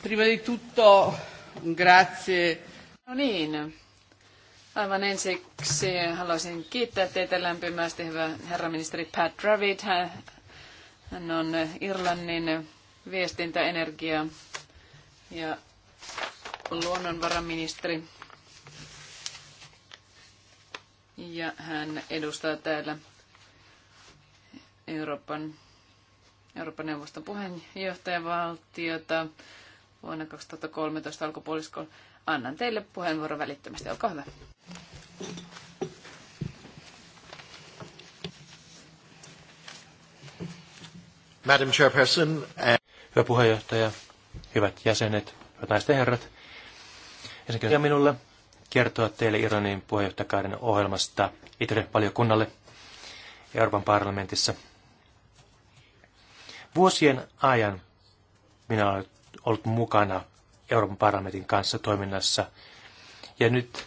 Prima di tutto, grazie. No niin. Aivan ensiksi haluaisin kiittää teitä lämpimästi, hyvä herra ministeri Pat Ravid. Hän on Irlannin viestintä, energia ja luonnonvaraministeri. Ja hän edustaa täällä Euroopan Euroopan neuvoston puheenjohtajavaltiota vuonna 2013 alkupuoliskolla. Annan teille puheenvuoron välittömästi. Olkaa hyvä.
Madam Chairperson.
Eh, hyvä puheenjohtaja, hyvät jäsenet, hyvät naiset ja herrat. Ensinnäkin minulle kertoa teille Iranin puheenjohtajakauden ohjelmasta itre valiokunnalle Euroopan parlamentissa – Vuosien ajan minä olen ollut mukana Euroopan parlamentin kanssa toiminnassa. Ja nyt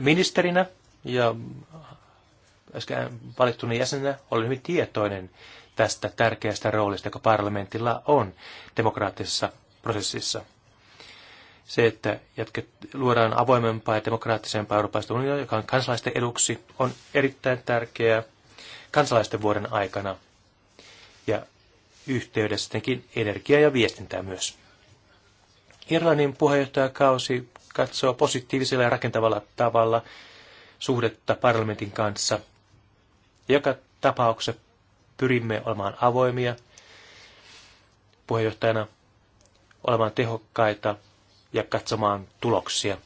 ministerinä ja äsken valittuna jäsenenä olen hyvin tietoinen tästä tärkeästä roolista, joka parlamentilla on demokraattisessa prosessissa. Se, että jatket, luodaan avoimempaa ja demokraattisempaa Euroopasta unionia, joka on kansalaisten eduksi, on erittäin tärkeää kansalaisten vuoden aikana. Ja yhteydessä tekin energiaa ja viestintää myös. Irlannin puheenjohtajakausi katsoo positiivisella ja rakentavalla tavalla suhdetta parlamentin kanssa. Joka tapauksessa pyrimme olemaan avoimia puheenjohtajana, olemaan tehokkaita ja katsomaan tuloksia.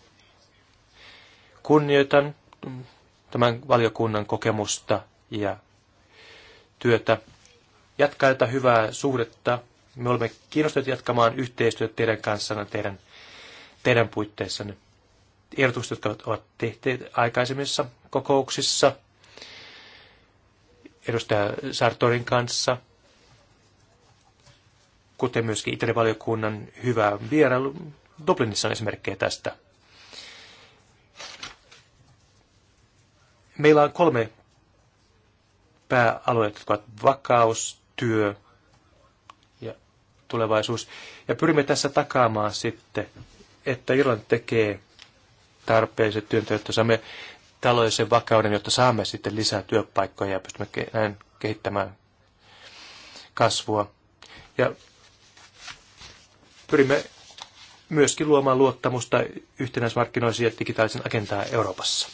Kunnioitan tämän valiokunnan kokemusta ja työtä jatkaa tätä hyvää suhdetta. Me olemme kiinnostuneet jatkamaan yhteistyötä teidän kanssanne, teidän, teidän puitteissanne. Ehdotukset, jotka ovat tehty aikaisemmissa kokouksissa, edustaja Sartorin kanssa, kuten myöskin Itävaliokunnan hyvä vierailu. Dublinissa on esimerkkejä tästä. Meillä on kolme pääalueet, jotka ovat vakaus, työ ja tulevaisuus. Ja pyrimme tässä takaamaan sitten, että Irlanti tekee tarpeelliset työntöt, jotta saamme taloudellisen vakauden, jotta saamme sitten lisää työpaikkoja ja pystymme näin kehittämään kasvua. Ja pyrimme myöskin luomaan luottamusta yhtenäismarkkinoisiin ja digitaalisen agendaan Euroopassa.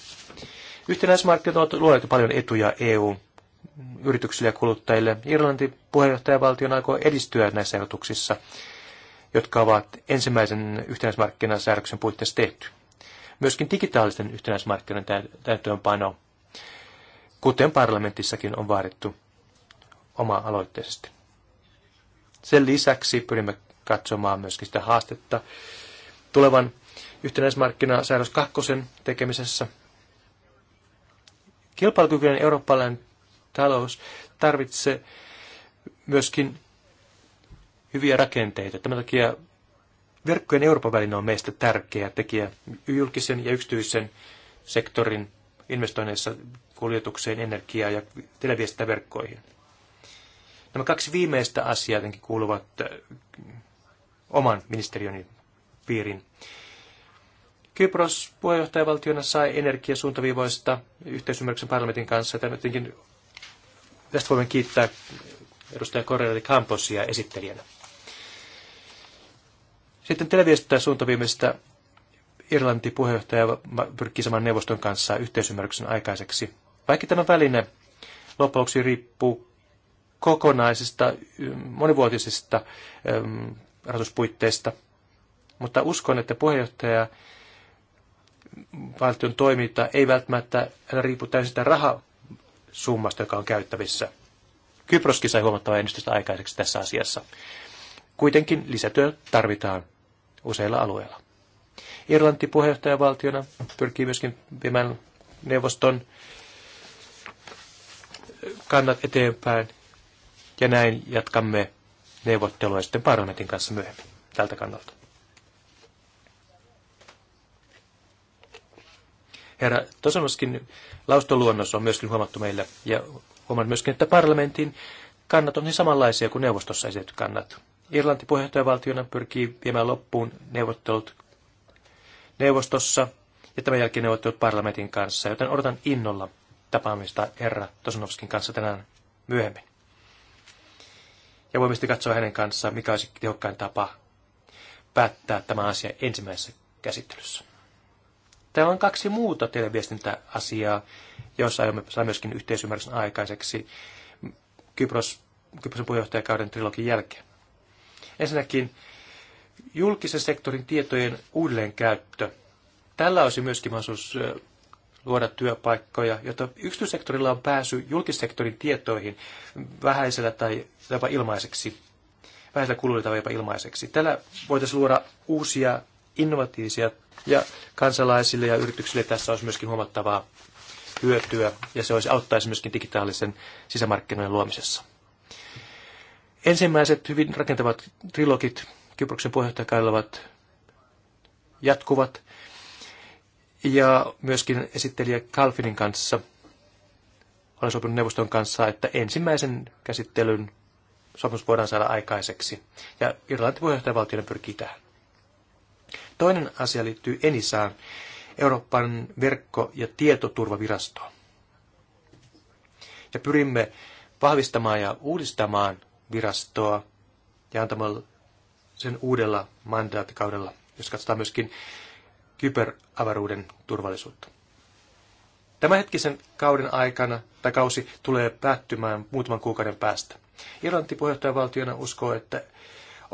Yhtenäismarkkinat ovat luoneet paljon etuja EUn yrityksille ja kuluttajille. Irlanti puheenjohtajavaltio aikoo edistyä näissä ehdotuksissa, jotka ovat ensimmäisen yhtenäismarkkinasäädöksen puitteissa tehty. Myöskin digitaalisten yhtenäismarkkinoiden täyttöönpano, kuten parlamentissakin on vaadittu oma-aloitteisesti. Sen lisäksi pyrimme katsomaan myöskin sitä haastetta tulevan yhtenäismarkkinasäädös kakkosen tekemisessä. Kilpailukykyinen eurooppalainen talous tarvitsee myöskin hyviä rakenteita. Tämän takia verkkojen Euroopan väline on meistä tärkeä tekijä julkisen ja yksityisen sektorin investoinneissa kuljetukseen, energiaa ja televiestintäverkkoihin. Nämä kaksi viimeistä asiaa jotenkin kuuluvat äh, oman ministeriöni piirin. Kypros puheenjohtajavaltiona sai energiasuuntaviivoista yhteisymmärryksen parlamentin kanssa. Tämä jotenkin Tästä voimme kiittää edustaja Correa Camposia esittelijänä. Sitten televisiosta suuntaviimeisestä Irlanti puheenjohtaja pyrkii saman neuvoston kanssa yhteisymmärryksen aikaiseksi. Vaikka tämä väline lopuksi riippuu kokonaisista monivuotisista rahoituspuitteista, mutta uskon, että puheenjohtaja valtion toiminta ei välttämättä riipu täysin sitä raha, summasta, joka on käyttävissä. Kyproskin sai huomattavaa ennistystä aikaiseksi tässä asiassa. Kuitenkin lisätyö tarvitaan useilla alueilla. Irlanti puheenjohtajavaltiona pyrkii myöskin viemään neuvoston kannat eteenpäin ja näin jatkamme neuvottelua sitten parlamentin kanssa myöhemmin tältä kannalta. Herra Tosanoskin Laustoluonnos on myöskin huomattu meillä ja huomannut myöskin, että parlamentin kannat on niin samanlaisia kuin neuvostossa esitetty kannat. Irlanti puheenjohtajavaltiona pyrkii viemään loppuun neuvottelut neuvostossa ja tämän jälkeen neuvottelut parlamentin kanssa, joten odotan innolla tapaamista herra Tosunovskin kanssa tänään myöhemmin. Ja voimme sitten katsoa hänen kanssaan, mikä olisi tehokkain tapa päättää tämä asia ensimmäisessä käsittelyssä. Täällä on kaksi muuta televiestintäasiaa, joissa aiomme saa myöskin yhteisymmärryksen aikaiseksi Kypros, Kyprosin puheenjohtajakauden trilogin jälkeen. Ensinnäkin julkisen sektorin tietojen uudelleenkäyttö. Tällä olisi myöskin mahdollisuus luoda työpaikkoja, jotta yksityissektorilla on pääsy julkisektorin tietoihin vähäisellä tai jopa ilmaiseksi, vähäisellä kuluilla tai jopa ilmaiseksi. Tällä voitaisiin luoda uusia innovatiivisia ja kansalaisille ja yrityksille tässä olisi myöskin huomattavaa hyötyä, ja se olisi auttaisi myöskin digitaalisen sisämarkkinoiden luomisessa. Ensimmäiset hyvin rakentavat trilogit Kyproksen puheenjohtajakaudella ovat jatkuvat, ja myöskin esittelijä Kalfinin kanssa olen sopinut neuvoston kanssa, että ensimmäisen käsittelyn sopimus voidaan saada aikaiseksi. Ja Irlanti puheenjohtajavaltiona pyrkii tähän. Toinen asia liittyy Enisaan, Euroopan verkko- ja tietoturvavirastoon. Ja pyrimme vahvistamaan ja uudistamaan virastoa ja antamalla sen uudella mandaattikaudella, jos katsotaan myöskin kyberavaruuden turvallisuutta. Tämänhetkisen kauden aikana tai kausi tulee päättymään muutaman kuukauden päästä. Irlanti puheenjohtajavaltiona uskoo, että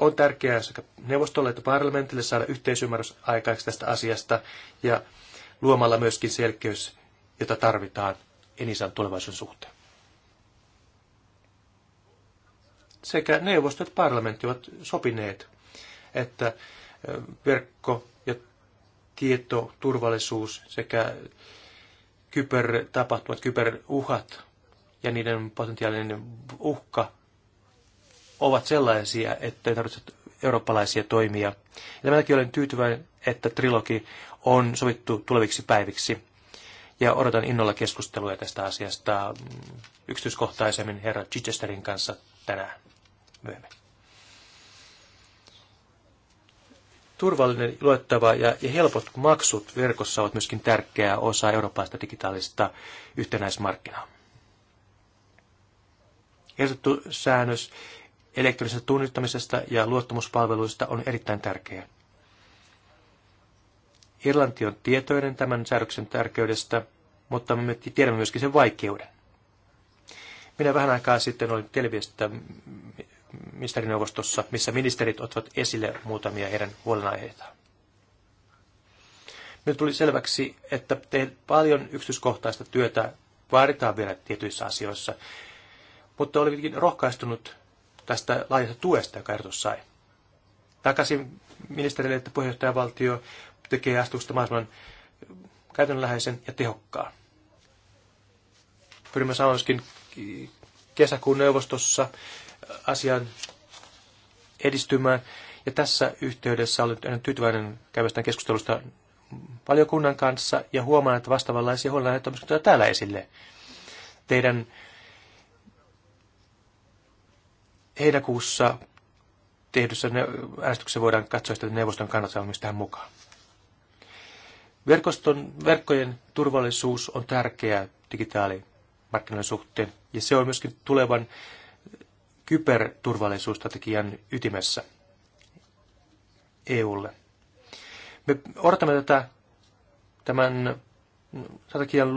on tärkeää sekä neuvostolle että parlamentille saada yhteisymmärrys aikaiseksi tästä asiasta ja luomalla myöskin selkeys, jota tarvitaan Enisan tulevaisuuden suhteen. Sekä neuvosto että parlamentti ovat sopineet, että verkko- ja tietoturvallisuus sekä kybertapahtumat, kyberuhat ja niiden potentiaalinen uhka ovat sellaisia, että ei tarvitse eurooppalaisia toimia. Ja tämän takia olen tyytyväinen, että trilogi on sovittu tuleviksi päiviksi. Ja odotan innolla keskustelua tästä asiasta yksityiskohtaisemmin herra Chichesterin kanssa tänään myöhemmin. Turvallinen, luettava ja, ja helpot maksut verkossa ovat myöskin tärkeä osa eurooppalaista digitaalista yhtenäismarkkinaa. Ehdotettu säännös elektronisesta tunnistamisesta ja luottamuspalveluista on erittäin tärkeää. Irlanti on tietoinen tämän säädöksen tärkeydestä, mutta me tiedämme myöskin sen vaikeuden. Minä vähän aikaa sitten olin televisiosta ministerineuvostossa, missä ministerit ottivat esille muutamia heidän huolenaiheitaan. Nyt tuli selväksi, että te paljon yksityiskohtaista työtä vaaditaan vielä tietyissä asioissa, mutta olin rohkaistunut tästä laajasta tuesta, joka ehdotus sai. Takaisin ministerille, että puheenjohtajavaltio tekee astusta mahdollisimman käytännönläheisen ja tehokkaan. Pyrimme sanoisikin kesäkuun neuvostossa asian edistymään. Ja tässä yhteydessä olen tyytyväinen käymästä keskustelusta valiokunnan kanssa ja huomaan, että vastaavanlaisia huolenaiheita on täällä esille. Teidän heinäkuussa tehdyssä äänestyksessä voidaan katsoa, että neuvoston kannattaa myös tähän mukaan. Verkoston, verkkojen turvallisuus on tärkeää digitaalimarkkinoiden suhteen, ja se on myöskin tulevan kyberturvallisuusstrategian ytimessä EUlle. Me odotamme tätä, tämän strategian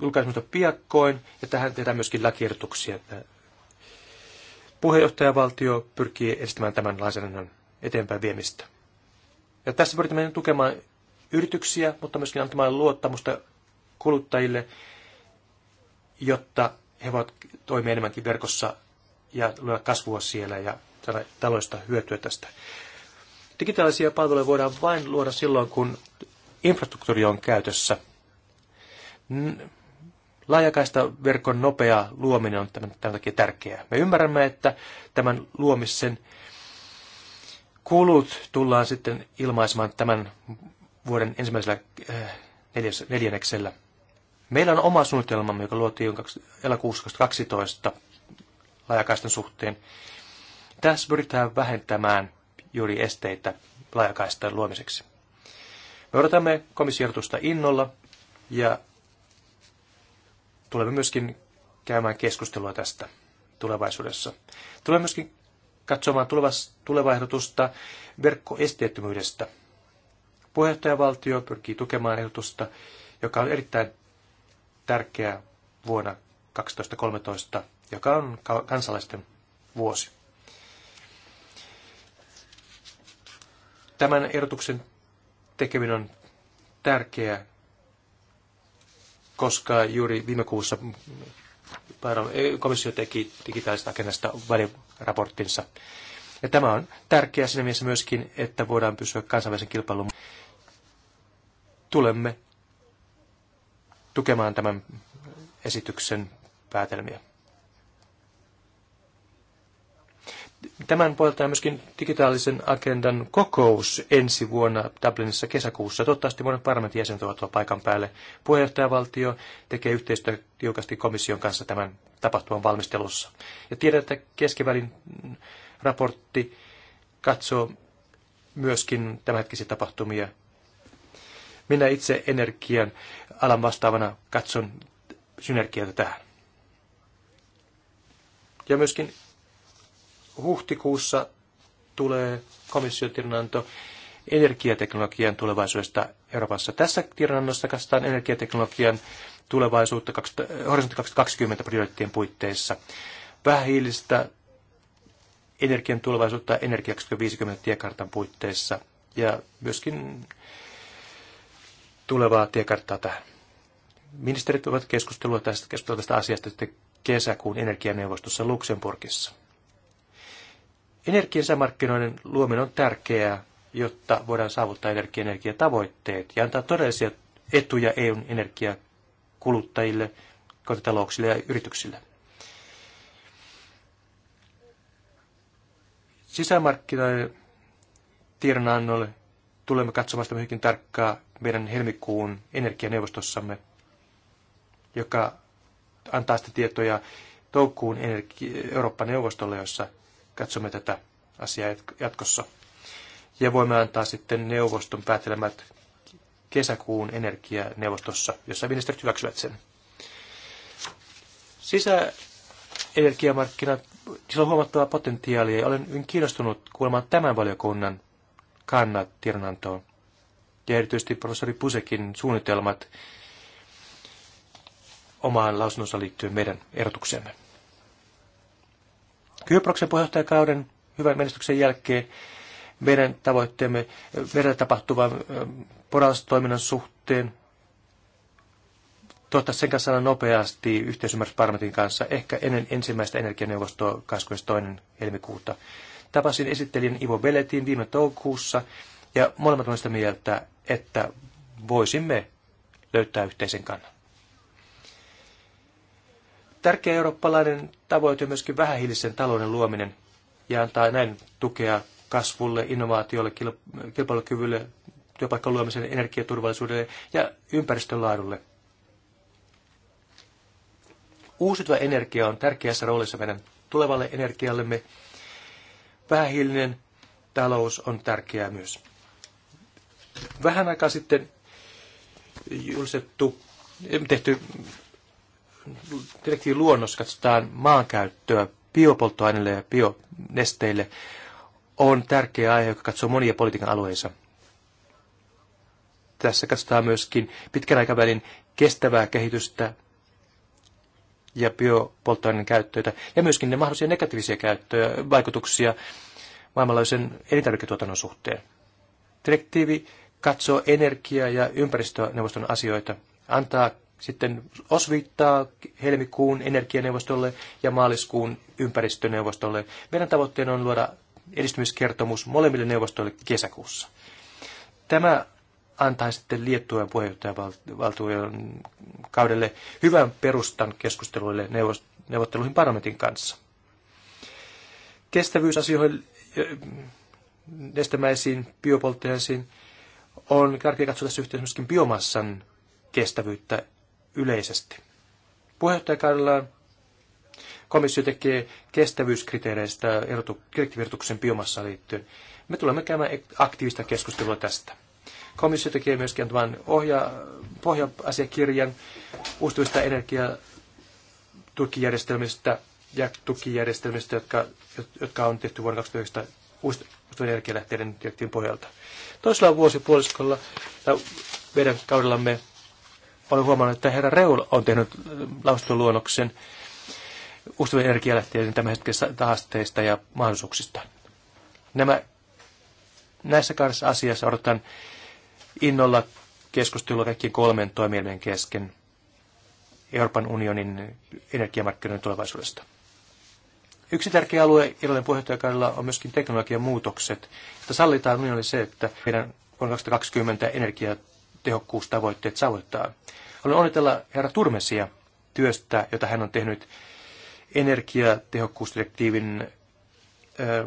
julkaisemista piakkoin, ja tähän tehdään myöskin lakiehdotuksia Puheenjohtajavaltio pyrkii edistämään tämän lainsäädännön eteenpäin viemistä. Ja tässä pyritään tukemaan yrityksiä, mutta myöskin antamaan luottamusta kuluttajille, jotta he voivat toimia enemmänkin verkossa ja luoda kasvua siellä ja taloista hyötyä tästä. Digitaalisia palveluja voidaan vain luoda silloin, kun infrastruktuuri on käytössä. Laajakaista verkon nopea luominen on tämän, tämän takia tärkeää. Me ymmärrämme, että tämän luomisen kulut tullaan sitten ilmaisemaan tämän vuoden ensimmäisellä äh, neljänneksellä. Meillä on oma suunnitelmamme, joka luotiin elokuussa 2012 laajakaistan suhteen. Tässä pyritään vähentämään juuri esteitä laajakaistan luomiseksi. Me odotamme komissiortusta innolla ja tulemme myöskin käymään keskustelua tästä tulevaisuudessa. Tulemme myöskin katsomaan tulevaehdotusta verkkoesteettömyydestä. Puheenjohtajavaltio pyrkii tukemaan ehdotusta, joka on erittäin tärkeä vuonna 2013, joka on kansalaisten vuosi. Tämän ehdotuksen tekeminen on tärkeää koska juuri viime kuussa komissio teki digitaalista agendasta väliraporttinsa. Ja tämä on tärkeää siinä mielessä myöskin, että voidaan pysyä kansainvälisen kilpailun. Tulemme tukemaan tämän esityksen päätelmiä. Tämän puolelta on myöskin digitaalisen agendan kokous ensi vuonna Dublinissa kesäkuussa. Toivottavasti monet parlamentin jäsenet ovat paikan päälle. Puheenjohtajavaltio tekee yhteistyötä tiukasti komission kanssa tämän tapahtuman valmistelussa. Ja tiedän, että keskivälin raportti katsoo myöskin tämänhetkisiä tapahtumia. Minä itse energian alan vastaavana katson synergiaa tähän. Ja myöskin huhtikuussa tulee komission tiedonanto energiateknologian tulevaisuudesta Euroopassa. Tässä tiedonannossa katsotaan energiateknologian tulevaisuutta horisontti 2020 prioriteettien puitteissa. Vähähiilistä energian tulevaisuutta Energia 2050 tiekartan puitteissa ja myöskin tulevaa tiekarttaa tähän. Ministerit ovat keskustelua tästä, keskustelua tästä asiasta kesäkuun energianeuvostossa Luxemburgissa. Energiansämarkkinoiden luominen on tärkeää, jotta voidaan saavuttaa energia-energiatavoitteet ja antaa todellisia etuja EUn energiakuluttajille, kotitalouksille ja yrityksille. Sisämarkkinoiden tiedonannolle tulemme katsomaan sitä hyvinkin tarkkaa meidän helmikuun energianeuvostossamme, joka antaa sitä tietoja toukkuun energi- Eurooppa-neuvostolle, jossa katsomme tätä asiaa jatkossa. Ja voimme antaa sitten neuvoston päätelmät kesäkuun energianeuvostossa, jossa ministerit hyväksyvät sen. Sisäenergiamarkkinat, sillä on huomattavaa potentiaalia ja olen hyvin kiinnostunut kuulemaan tämän valiokunnan kannat tiedonantoon ja erityisesti professori Pusekin suunnitelmat omaan lausunnossa liittyen meidän erotukseemme. Kyproksen puheenjohtajakauden hyvän menestyksen jälkeen meidän tavoitteemme verran tapahtuvan poraustoiminnan suhteen tuottaa sen kanssa nopeasti yhteisymmärrys parlamentin kanssa, ehkä ennen ensimmäistä energianeuvostoa 22. helmikuuta. Tapasin esittelijän Ivo Beletin viime toukokuussa ja molemmat ovat sitä mieltä, että voisimme löytää yhteisen kannan tärkeä eurooppalainen tavoite on myöskin vähähiilisen talouden luominen ja antaa näin tukea kasvulle, innovaatiolle, kilpailukyvylle, työpaikan luomiselle, energiaturvallisuudelle ja ympäristön laadulle. Uusiutuva energia on tärkeässä roolissa meidän tulevalle energiallemme. Vähähiilinen talous on tärkeää myös. Vähän aikaa sitten julistettu, tehty direktiivin luonnos, katsotaan maankäyttöä biopolttoaineille ja bionesteille, on tärkeä aihe, joka katsoo monia politiikan alueensa. Tässä katsotaan myöskin pitkän aikavälin kestävää kehitystä ja biopolttoaineen käyttöitä ja myöskin ne mahdollisia negatiivisia käyttöjä, vaikutuksia maailmanlaajuisen elintarviketuotannon suhteen. Direktiivi katsoo energia- ja ympäristöneuvoston asioita, antaa sitten osviittaa helmikuun energianeuvostolle ja maaliskuun ympäristöneuvostolle. Meidän tavoitteena on luoda edistymiskertomus molemmille neuvostoille kesäkuussa. Tämä antaa sitten Liettuan puheenjohtajavaltuuden kaudelle hyvän perustan keskusteluille neuvotteluihin parlamentin kanssa. Kestävyysasioihin, nestemäisiin biopoltteisiin on tärkeää katsoa tässä yhteydessä myöskin biomassan kestävyyttä yleisesti.
Puheenjohtajakaudellaan
komissio tekee kestävyyskriteereistä direktiivirtuksen biomassaan liittyen. Me tulemme käymään aktiivista keskustelua tästä. Komissio tekee myöskin tämän ohja, pohja-asiakirjan uusiutuvista energiatukijärjestelmistä ja tukijärjestelmistä, jotka, jotka on tehty vuonna 2019 uusiutuvien energialähteiden direktiivin pohjalta. Toisella vuosipuoliskolla meidän kaudellamme olen huomannut, että herra Reul on tehnyt äh, lausuntoluonnoksen uusiutuvien energialähteiden tämänhetkisistä haasteista ja mahdollisuuksista. Nämä, näissä kahdessa asiassa odotan innolla keskustelua kaikkien kolmen toimielimen kesken Euroopan unionin energiamarkkinoiden tulevaisuudesta. Yksi tärkeä alue Irlannin puheenjohtajakaudella on myöskin teknologian muutokset. Että sallitaan unionille niin se, että meidän vuonna 2020 energiat tehokkuustavoitteet saavuttaa. Haluan onnitella herra Turmesia työstä, jota hän on tehnyt energiatehokkuusdirektiivin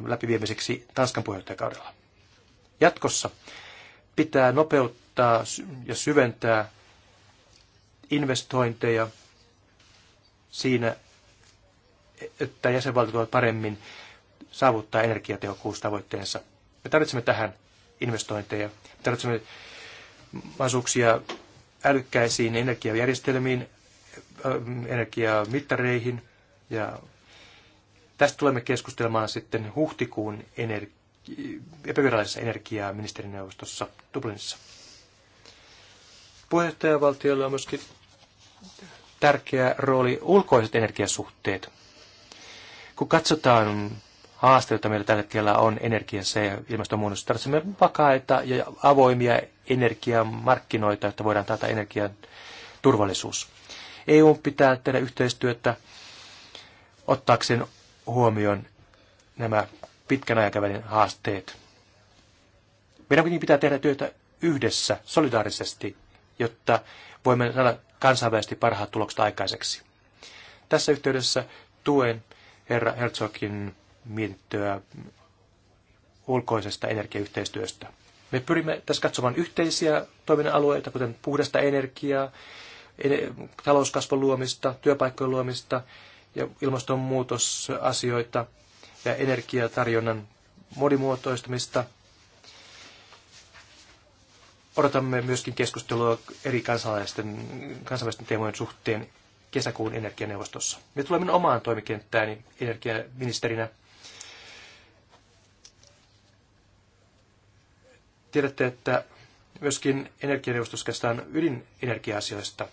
läpiviemiseksi Tanskan puheenjohtajakaudella. Jatkossa pitää nopeuttaa ja syventää investointeja siinä, että jäsenvaltiot voivat paremmin saavuttaa energiatehokkuustavoitteensa. Me tarvitsemme tähän investointeja. Me tarvitsemme mahdollisuuksia älykkäisiin energiajärjestelmiin, energiamittareihin ja tästä tulemme keskustelemaan sitten huhtikuun energi- epävirallisessa energiaministerineuvostossa Dublinissa. Puheenjohtajavaltiolla on myöskin tärkeä rooli ulkoiset energiasuhteet. Kun katsotaan haasteita, meillä tällä hetkellä on energiassa ja ilmastonmuutoksessa, tarvitsemme vakaita ja avoimia energiamarkkinoita, että voidaan taata energian turvallisuus. EU pitää tehdä yhteistyötä ottaakseen huomioon nämä pitkän aikavälin haasteet. Meidän pitää tehdä työtä yhdessä, solidaarisesti, jotta voimme saada kansainvälisesti parhaat tulokset aikaiseksi. Tässä yhteydessä tuen herra Herzogin mietittyä ulkoisesta energiayhteistyöstä. Me pyrimme tässä katsomaan yhteisiä toiminnan alueita, kuten puhdasta energiaa, talouskasvun luomista, työpaikkojen luomista ja ilmastonmuutosasioita ja energiatarjonnan monimuotoistamista. Odotamme myöskin keskustelua eri kansalaisten, kansalaisten teemojen suhteen kesäkuun energianeuvostossa. Me tulemme omaan toimikenttääni energiaministerinä Tiedätte, että myöskin energianeuvostossa käsitään ydinenergia-asioista.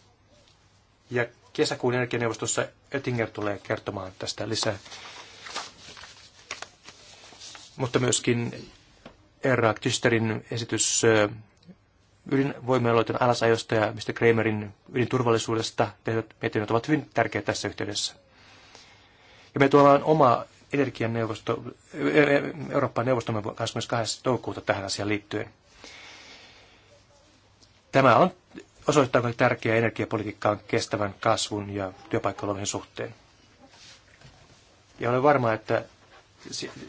Ja kesäkuun energianeuvostossa Ettinger tulee kertomaan tästä lisää. Mutta myöskin Erra Tysterin esitys ydinvoimaloiden alasajosta ja mistä Kramerin ydinturvallisuudesta tehdyt mietinnöt ovat hyvin tärkeitä tässä yhteydessä. Ja me tullaan oma energianeuvosto, Euroopan neuvostomme 22. toukokuuta tähän asiaan liittyen. Tämä on osoittaa, kuinka tärkeää energiapolitiikka on kestävän kasvun ja työpaikkaluomisen suhteen. Ja olen varma, että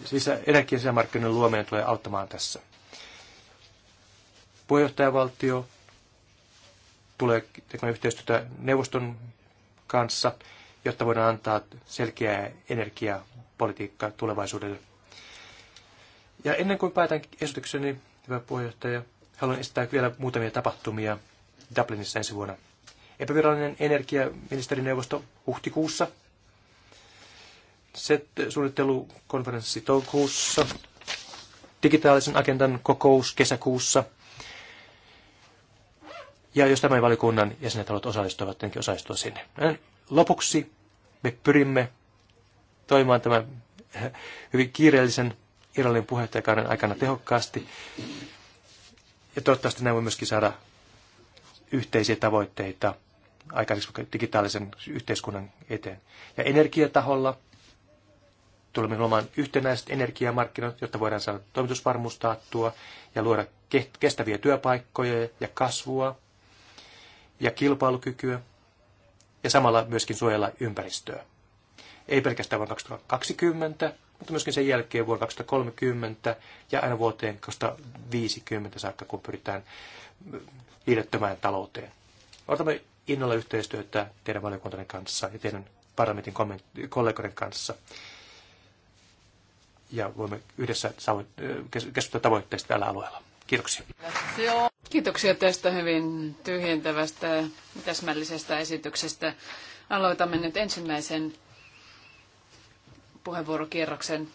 sisä, energian sisämarkkinoiden luominen tulee auttamaan tässä. Puheenjohtajavaltio tulee tekemään yhteistyötä neuvoston kanssa, jotta voidaan antaa selkeää energiaa politiikkaa tulevaisuudelle. Ja ennen kuin päätän esitykseni, hyvä puheenjohtaja, haluan esittää vielä muutamia tapahtumia Dublinissa ensi vuonna. Epävirallinen energiaministerineuvosto huhtikuussa. SET-suunnittelukonferenssi toukokuussa. Digitaalisen agendan kokous kesäkuussa. Ja jos tämän valikunnan jäsenet haluat osallistua, tietenkin osallistua sinne. Lopuksi me pyrimme toimimaan tämän hyvin kiireellisen Irlannin puheenjohtajakauden aikana tehokkaasti. Ja toivottavasti näin voi myöskin saada yhteisiä tavoitteita aikaiseksi digitaalisen yhteiskunnan eteen. Ja energiataholla tulemme luomaan yhtenäiset energiamarkkinat, jotta voidaan saada toimitusvarmuus taattua ja luoda kestäviä työpaikkoja ja kasvua ja kilpailukykyä ja samalla myöskin suojella ympäristöä ei pelkästään vuonna 2020, mutta myöskin sen jälkeen vuonna 2030 ja aina vuoteen 2050 saakka, kun pyritään mm, liidettämään talouteen. Otamme innolla yhteistyötä teidän valiokuntanne kanssa ja teidän parlamentin kollegoiden kanssa. Ja voimme yhdessä keskustella tavoitteista tällä alueella. Kiitoksia.
Kiitoksia tästä hyvin tyhjentävästä ja täsmällisestä esityksestä. Aloitamme nyt ensimmäisen puheenvuorokierroksen.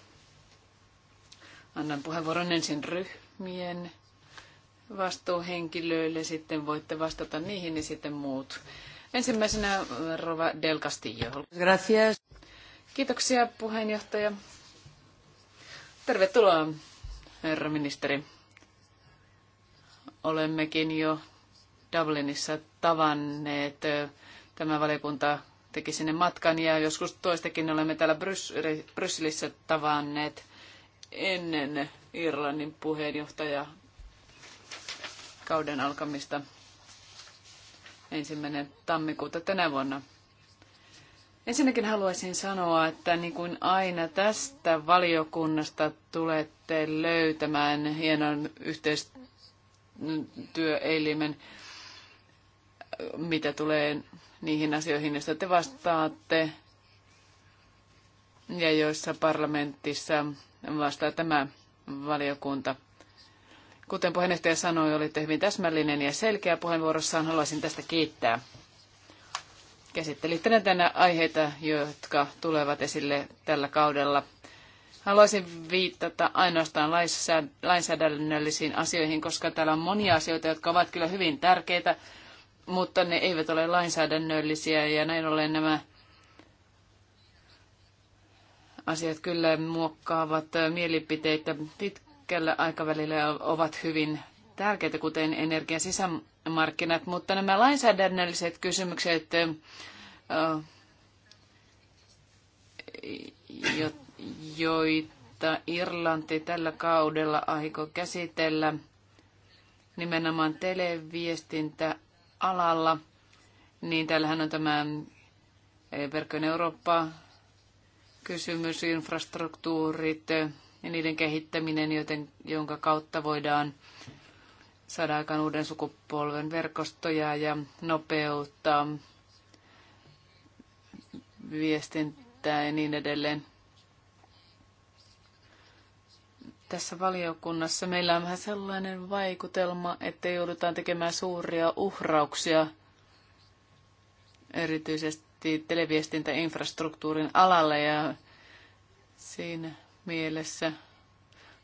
Annan puheenvuoron ensin ryhmien vastuuhenkilöille, sitten voitte vastata niihin ja niin sitten muut. Ensimmäisenä Rova Del Castillo. Gracias. Kiitoksia puheenjohtaja. Tervetuloa, herra ministeri. Olemmekin jo Dublinissa tavanneet. Tämä valiokunta teki sinne matkan ja joskus toistakin olemme täällä Brysselissä, tavanneet ennen Irlannin puheenjohtaja kauden alkamista ensimmäinen tammikuuta tänä vuonna. Ensinnäkin haluaisin sanoa, että niin kuin aina tästä valiokunnasta tulette löytämään hienon yhteistyöelimen, mitä tulee niihin asioihin, joista te vastaatte ja joissa parlamentissa vastaa tämä valiokunta. Kuten puheenjohtaja sanoi, olitte hyvin täsmällinen ja selkeä puheenvuorossaan. Haluaisin tästä kiittää. Käsittelitte näitä aiheita, jotka tulevat esille tällä kaudella. Haluaisin viittata ainoastaan lainsäädännöllisiin asioihin, koska täällä on monia asioita, jotka ovat kyllä hyvin tärkeitä mutta ne eivät ole lainsäädännöllisiä ja näin ollen nämä asiat kyllä muokkaavat mielipiteitä pitkällä aikavälillä ja ovat hyvin tärkeitä, kuten energian sisämarkkinat, mutta nämä lainsäädännölliset kysymykset, joita Irlanti tällä kaudella aikoo käsitellä, nimenomaan televiestintä alalla, niin täällähän on tämä eh, verkkojen Eurooppa-kysymys, infrastruktuurit eh, ja niiden kehittäminen, joten, jonka kautta voidaan saada aikaan uuden sukupolven verkostoja ja nopeuttaa viestintää ja niin edelleen. tässä valiokunnassa meillä on vähän sellainen vaikutelma, että joudutaan tekemään suuria uhrauksia erityisesti televiestintäinfrastruktuurin alalle ja siinä mielessä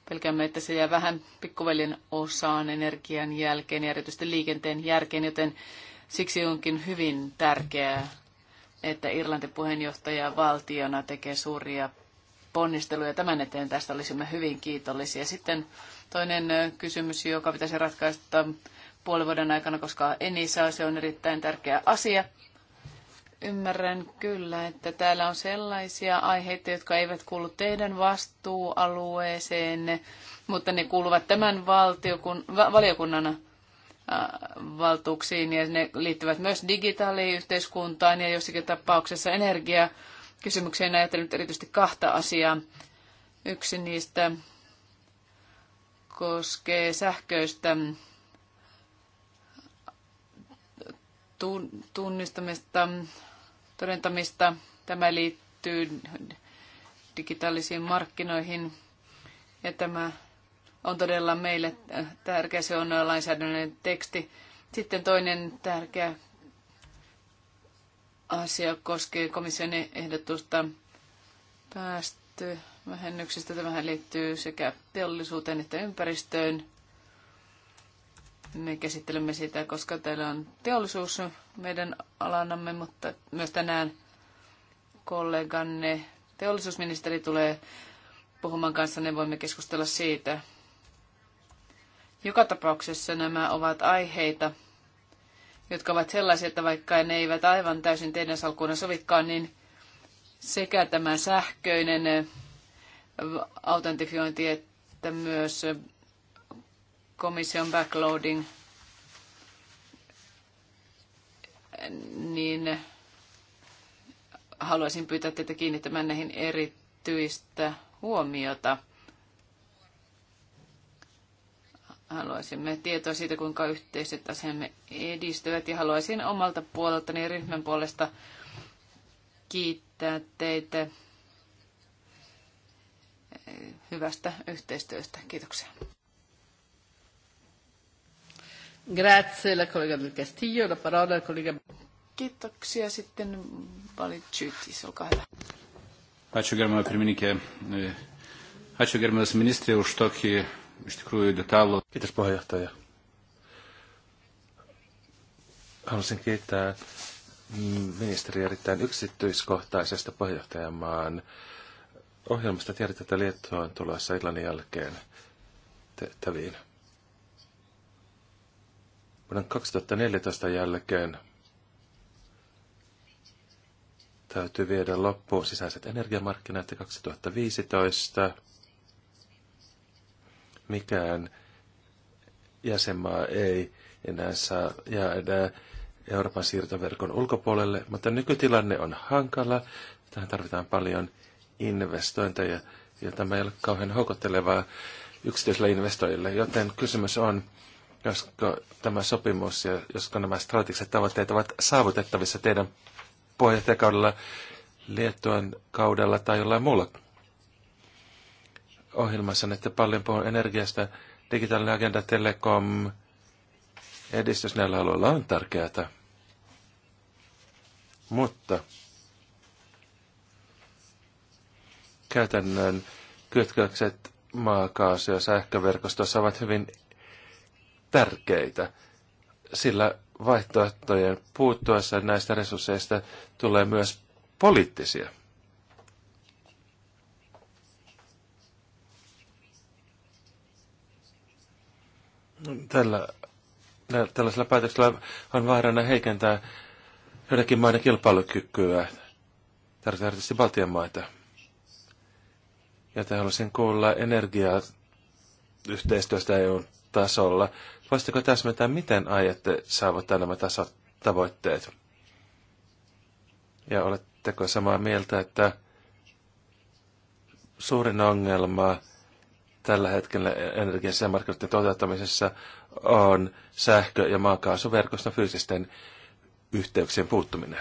pelkäämme, että se jää vähän pikkuveljen osaan energian jälkeen ja erityisesti liikenteen jälkeen, joten siksi onkin hyvin tärkeää, että Irlanti puheenjohtaja valtiona tekee suuria ponnisteluja tämän eteen. Tästä olisimme hyvin kiitollisia. Sitten toinen kysymys, joka pitäisi ratkaista puolen vuoden aikana, koska Enisa se on erittäin tärkeä asia. Ymmärrän kyllä, että täällä on sellaisia aiheita, jotka eivät kuulu teidän vastuualueeseenne, mutta ne kuuluvat tämän valtiokun, valiokunnan valtuuksiin ja ne liittyvät myös digitaaliyhteiskuntaan ja jossakin tapauksessa energiaa kysymykseen ajatellut erityisesti kahta asiaa. Yksi niistä koskee sähköistä tunnistamista, todentamista. Tämä liittyy digitaalisiin markkinoihin ja tämä on todella meille tärkeä, se on lainsäädännön teksti. Sitten toinen tärkeä asia koskee komission ehdotusta päästövähennyksistä. Tämähän liittyy sekä teollisuuteen että ympäristöön. Me käsittelemme sitä, koska täällä on teollisuus meidän alanamme, mutta myös tänään kolleganne teollisuusministeri tulee puhumaan kanssa, ne voimme keskustella siitä. Joka tapauksessa nämä ovat aiheita, jotka ovat sellaisia, että vaikka ne eivät aivan täysin teidän salkkuunne sovikaan, niin sekä tämä sähköinen autentifiointi että myös komission backloading, niin haluaisin pyytää teitä kiinnittämään näihin erityistä huomiota. Haluaisimme tietoa siitä, kuinka yhteiset asemme edistyvät ja haluaisin omalta puoleltani ja ryhmän puolesta kiittää teitä eh, hyvästä yhteistyöstä. Kiitoksia. Grazie la collega del Castillo, la parola collega... Kiitoksia sitten Valitsytis, olkaa hyvä.
Ačiū gerbiamą pirmininkę, ačiū gerbiamas už tokį
Kiitos puheenjohtaja. Haluaisin kiittää ministeri erittäin yksityiskohtaisesta puheenjohtajamaan ohjelmasta. Tiedät, että Liettua on tulossa illan jälkeen tehtäviin. Vuoden 2014 jälkeen täytyy viedä loppuun sisäiset energiamarkkinat ja 2015 mikään jäsenmaa ei enää saa jäädä Euroopan siirtoverkon ulkopuolelle, mutta nykytilanne on hankala. Tähän tarvitaan paljon investointeja ja tämä ei ole kauhean houkuttelevaa yksityisille investoijille, joten kysymys on, josko tämä sopimus ja josko nämä strategiset tavoitteet ovat saavutettavissa teidän puheenjohtajakaudella, Liettuan kaudella tai jollain muulla ohjelmassa että paljon puhun energiasta, digitaalinen agenda, telekom, edistys näillä alueilla on tärkeää. Mutta käytännön kytkökset maakaasu- ja sähköverkostossa ovat hyvin tärkeitä, sillä vaihtoehtojen puuttuessa näistä resursseista tulee myös poliittisia. Tällä, tällaisella päätöksellä on vaarana heikentää joidenkin maiden kilpailukykyä, tarkoittaa erityisesti Baltian maita. Joten haluaisin kuulla energiaa yhteistyöstä EU-tasolla. Voisitteko täsmentää, miten aiotte saavuttaa nämä tasot, tavoitteet? Ja oletteko samaa mieltä, että suurin ongelma tällä hetkellä energiasisämarkkinoiden toteuttamisessa on sähkö- ja maakaasuverkoston fyysisten yhteyksien puuttuminen.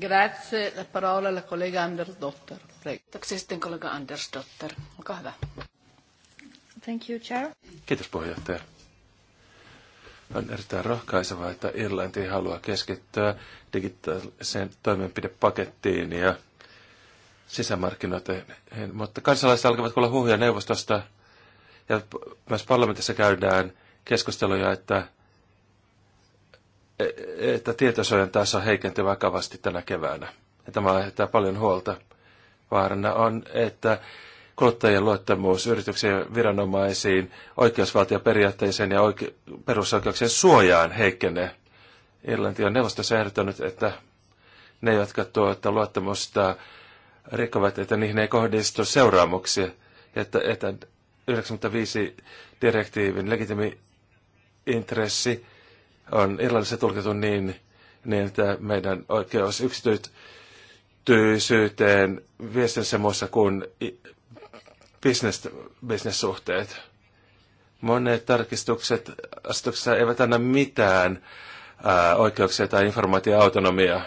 Grazie. La parola la collega Andersdotter. Kiitoksia sitten kollega Andersdotter. Olkaa hyvä. Thank you, Chair.
Kiitos puheenjohtaja. On erittäin rohkaisevaa, että Irlanti haluaa keskittyä digitaaliseen toimenpidepakettiin ja sisämarkkinoihin. Mutta kansalaiset alkavat kuulla huhuja neuvostosta ja myös parlamentissa käydään keskusteluja, että, e- että tietosuojan taso heikentyy vakavasti tänä keväänä. Ja tämä aiheuttaa paljon huolta. Vaarana on, että kuluttajien luottamus yrityksien viranomaisiin, oikeusvaltioperiaatteeseen ja oike- perusoikeuksien suojaan heikkenee. Irlanti on neuvostossa ehdottanut, että ne, jotka tuota luottamusta rikovat, että niihin ei kohdistu seuraamuksia, että, että 95 direktiivin legitimi intressi on Irlannissa tulkittu niin, niin että meidän oikeus yksityisyyteen viestin semmoissa kuin business, business Monet tarkistukset asetuksessa eivät anna mitään ää, oikeuksia tai informaatioautonomiaa.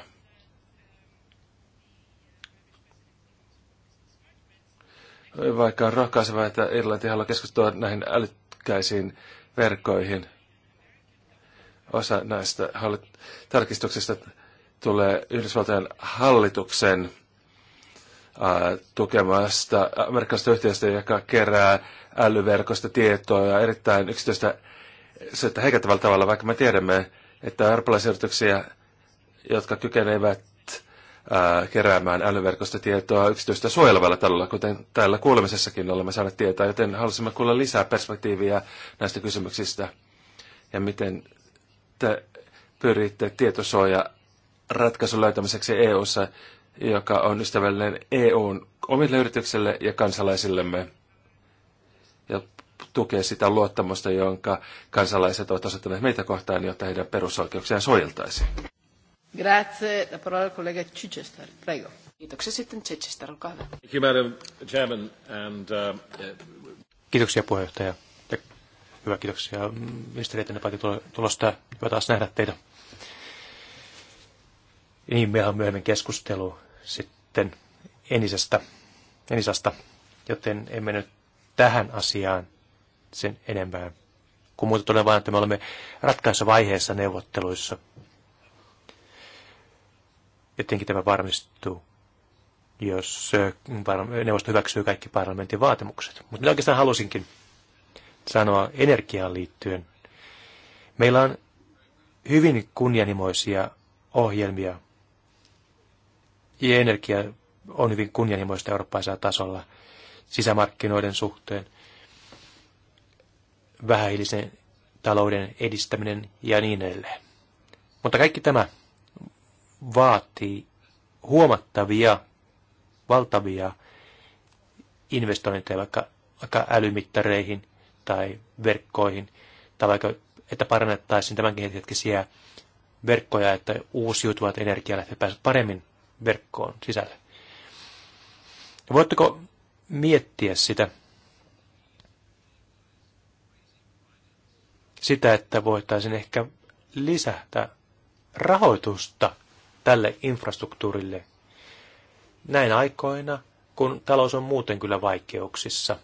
vaikka on rohkaiseva, että Irlanti haluaa keskustua näihin älykkäisiin verkkoihin. Osa näistä hallit- tarkistuksista tulee Yhdysvaltain hallituksen ää, tukemasta amerikkalaisesta yhteisöstä, joka kerää älyverkosta tietoa ja erittäin yksityistä syyttä että heikentävällä tavalla, vaikka me tiedämme, että eurooppalaisia jotka kykenevät keräämään älyverkosto-tietoa yksityistä suojelevalla talolla, kuten täällä kuulemisessakin olemme saaneet tietää, joten halusimme kuulla lisää perspektiiviä näistä kysymyksistä ja miten te pyritte tietosuoja ratkaisun löytämiseksi EU:ssa, joka on ystävällinen EUn omille yrityksille ja kansalaisillemme ja tukee sitä luottamusta, jonka kansalaiset ovat osoittaneet meitä kohtaan, jotta heidän perusoikeuksiaan suojeltaisiin.
Grazie. La parola Chichester. Prego. Kiitoksia sitten Chichester, olkaa hyvä.
Thank you, Madam Chairman. And, uh,
Kiitoksia puheenjohtaja. Ja hyvä, kiitoksia mm, ministeriöiden debatin tulosta. Hyvä taas nähdä teitä. Niin, meillä on myöhemmin keskustelu sitten Enisestä, Enisasta, joten emme nyt tähän asiaan sen enempää. Kun muuta tulee vain, että me olemme ratkaisuvaiheessa neuvotteluissa jotenkin tämä varmistuu, jos neuvosto hyväksyy kaikki parlamentin vaatimukset. Mutta mitä oikeastaan halusinkin sanoa energiaan liittyen. Meillä on hyvin kunnianhimoisia ohjelmia ja energia on hyvin kunnianhimoista eurooppaisella tasolla sisämarkkinoiden suhteen, vähähiilisen talouden edistäminen ja niin edelleen. Mutta kaikki tämä vaatii huomattavia, valtavia investointeja vaikka, vaikka älymittareihin tai verkkoihin, tai vaikka, että parannettaisiin tämänkin hetkisiä verkkoja, että uusiutuvat energialähteet pääsevät paremmin verkkoon sisälle. Ja voitteko miettiä sitä, sitä, että voitaisiin ehkä lisätä rahoitusta tälle infrastruktuurille näin aikoina, kun talous on muuten kyllä vaikeuksissa.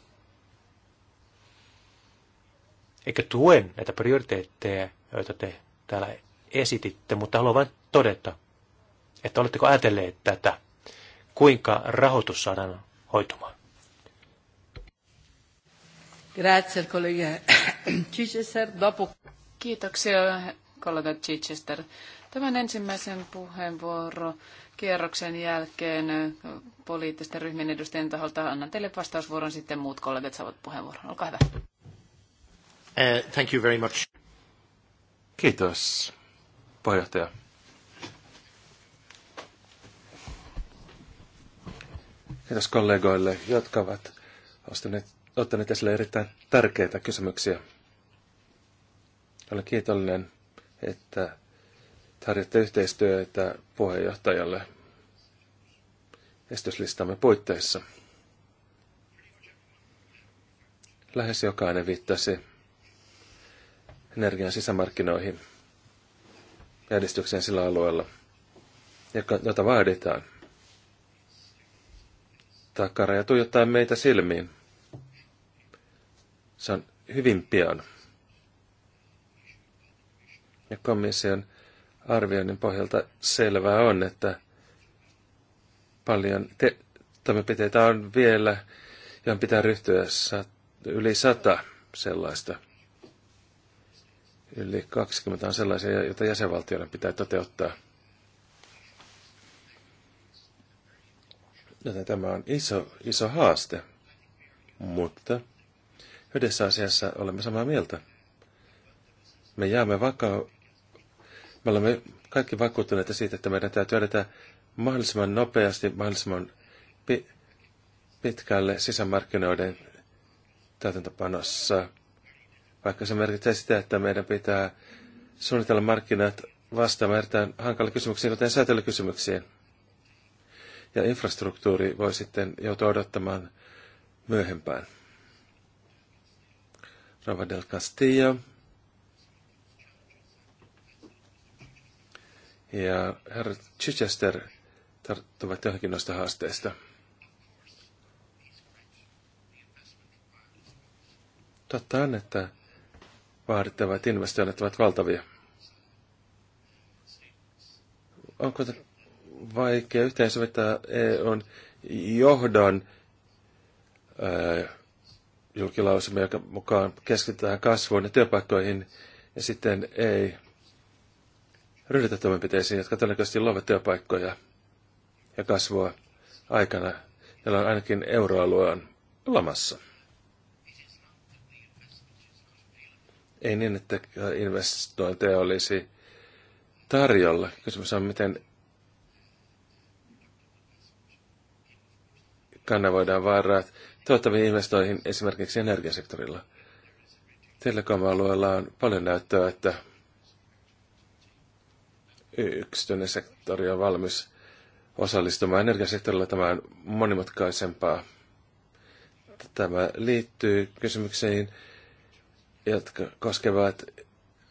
Eikä tuen näitä prioriteetteja, joita te täällä esititte, mutta haluan vain todeta, että oletteko ajatelleet tätä, kuinka rahoitus saadaan hoitumaan.
Grazie, collega Chichester. Dopo... Kiitoksia, kollega Chichester. Tämän ensimmäisen puheenvuoro kierroksen jälkeen poliittisten ryhmien edustajien taholta annan teille vastausvuoron, sitten muut kollegat saavat puheenvuoron. Olkaa hyvä.
Uh, thank you very much. Kiitos,
puheenjohtaja. Kiitos kollegoille, jotka ovat ostaneet, ottaneet esille erittäin tärkeitä kysymyksiä. Olen kiitollinen, että tarjota yhteistyötä puheenjohtajalle estyslistamme puitteissa. Lähes jokainen viittasi energian sisämarkkinoihin ja edistykseen sillä alueella, jota vaaditaan. Takaraja tuijottaa meitä silmiin. Se on hyvin pian. Ja komission arvioinnin pohjalta selvää on, että paljon te- toimenpiteitä on vielä, johon pitää ryhtyä sat- yli sata sellaista. Yli 20 on sellaisia, joita jäsenvaltioiden pitää toteuttaa. Joten tämä on iso, iso haaste, mutta yhdessä asiassa olemme samaa mieltä. Me jaamme vakaa. Me olemme kaikki vakuuttuneita siitä, että meidän täytyy edetä mahdollisimman nopeasti, mahdollisimman pi- pitkälle sisämarkkinoiden täytäntöpanossa, vaikka se merkitsee sitä, että meidän pitää suunnitella markkinat vastaamaan erittäin hankalia kysymyksiä, kuten säätelykysymyksiin. Ja infrastruktuuri voi sitten joutua odottamaan myöhempään. Rova del Castillo. ja herra Chichester tarttuvat johonkin noista haasteista. Totta on, että vaadittavat investoinnit ovat valtavia. Onko vaikea yhteensovittaa EUn johdon julkilausuma, joka mukaan keskitytään kasvuun ja työpaikkoihin, ja sitten ei ryhdytä toimenpiteisiin, jotka todennäköisesti luovat työpaikkoja ja kasvua aikana, jolloin ainakin euroalue on lamassa. Ei niin, että investointeja olisi tarjolla. Kysymys on, miten kanavoidaan varat tuottaviin investoihin esimerkiksi energiasektorilla. Telekom-alueella on paljon näyttöä, että yksityinen sektori on valmis osallistumaan. Energiasektorilla tämän monimutkaisempaa. Tämä liittyy kysymyksiin, jotka koskevat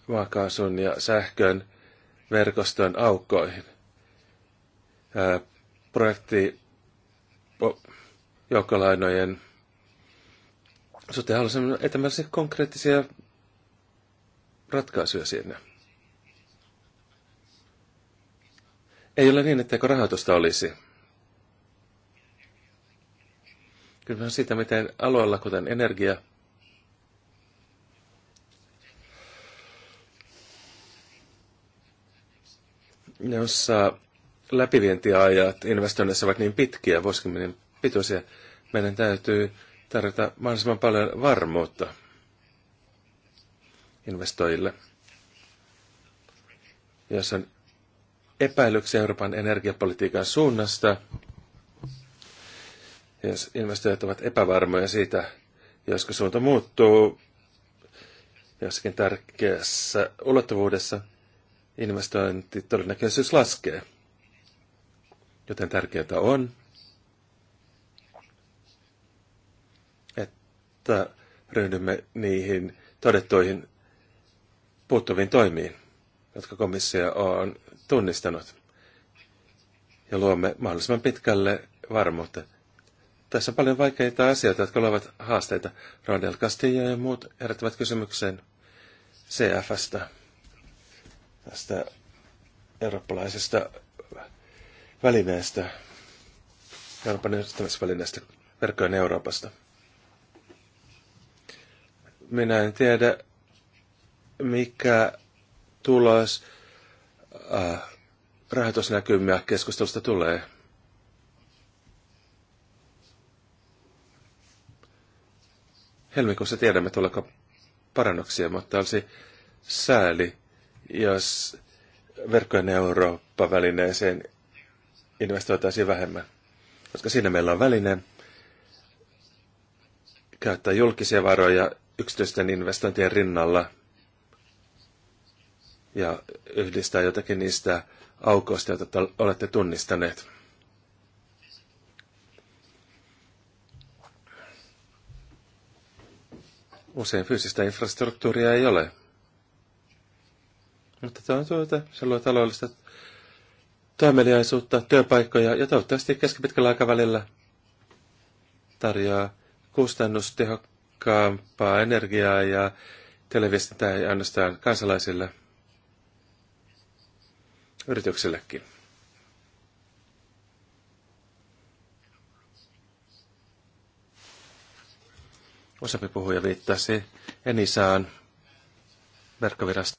maakaasun ja sähkön verkostojen aukkoihin. Projekti joukkolainojen suhteen haluaisin etämässä konkreettisia ratkaisuja siinä. Ei ole niin, etteikö rahoitusta olisi. Kyllä on siitä, miten aloilla, kuten energia, jossa läpivientiajat investoinnissa ovat niin pitkiä, vuosikymmenen pituisia, meidän täytyy tarjota mahdollisimman paljon varmuutta investoijille. Jos on epäilyksiä Euroopan energiapolitiikan suunnasta. Jos investoijat ovat epävarmoja siitä, josko suunta muuttuu jossakin tärkeässä ulottuvuudessa, investointitodennäköisyys laskee. Joten tärkeää on, että ryhdymme niihin todettuihin puuttuviin toimiin, jotka komissio on tunnistanut. Ja luomme mahdollisimman pitkälle varmuutta. Tässä on paljon vaikeita asioita, jotka ovat haasteita. Rodel Castillo ja muut herättävät kysymykseen CFstä, tästä eurooppalaisesta välineestä, Euroopan yhdistämisvälineestä, verkkojen Euroopasta. Minä en tiedä, mikä tulos Äh, rahoitusnäkymiä keskustelusta tulee. Helmikuussa tiedämme, tuleeko parannuksia, mutta olisi sääli, jos verkkojen Eurooppa-välineeseen investoitaisiin vähemmän. Koska siinä meillä on väline käyttää julkisia varoja yksityisten investointien rinnalla – ja yhdistää jotakin niistä aukoista, joita olette tunnistaneet. Usein fyysistä infrastruktuuria ei ole. Mutta tämä on tuota, se luo taloudellista toimeliaisuutta, työpaikkoja ja toivottavasti keskipitkällä aikavälillä tarjoaa kustannustehokkaampaa energiaa ja televisiota ei ainoastaan kansalaisille – Yrityksellekin. Osapi puhuja viittasi Enisaan verkkovirasta.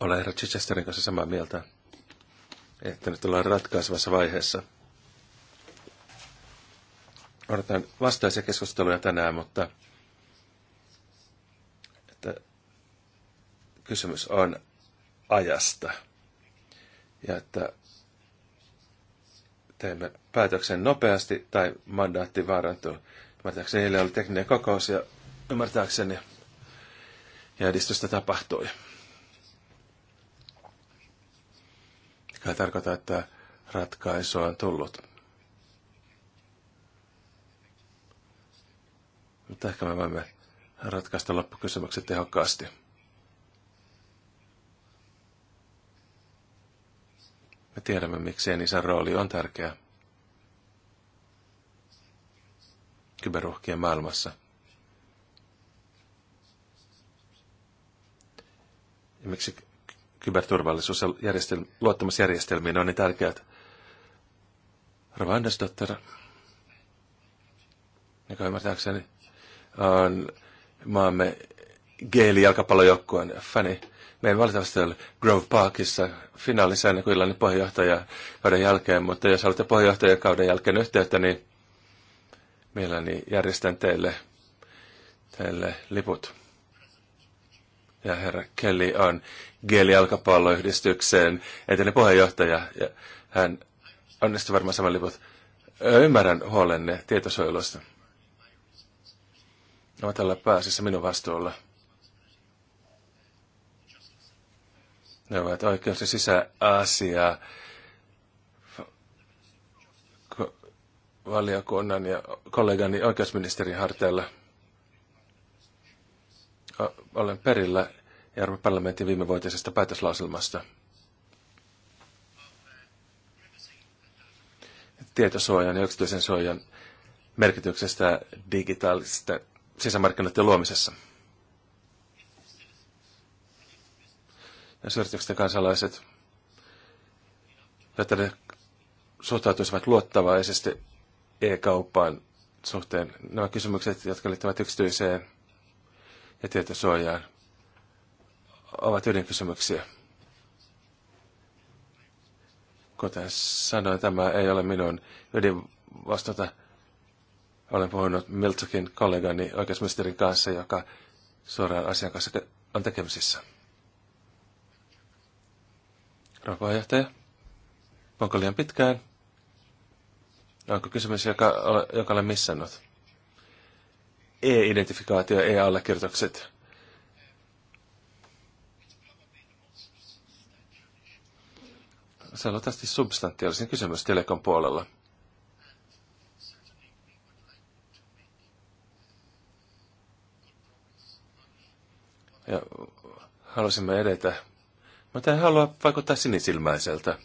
Olen herra Chichesterin kanssa samaa mieltä, että nyt ollaan ratkaisevassa vaiheessa. Odotan vastaisia keskusteluja tänään, mutta kysymys on ajasta. Ja että teemme päätöksen nopeasti tai mandaatti vaarantuu. Ymmärtääkseni heillä oli tekninen kokous ja ymmärtääkseni ja edistystä tapahtui. Mikä tarkoittaa, että ratkaisu on tullut. Mutta ehkä me voimme ratkaista loppukysymykset tehokkaasti. Me tiedämme, miksi isän rooli on tärkeä kyberuhkien maailmassa. Ja miksi kyberturvallisuus ja luottamusjärjestelmiin on niin tärkeät. Rova dottera, joka ymmärtääkseni on maamme jalkapallojoukkueen fani. Me ei valitettavasti ole Grove Parkissa finaalissa ennen kuin illan puheenjohtajakauden jälkeen, mutta jos haluatte puheenjohtajakauden jälkeen yhteyttä, niin mielelläni järjestän teille, teille liput. Ja herra Kelly on Geli jalkapalloyhdistykseen entinen puheenjohtaja ja hän onnistui varmaan saman liput. Ymmärrän huolenne tietosuojelusta. Ovat tällä pääasiassa minun vastuulla. Ne ovat oikeus- ja sisäasia valiokunnan ja kollegani oikeusministerin harteilla. Olen perillä Euroopan parlamentin viimevuotisesta päätöslauselmasta. Tietosuojan ja yksityisen suojan merkityksestä digitaalisten sisämarkkinoiden luomisessa. ja yritykset ja kansalaiset, jotta ne suhtautuisivat luottavaisesti e-kauppaan suhteen. Nämä kysymykset, jotka liittyvät yksityiseen ja tietosuojaan, ovat ydinkysymyksiä. Kuten sanoin, tämä ei ole minun ydinvastuuta. Olen puhunut Miltsakin kollegani oikeusministerin kanssa, joka suoraan asian kanssa on tekemisissä. Puheenjohtaja, onko liian pitkään? Onko kysymys, joka, joka olen missannut? E-identifikaatio, e-allekirjoitukset. Se on luultavasti substantiaalisin kysymys Telekon puolella. Ja haluaisimme edetä mutta en halua vaikuttaa sinisilmäiseltä.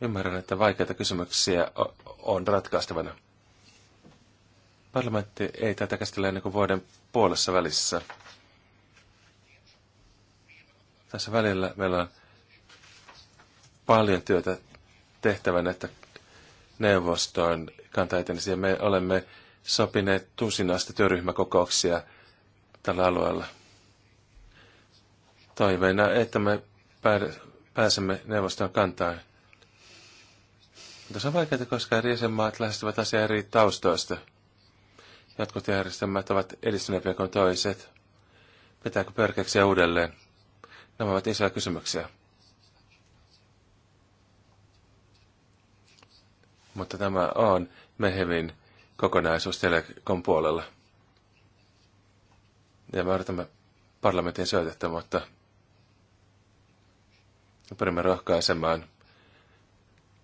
Ymmärrän, että vaikeita kysymyksiä on ratkaistavana. Parlamentti ei tätä käsitellä ennen kuin vuoden puolessa välissä. Tässä välillä meillä on paljon työtä tehtävänä, että neuvostoon kanta etenisi, ja me olemme sopineet tusinaista työryhmäkokouksia tällä alueella toiveena, että me pääsemme neuvoston kantaan. Mutta se on vaikeaa, koska eri jäsenmaat lähestyvät asiaa eri taustoista. Jotkut järjestelmät ovat edistyneempiä kuin toiset. Pitääkö pörkeäksiä uudelleen? Nämä ovat isoja kysymyksiä. Mutta tämä on Mehevin kokonaisuus Telekon puolella. Ja me odotamme parlamentin syötettä, mutta ja pyrimme rohkaisemaan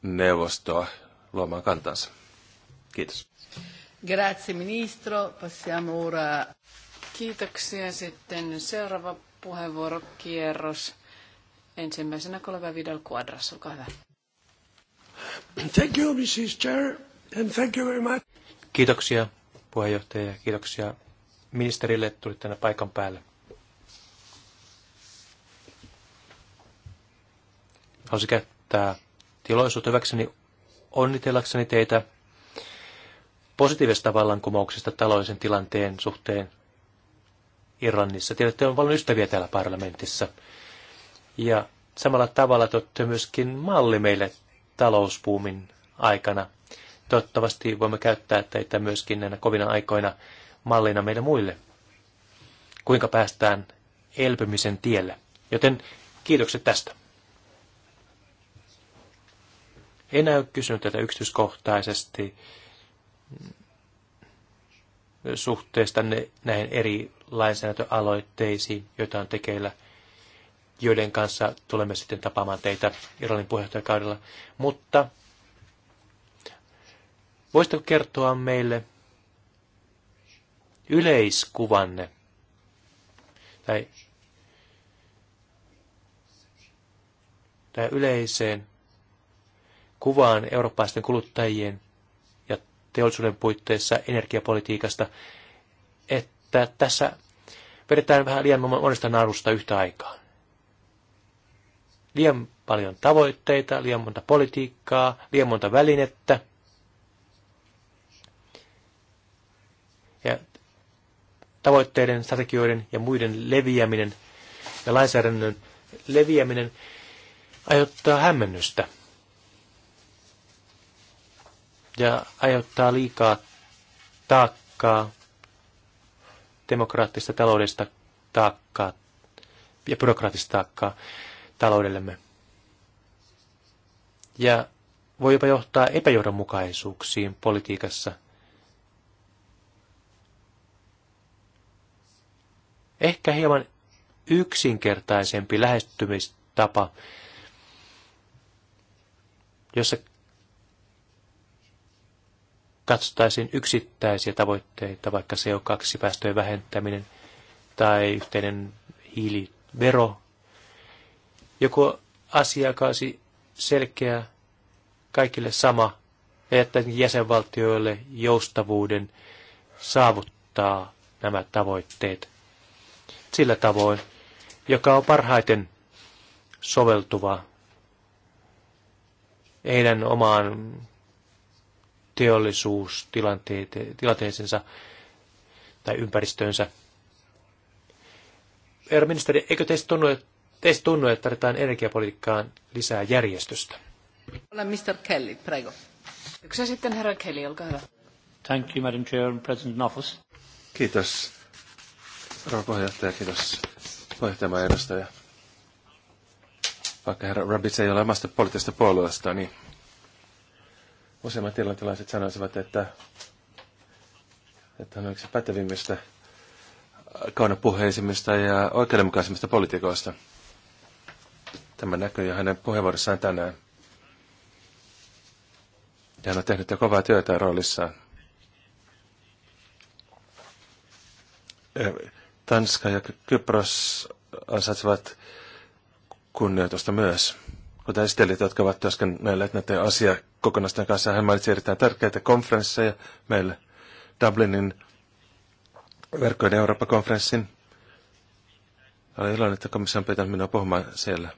neuvostoa luomaan kantansa. Kiitos.
Grazie ministro. Passiamo ora. Kiitoksia. Sitten seuraava puheenvuorokierros. Ensimmäisenä kollega Vidal Quadras, olkaa hyvä.
Thank
you, Mrs. Chair, and thank you very much.
Kiitoksia puheenjohtaja ja kiitoksia ministerille, että tulit tänne paikan päälle. Haluaisin käyttää tilaisuutta hyväkseni onnitellakseni teitä positiivisesta vallankumouksesta taloudellisen tilanteen suhteen Irlannissa. Tiedätte, on paljon ystäviä täällä parlamentissa. Ja samalla tavalla te olette myöskin malli meille talouspuumin aikana. Toivottavasti voimme käyttää teitä myöskin näinä kovina aikoina mallina meille muille. Kuinka päästään elpymisen tielle. Joten kiitokset tästä. enää ole kysynyt tätä yksityiskohtaisesti suhteesta näihin eri lainsäädäntöaloitteisiin, joita on tekeillä, joiden kanssa tulemme sitten tapaamaan teitä Irlannin puheenjohtajakaudella. Mutta voisitko kertoa meille yleiskuvanne tai, tai yleiseen kuvaan eurooppalaisten kuluttajien ja teollisuuden puitteissa energiapolitiikasta, että tässä vedetään vähän liian monesta narusta yhtä aikaa. Liian paljon tavoitteita, liian monta politiikkaa, liian monta välinettä. Ja tavoitteiden, strategioiden ja muiden leviäminen ja lainsäädännön leviäminen aiheuttaa hämmennystä – ja aiheuttaa liikaa taakkaa, demokraattista taloudesta taakkaa ja byrokraattista taakkaa taloudellemme. Ja voi jopa johtaa epäjohdonmukaisuuksiin politiikassa. Ehkä hieman yksinkertaisempi lähestymistapa, jossa katsottaisiin yksittäisiä tavoitteita, vaikka CO2-päästöjen vähentäminen tai yhteinen hiilivero, joko asiakaasi selkeä, kaikille sama, että jäsenvaltioille joustavuuden saavuttaa nämä tavoitteet sillä tavoin, joka on parhaiten soveltuva heidän omaan teollisuustilanteensa tai ympäristöönsä. Herra ministeri, eikö teistä tunnu, teistä tunnu, että tarvitaan energiapolitiikkaan lisää järjestystä?
Olen Mr. Kelly, prego. Yksi sitten herra Kelly, olkaa hyvä.
Thank you, Madam Chair and President in Office.
Kiitos, rouva puheenjohtaja, kiitos puheenjohtaja edustaja. Vaikka herra Rabbits ei ole omasta poliittisesta puolueesta, niin Useimmat irlantilaiset sanoisivat, että, että hän on yksi pätevimmistä, kaunopuheisimmista ja oikeudenmukaisimmista politikoista. Tämä näkyy jo hänen puheenvuorossaan tänään. Ja hän on tehnyt jo kovaa työtä roolissaan. Tanska ja Kypros ansaitsevat kunnioitusta myös kuten esittelijät, jotka ovat meille näiden asia kokonaisten kanssa. Hän mainitsi erittäin tärkeitä konferensseja meille Dublinin verkkojen Eurooppa-konferenssin. Olen iloinen, että komissio on pitänyt minua puhumaan siellä.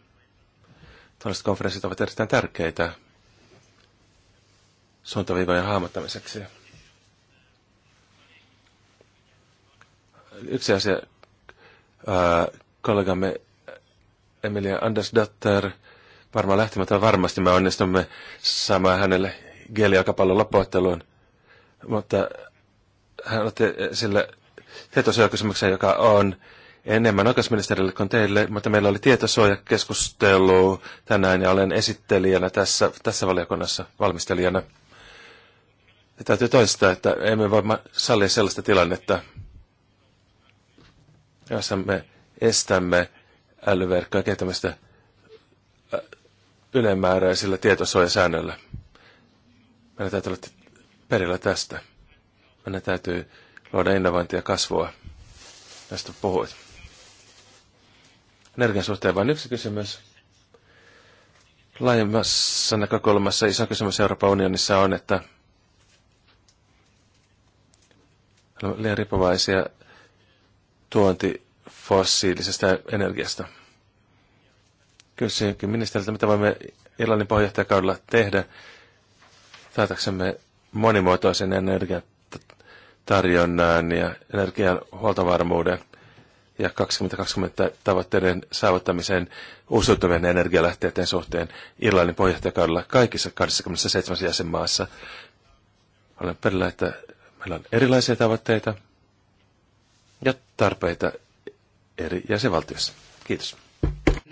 Tällaiset konferenssit ovat erittäin tärkeitä suuntaviivojen hahmottamiseksi. Yksi asia, kollegamme Emilia Anders Dotter, varmaan lähtemättä varmasti me onnistumme saamaan hänelle geelijalkapallon loppuotteluun. Mutta hän otti sille tietosuojakysymykseen, joka on enemmän oikeusministerille kuin teille, mutta meillä oli tietosuojakeskustelu tänään ja olen esittelijänä tässä, tässä valiokunnassa valmistelijana. Ja täytyy toistaa, että emme voi sallia sellaista tilannetta, jossa me estämme älyverkkoa kehittämistä ylemmääräisillä tietosuojasäännöillä. Meidän täytyy olla perillä tästä. Meidän täytyy luoda innovointia ja kasvua. Tästä puhuit. Energian suhteen vain yksi kysymys. Laajemmassa näkökulmassa iso kysymys Euroopan unionissa on, että liian riippuvaisia tuonti fossiilisesta energiasta. Kysynkin ministeriltä, mitä voimme Irlannin pohjohtajakaudella tehdä saataksemme monimuotoisen energiatarjonnan ja energian huoltovarmuuden ja 2020 tavoitteiden saavuttamiseen uusiutuvien energialähteiden suhteen Irlannin pohjohtajakaudella kaikissa 27 jäsenmaassa. Olen perillä, että meillä on erilaisia tavoitteita ja tarpeita eri jäsenvaltioissa. Kiitos.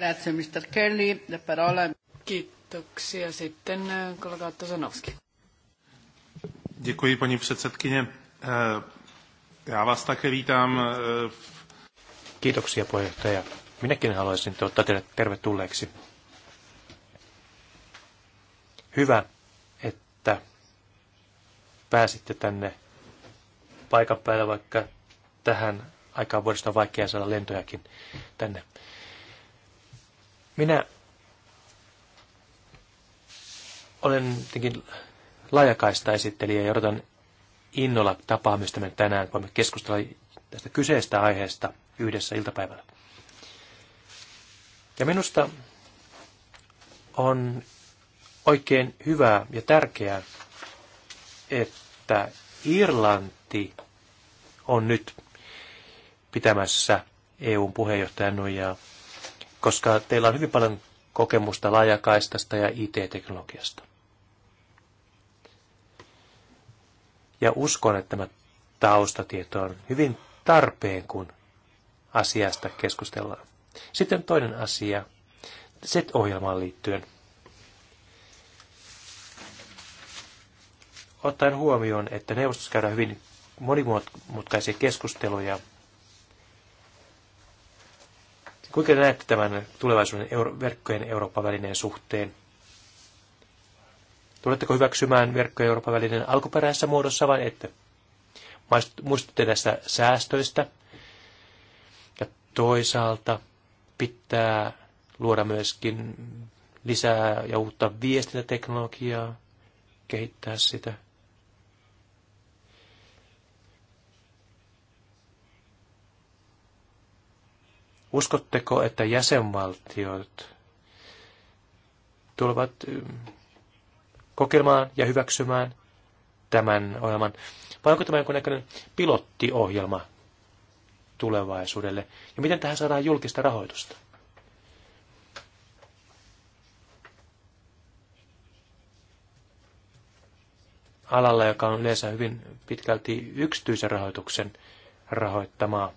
Grazie,
Mr. Kelly. La parola. Kiitoksia. Sitten äh, kollega Tosanovski.
Děkuji, paní předsedkyně. Eh, já vás
také vítám. Eh, Kiitoksia, puheenjohtaja. Minäkin haluaisin tuottaa teidät tervetulleeksi. Hyvä, että pääsitte tänne paikan päälle, vaikka tähän aikaan vuodesta on vaikea saada lentojakin tänne. Minä olen tietenkin laajakaista esittelijä ja odotan innolla tapaamista me tänään, me keskustella tästä kyseistä aiheesta yhdessä iltapäivällä. Ja minusta on oikein hyvää ja tärkeää, että Irlanti on nyt pitämässä EUn puheenjohtajan ja koska teillä on hyvin paljon kokemusta laajakaistasta ja IT-teknologiasta. Ja uskon, että tämä taustatieto on hyvin tarpeen, kun asiasta keskustellaan. Sitten toinen asia SET-ohjelmaan liittyen. Ottaen huomioon, että neuvostossa käydään hyvin monimutkaisia keskusteluja Kuinka näette tämän tulevaisuuden euro- verkkojen Euroopan välineen suhteen? Tuletteko hyväksymään verkkojen Euroopan välineen alkuperäisessä muodossa vai ette? Muistutte tästä säästöistä ja toisaalta pitää luoda myöskin lisää ja uutta viestintäteknologiaa, kehittää sitä. Uskotteko, että jäsenvaltiot tulevat mm, kokemaan ja hyväksymään tämän ohjelman? Vai onko tämä jonkunnäköinen pilottiohjelma tulevaisuudelle? Ja miten tähän saadaan julkista rahoitusta? alalla, joka on yleensä hyvin pitkälti yksityisen rahoituksen rahoittamaa.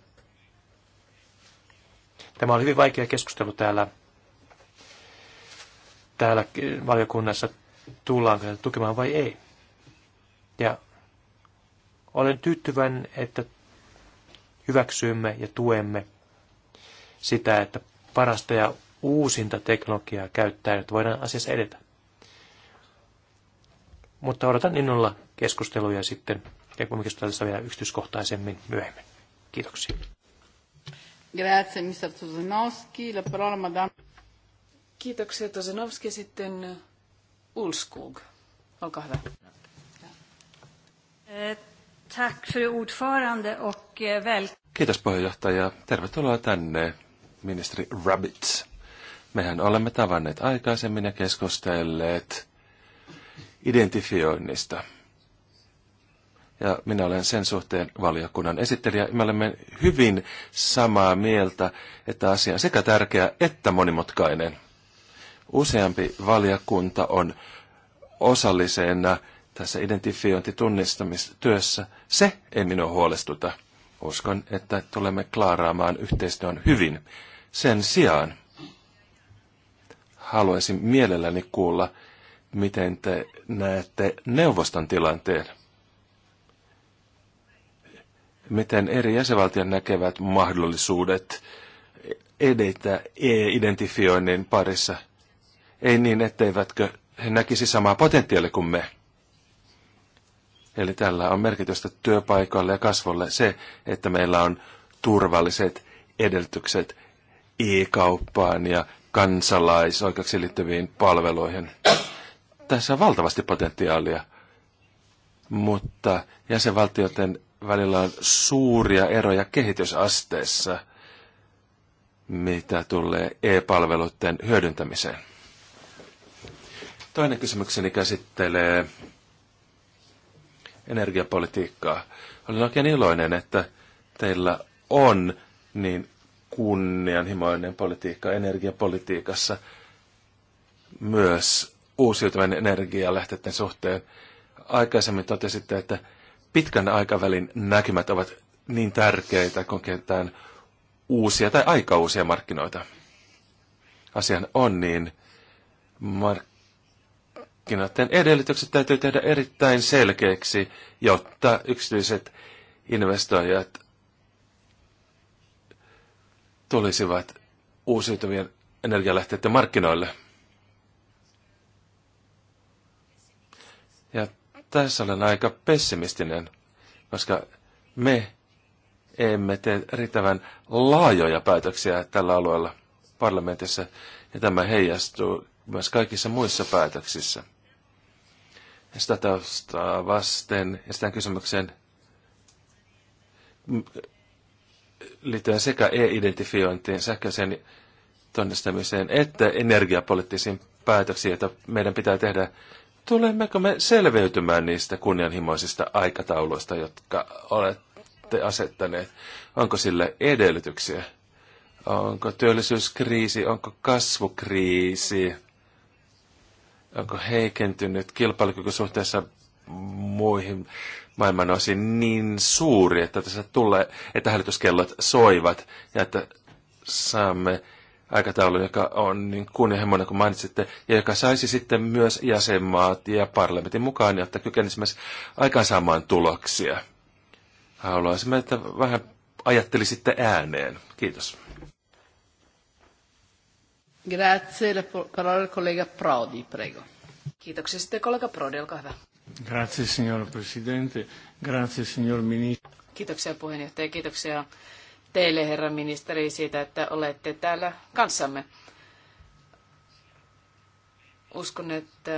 Tämä oli hyvin vaikea keskustelu täällä, täällä valiokunnassa, tullaanko tukemaan vai ei. Ja olen tyytyväinen, että hyväksymme ja tuemme sitä, että parasta ja uusinta teknologiaa käyttää, että voidaan asiassa edetä. Mutta odotan innolla keskusteluja sitten, ja kun keskustellaan vielä yksityiskohtaisemmin myöhemmin. Kiitoksia.
Grazie, Mr. Tuzanovski. La parola, madame. Kiitoksia, Tuzanovski. Sitten Ulskog. Olkaa hyvä. Eh, tack för ordförande och eh, väl...
Kiitos puheenjohtaja. Tervetuloa tänne, ministeri Rabbits. Mehän olemme tavanneet aikaisemmin ja keskustelleet identifioinnista ja minä olen sen suhteen valiokunnan esittelijä. Me olemme hyvin samaa mieltä, että asia on sekä tärkeä että monimutkainen. Useampi valiokunta on osallisena tässä identifiointitunnistamistyössä. Se ei minua huolestuta. Uskon, että tulemme klaaraamaan yhteistyön hyvin. Sen sijaan haluaisin mielelläni kuulla, miten te näette neuvoston tilanteen – miten eri jäsenvaltiot näkevät mahdollisuudet edetä e-identifioinnin parissa. Ei niin, etteivätkö he näkisi samaa potentiaalia kuin me. Eli tällä on merkitystä työpaikoille ja kasvolle se, että meillä on turvalliset edellytykset e-kauppaan ja kansalaisoikeuksiin liittyviin palveluihin. Tässä on valtavasti potentiaalia, mutta jäsenvaltioiden välillä on suuria eroja kehitysasteessa, mitä tulee e-palveluiden hyödyntämiseen. Toinen kysymykseni käsittelee energiapolitiikkaa. Olen oikein iloinen, että teillä on niin kunnianhimoinen politiikka energiapolitiikassa myös uusiutuvan energialähteiden suhteen. Aikaisemmin totesitte, että pitkän aikavälin näkymät ovat niin tärkeitä, kun kentään uusia tai aika uusia markkinoita. Asian on niin, markkinoiden edellytykset täytyy tehdä erittäin selkeäksi, jotta yksityiset investoijat tulisivat uusiutuvien energialähteiden markkinoille – Tässä olen aika pessimistinen, koska me emme tee riittävän laajoja päätöksiä tällä alueella parlamentissa, ja tämä heijastuu myös kaikissa muissa päätöksissä. Ja sitä taustaa vasten esitän kysymyksen liittyen sekä e-identifiointiin, sähköiseen tunnistamiseen, että energiapoliittisiin päätöksiin, joita meidän pitää tehdä Tulemmeko me selveytymään niistä kunnianhimoisista aikatauluista, jotka olette asettaneet? Onko sille edellytyksiä? Onko työllisyyskriisi, onko kasvukriisi, onko heikentynyt kilpailukyky suhteessa muihin maailman osiin niin suuri, että tässä tulee, että hälytyskellot soivat ja että saamme aikataulu, joka on niin kunnianhimoinen kuin mainitsitte, ja joka saisi sitten myös jäsenmaat ja parlamentin mukaan, jotta kykenisimme aikaansaamaan tuloksia. Haluaisimme, että vähän ajattelisitte ääneen. Kiitos.
Grazie. La parola collega Prodi, prego. Kiitoksia. Sitten kollega Prodi, olkaa hyvä.
Grazie, signor Presidente. Grazie, signor Ministro.
Kiitoksia puheenjohtaja. Kiitoksia teille, herra ministeri, siitä, että olette täällä kanssamme. Uskon, että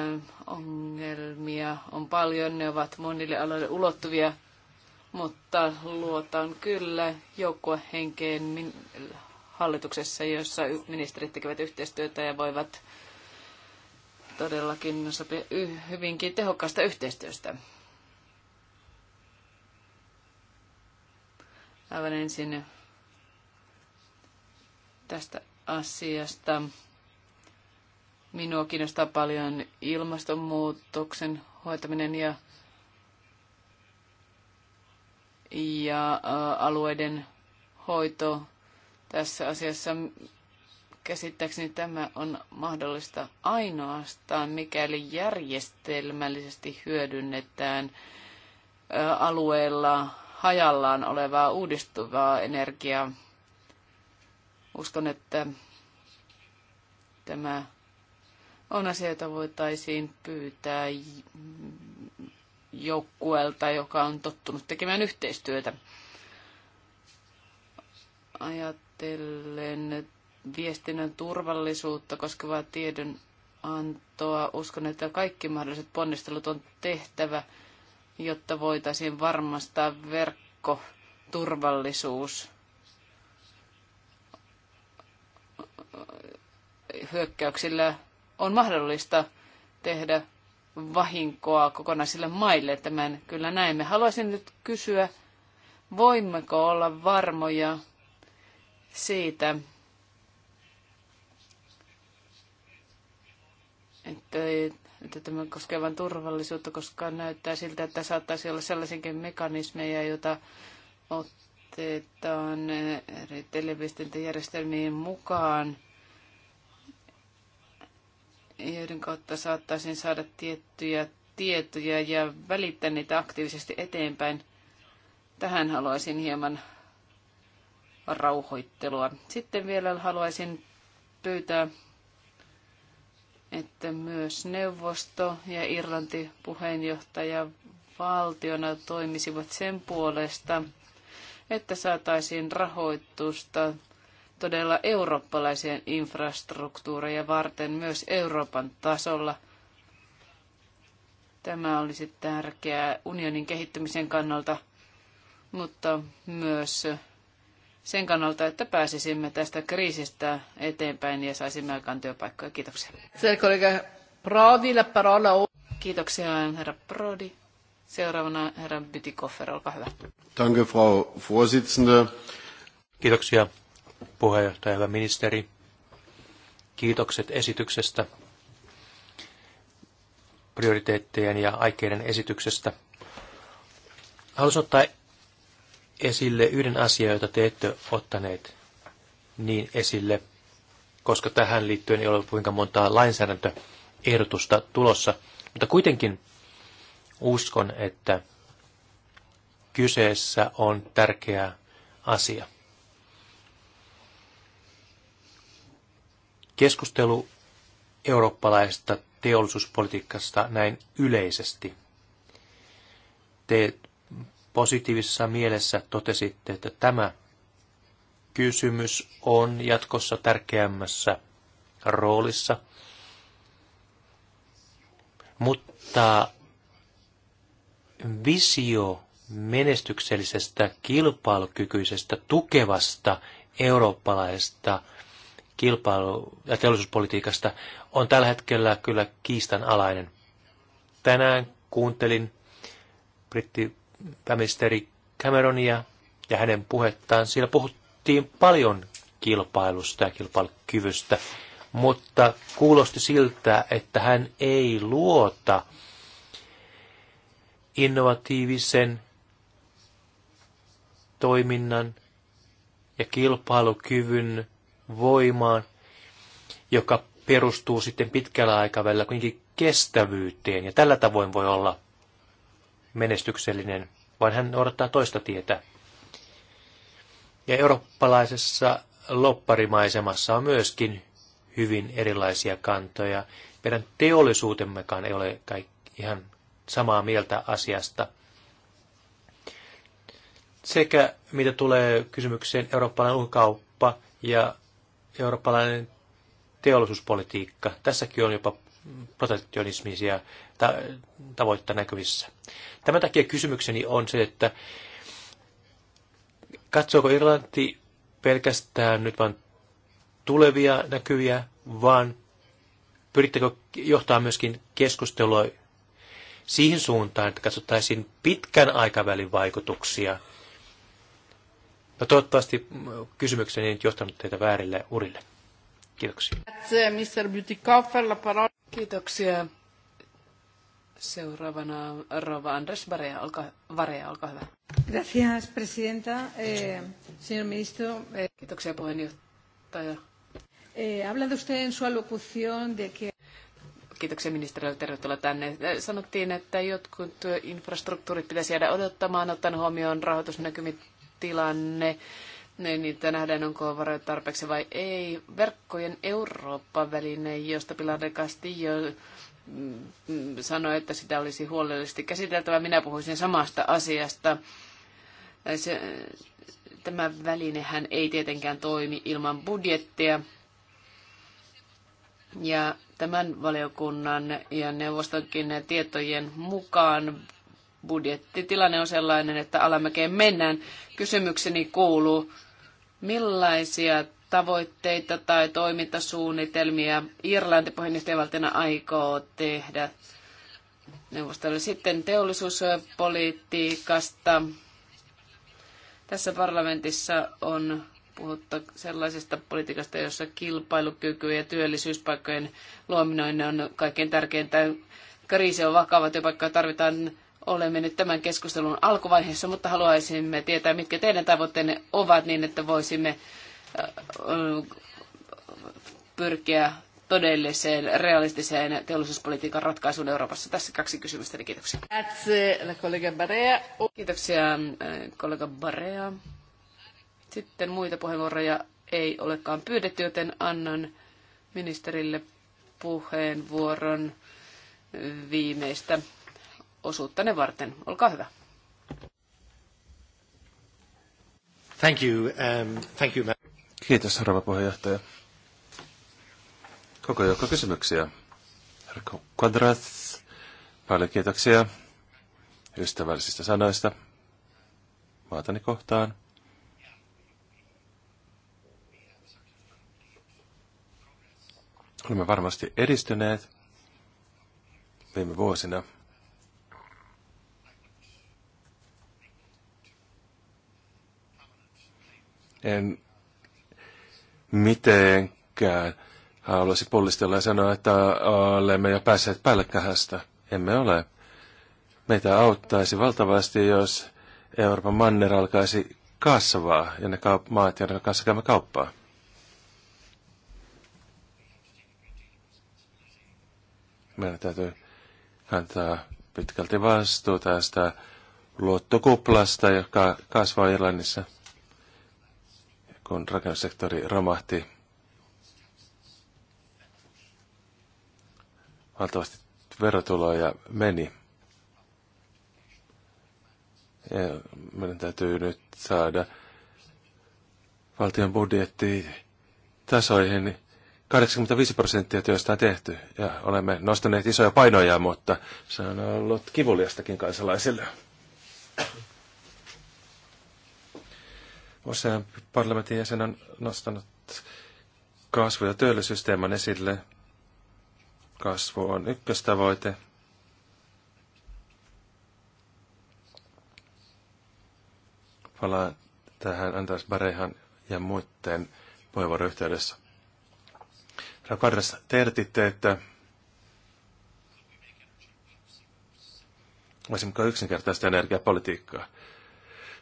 ongelmia on paljon, ne ovat monille aloille ulottuvia, mutta luotan kyllä henkeen hallituksessa, jossa ministerit tekevät yhteistyötä ja voivat todellakin sopia hyvinkin tehokkaasta yhteistyöstä. Aivan ensin tästä asiasta. Minua kiinnostaa paljon ilmastonmuutoksen hoitaminen ja, ja alueiden hoito tässä asiassa. Käsittääkseni tämä on mahdollista ainoastaan, mikäli järjestelmällisesti hyödynnetään alueella hajallaan olevaa uudistuvaa energiaa Uskon, että tämä on asia, jota voitaisiin pyytää joukkueelta, joka on tottunut tekemään yhteistyötä. Ajattelen viestinnän turvallisuutta koskevaa tiedon antoa. Uskon, että kaikki mahdolliset ponnistelut on tehtävä, jotta voitaisiin varmistaa verkkoturvallisuus hyökkäyksillä on mahdollista tehdä vahinkoa kokonaisille maille. Tämän kyllä näemme. Haluaisin nyt kysyä, voimmeko olla varmoja siitä, että, että tämä koskee vain turvallisuutta, koska näyttää siltä, että saattaisi olla sellaisenkin mekanismeja, joita on eri televisiointijärjestelmien mukaan, joiden kautta saattaisin saada tiettyjä tietoja ja välittää niitä aktiivisesti eteenpäin. Tähän haluaisin hieman rauhoittelua. Sitten vielä haluaisin pyytää, että myös neuvosto ja Irlanti puheenjohtaja valtiona toimisivat sen puolesta, että saataisiin rahoitusta todella eurooppalaisia infrastruktuureja varten myös Euroopan tasolla. Tämä olisi tärkeää unionin kehittämisen kannalta, mutta myös sen kannalta, että pääsisimme tästä kriisistä eteenpäin ja saisimme aikaan työpaikkoja. Kiitoksia. Kiitoksia, herra Prodi. Seuraavana herra Bytikoffer, olkaa hyvä.
Danke, Frau Vorsitzende.
Kiitoksia puheenjohtaja, hyvä ministeri. Kiitokset esityksestä, prioriteettien ja aikeiden esityksestä. Haluaisin ottaa esille yhden asian, jota te ette ottaneet niin esille, koska tähän liittyen ei ole kuinka montaa lainsäädäntöehdotusta tulossa. Mutta kuitenkin Uskon, että kyseessä on tärkeä asia. Keskustelu eurooppalaisesta teollisuuspolitiikasta näin yleisesti. Te positiivisessa mielessä totesitte, että tämä kysymys on jatkossa tärkeämmässä roolissa, mutta visio menestyksellisestä, kilpailukykyisestä, tukevasta eurooppalaisesta kilpailu- ja teollisuuspolitiikasta on tällä hetkellä kyllä kiistanalainen. Tänään kuuntelin britti pääministeri Cameronia ja hänen puhettaan. Siellä puhuttiin paljon kilpailusta ja kilpailukyvystä, mutta kuulosti siltä, että hän ei luota – innovatiivisen toiminnan ja kilpailukyvyn voimaan, joka perustuu sitten pitkällä aikavälillä kuitenkin kestävyyteen. Ja tällä tavoin voi olla menestyksellinen, vaan hän odottaa toista tietä. Ja eurooppalaisessa lopparimaisemassa on myöskin hyvin erilaisia kantoja. Meidän teollisuutemmekaan ei ole kaikki ihan samaa mieltä asiasta. Sekä mitä tulee kysymykseen eurooppalainen ulkokauppa ja eurooppalainen teollisuuspolitiikka. Tässäkin on jopa protektionismisia tavoitteita näkyvissä. Tämän takia kysymykseni on se, että katsooko Irlanti pelkästään nyt vain tulevia näkyviä, vaan pyrittekö johtaa myöskin keskustelua siihen suuntaan, että katsottaisiin pitkän aikavälin vaikutuksia. No toivottavasti kysymykseni ei nyt johtanut teitä väärille urille. Kiitoksia.
Kiitoksia. Seuraavana Rova Andres Varea, olka, Varea, olkaa hyvä.
Gracias, presidenta. Eh,
señor ministro. Eh. Kiitoksia puheenjohtaja. Eh, habla usted en su alocución de que... Kiitoksia ministerille, tervetuloa tänne. Sanottiin, että jotkut infrastruktuurit pitäisi jäädä odottamaan, ottaen huomioon rahoitusnäkymitilanne. Niin, niitä nähdään, onko varoja tarpeeksi vai ei. Verkkojen Eurooppa-väline, josta Pilar de Castillo mm, mm, sanoi, että sitä olisi huolellisesti käsiteltävä. Minä puhuisin samasta asiasta. Se, tämä välinehän ei tietenkään toimi ilman budjettia. Ja Tämän valiokunnan ja neuvostonkin tietojen mukaan budjettitilanne on sellainen, että alamäkeen mennään. Kysymykseni kuuluu, millaisia tavoitteita tai toimintasuunnitelmia Irlanti puheenjohtajavaltiona aikoo tehdä neuvostolle. Sitten teollisuuspolitiikasta. Tässä parlamentissa on puhutta sellaisesta politiikasta, jossa kilpailukyky ja työllisyyspaikkojen luominen on kaikkein tärkeintä. Kriisi on vakava työpaikkaa tarvitaan olemme nyt tämän keskustelun alkuvaiheessa, mutta haluaisimme tietää, mitkä teidän tavoitteenne ovat niin, että voisimme äh, pyrkiä todelliseen, realistiseen teollisuuspolitiikan ratkaisuun Euroopassa. Tässä kaksi kysymystä, niin kiitoksia. Kiitoksia äh, kollega Barea. Sitten muita puheenvuoroja ei olekaan pyydetty, joten annan ministerille puheenvuoron viimeistä osuuttanne varten. Olkaa hyvä.
Thank you, um, thank you,
Kiitos, rouva puheenjohtaja. Koko joukko kysymyksiä. Herra Quadras, paljon kiitoksia ystävällisistä sanoista maatani kohtaan. Olemme varmasti edistyneet viime vuosina. En mitenkään haluaisi pullistella ja sanoa, että olemme jo päässeet pälkkähästä. Emme ole. Meitä auttaisi valtavasti, jos Euroopan manner alkaisi kasvaa ja ne maat, joiden kanssa käymme kauppaa. meidän täytyy kantaa pitkälti vastuu tästä luottokuplasta, joka kasvaa Irlannissa, kun rakennussektori romahti. Valtavasti verotuloja meni. Ja meidän täytyy nyt saada valtion budjetti tasoihin 85 prosenttia työstä on tehty ja olemme nostaneet isoja painoja, mutta se on ollut kivuliastakin kansalaisille. Usean parlamentin jäsen on nostanut kasvu- ja työllisyysteeman esille. Kasvu on ykköstavoite. Palaan tähän Andras Barehan ja muiden puheenvuoroyhteydessä. Rakarras, tertitte, että voisimmeko yksinkertaista energiapolitiikkaa.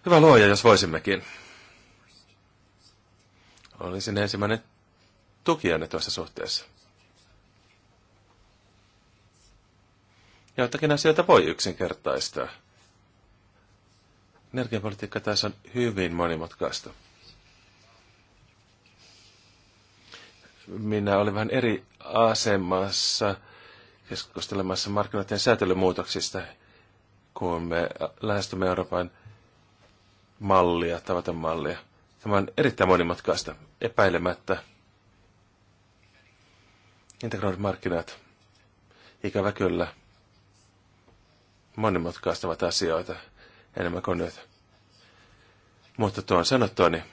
Hyvä luoja, jos voisimmekin. Olisin ensimmäinen tukijanne tuossa suhteessa. Joitakin asioita voi yksinkertaistaa. Energiapolitiikka tässä on hyvin monimutkaista. minä olin vähän eri asemassa keskustelemassa markkinoiden säätelymuutoksista, kun me lähestymme Euroopan mallia, mallia Tämä on erittäin monimutkaista, epäilemättä. Integroidut markkinat, ikävä kyllä, monimutkaistavat asioita enemmän kuin nyt. Mutta tuon sanottua, niin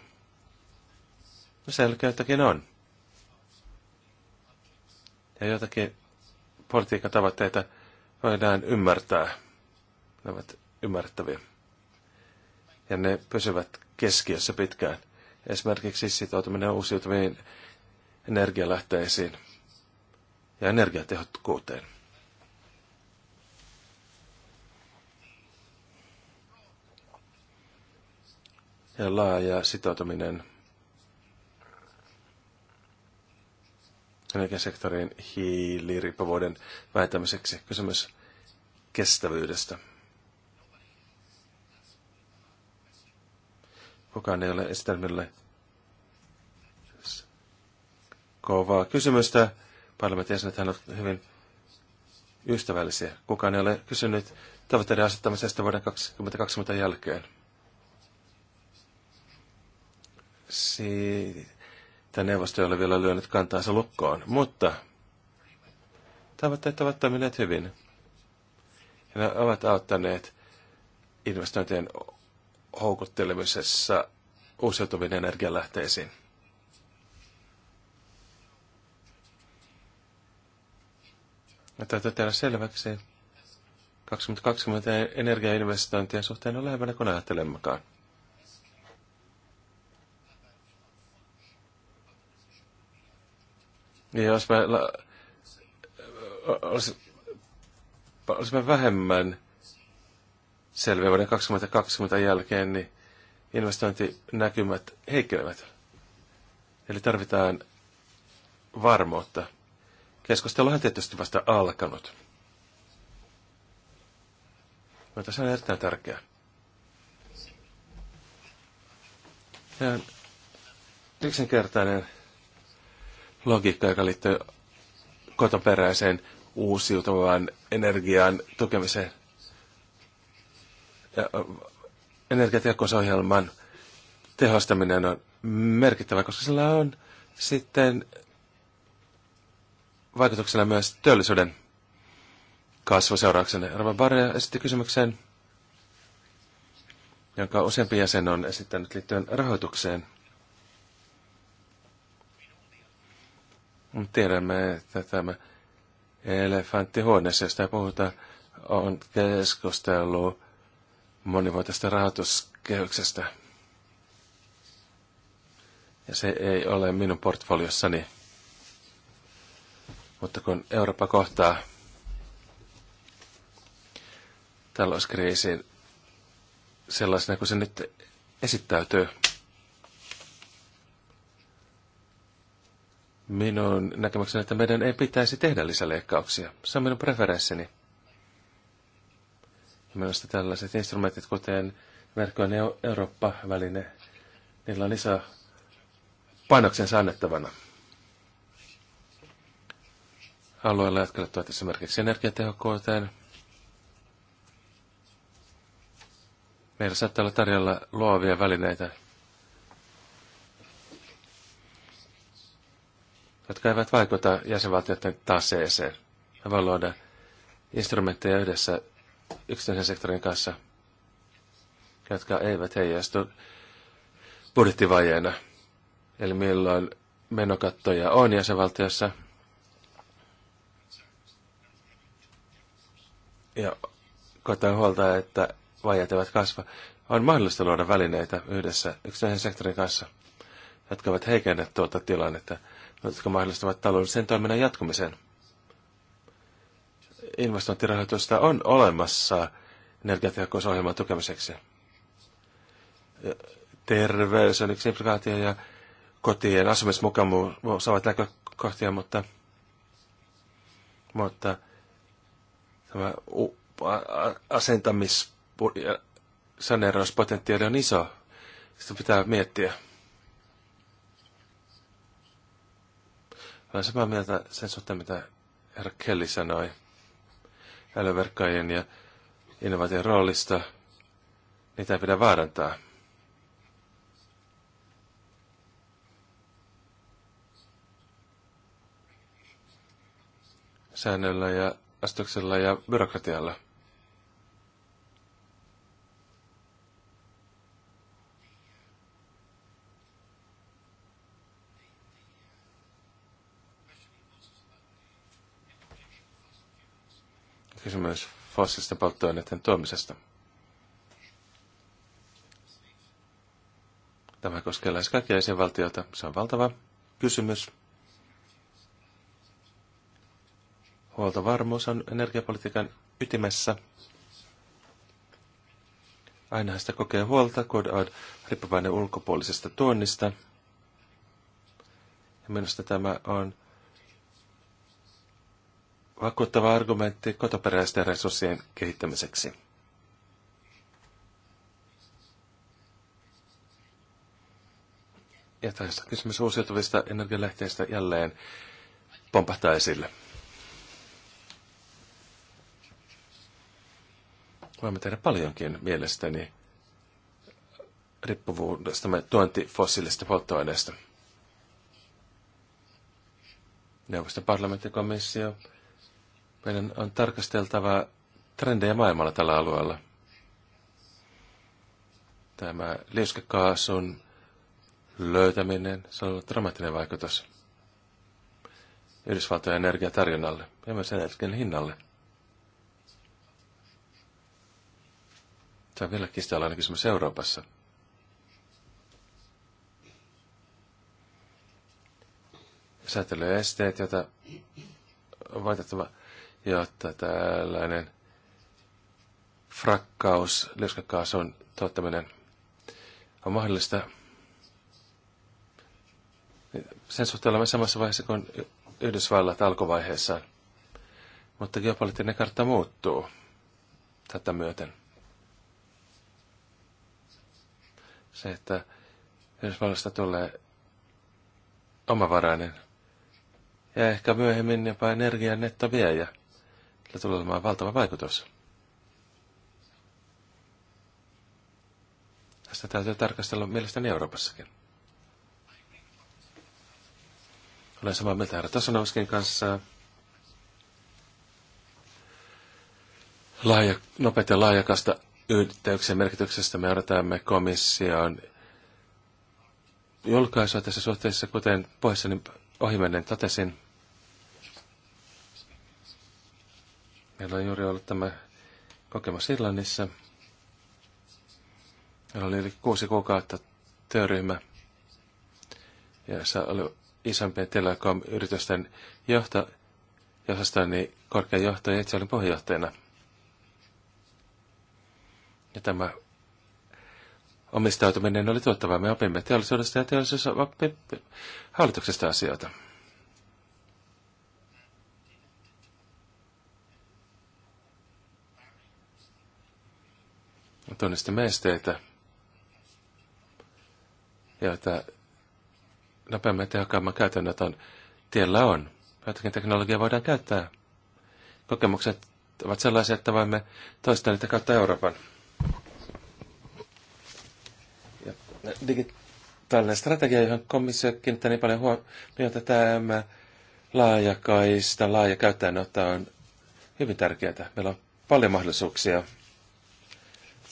no selkeyttäkin on ja jotakin politiikan tavoitteita voidaan ymmärtää. Ne ovat ymmärrettäviä. Ja ne pysyvät keskiössä pitkään. Esimerkiksi sitoutuminen uusiutuviin energialähteisiin ja energiatehokkuuteen. Ja laaja sitoutuminen energiasektorin hiiliriippuvuuden vähentämiseksi. Kysymys kestävyydestä. Kukaan ei ole esittänyt minulle kovaa kysymystä. Parlamentin hän ovat hyvin ystävällisiä. Kukaan ei ole kysynyt tavoitteiden asettamisesta vuoden 2020 jälkeen. Si- että neuvosto ei ole vielä lyönyt kantaansa lukkoon, mutta tavoitteet ovat toimineet hyvin. Ja ne ovat auttaneet investointien houkuttelemisessa uusiutuviin energialähteisiin. Ja täytyy tehdä selväksi, 2020 energiainvestointien suhteen on lähempänä kuin ajattelemmekaan. Ja jos meillä olisi, mä vähemmän selviä vuoden 2020 jälkeen, niin investointinäkymät heikkenevät. Eli tarvitaan varmuutta. Keskustelu on tietysti vasta alkanut. Mutta no, se on erittäin tärkeää. Se on yksinkertainen logiikka, joka liittyy kotoperäiseen uusiutuvaan energiaan tukemiseen. Ja energiatehokkuusohjelman tehostaminen on merkittävä, koska sillä on sitten vaikutuksena myös teollisuuden kasvu seurauksena. Arvan Barja esitti kysymyksen, jonka useampi jäsen on esittänyt liittyen rahoitukseen – Tiedämme, että tämä elefanttihuoneessa, josta puhutaan, on keskustelu monivuotisesta rahoituskehyksestä. Ja se ei ole minun portfoliossani. Mutta kun Eurooppa kohtaa talouskriisin sellaisena kuin se nyt esittäytyy, Minun näkemykseni, että meidän ei pitäisi tehdä lisäleikkauksia. Se on minun preferenssini. minusta tällaiset instrumentit, kuten verkkojen Eurooppa-väline, niillä on iso painoksen annettavana. Alueella, jotka liittyvät esimerkiksi energiatehokkuuteen, meillä saattaa olla tarjolla luovia välineitä, jotka eivät vaikuta jäsenvaltioiden taseeseen. Me voi luoda instrumentteja yhdessä yksityisen sektorin kanssa, jotka eivät heijastu budjettivajeena. Eli milloin menokattoja on jäsenvaltiossa. Ja koetaan huolta, että vajat eivät kasva. On mahdollista luoda välineitä yhdessä yksityisen sektorin kanssa, jotka ovat heikenneet tuota tilannetta jotka mahdollistavat taloudellisen toiminnan jatkumisen. Investointirahoitusta on olemassa energiatehokkuusohjelman tukemiseksi. Terveys on yksi implikaatio ja kotien asumismukavuus ovat näkökohtia, mutta, mutta tämä asentamis- saneerauspotentiaali on iso. Sitä pitää miettiä. Olen samaa mieltä sen suhteen, mitä herra Kelly sanoi älyverkkojen ja innovaation roolista. Niitä ei pidä vaarantaa. Säännöllä ja astuksella ja byrokratialla – kysymys fossiilisten polttoaineiden tuomisesta. Tämä koskee lähes kaikkia jäsenvaltioita. Se on valtava kysymys. Huoltovarmuus on energiapolitiikan ytimessä. Aina sitä kokee huolta, kun on riippuvainen ulkopuolisesta tuonnista. Ja minusta tämä on vakuuttava argumentti kotoperäisten resurssien kehittämiseksi. Ja tässä kysymys uusiutuvista energialähteistä jälleen pompahtaa esille. Voimme tehdä paljonkin mielestäni riippuvuudestamme tuonti fossiilisista polttoaineista. Neuvoston parlamenttikomissio komissio meidän on tarkasteltava trendejä maailmalla tällä alueella. Tämä liuskekaasun löytäminen, se on dramaattinen vaikutus Yhdysvaltojen energiatarjonnalle ja myös energian hinnalle. Tämä on vielä ainakin esimerkiksi Euroopassa. Säätely esteet, joita on vaitettava jotta tällainen frakkaus, on tuottaminen on mahdollista. Sen suhteen olemme samassa vaiheessa kuin Yhdysvallat alkuvaiheessaan. Mutta geopoliittinen kartta muuttuu tätä myöten. Se, että Yhdysvallasta tulee omavarainen ja ehkä myöhemmin jopa energian nettoviejä – sillä tulee olemaan valtava vaikutus. Tästä täytyy tarkastella mielestäni Euroopassakin. Olen samaa mieltä herra Tosanovskin kanssa. Laaja, nopeat ja laajakasta yhteyksien merkityksestä me odotamme komission julkaisua tässä suhteessa, kuten pohjassani ohimennen totesin. Meillä on juuri ollut tämä kokemus Irlannissa. Meillä oli yli kuusi kuukautta työryhmä, jossa oli isompien telekom-yritysten johto, niin korkean johtaja, itse olin pohjohtajana. Ja tämä omistautuminen oli tuottavaa. Me opimme teollisuudesta ja teollisuus oppi hallituksesta asioita. tunnistamme esteitä, joita nopeammin ja tehokkaamman käytännöt tiellä on. Jotakin teknologiaa voidaan käyttää. Kokemukset ovat sellaisia, että voimme toistaa niitä kautta Euroopan. Ja digitaalinen strategia, johon komissio kiinnittää niin paljon huomiota, tämä laajakaista, laaja käyttäjänotto on hyvin tärkeää. Meillä on paljon mahdollisuuksia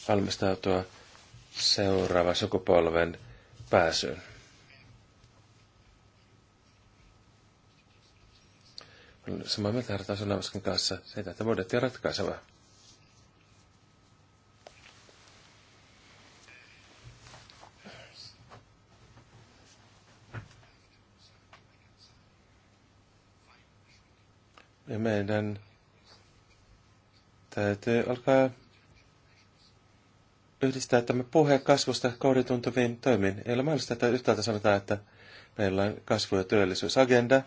valmistautua seuraavan sukupolven pääsyyn. Samaa mieltä harjoitan Sonavaskin kanssa siitä, että budjetti on ratkaiseva. Ja meidän täytyy alkaa yhdistää tämä puhe kasvusta koodin tuntuviin toimiin. Ei ole mahdollista, että yhtäältä sanotaan, että meillä on kasvu- ja työllisyysagenda.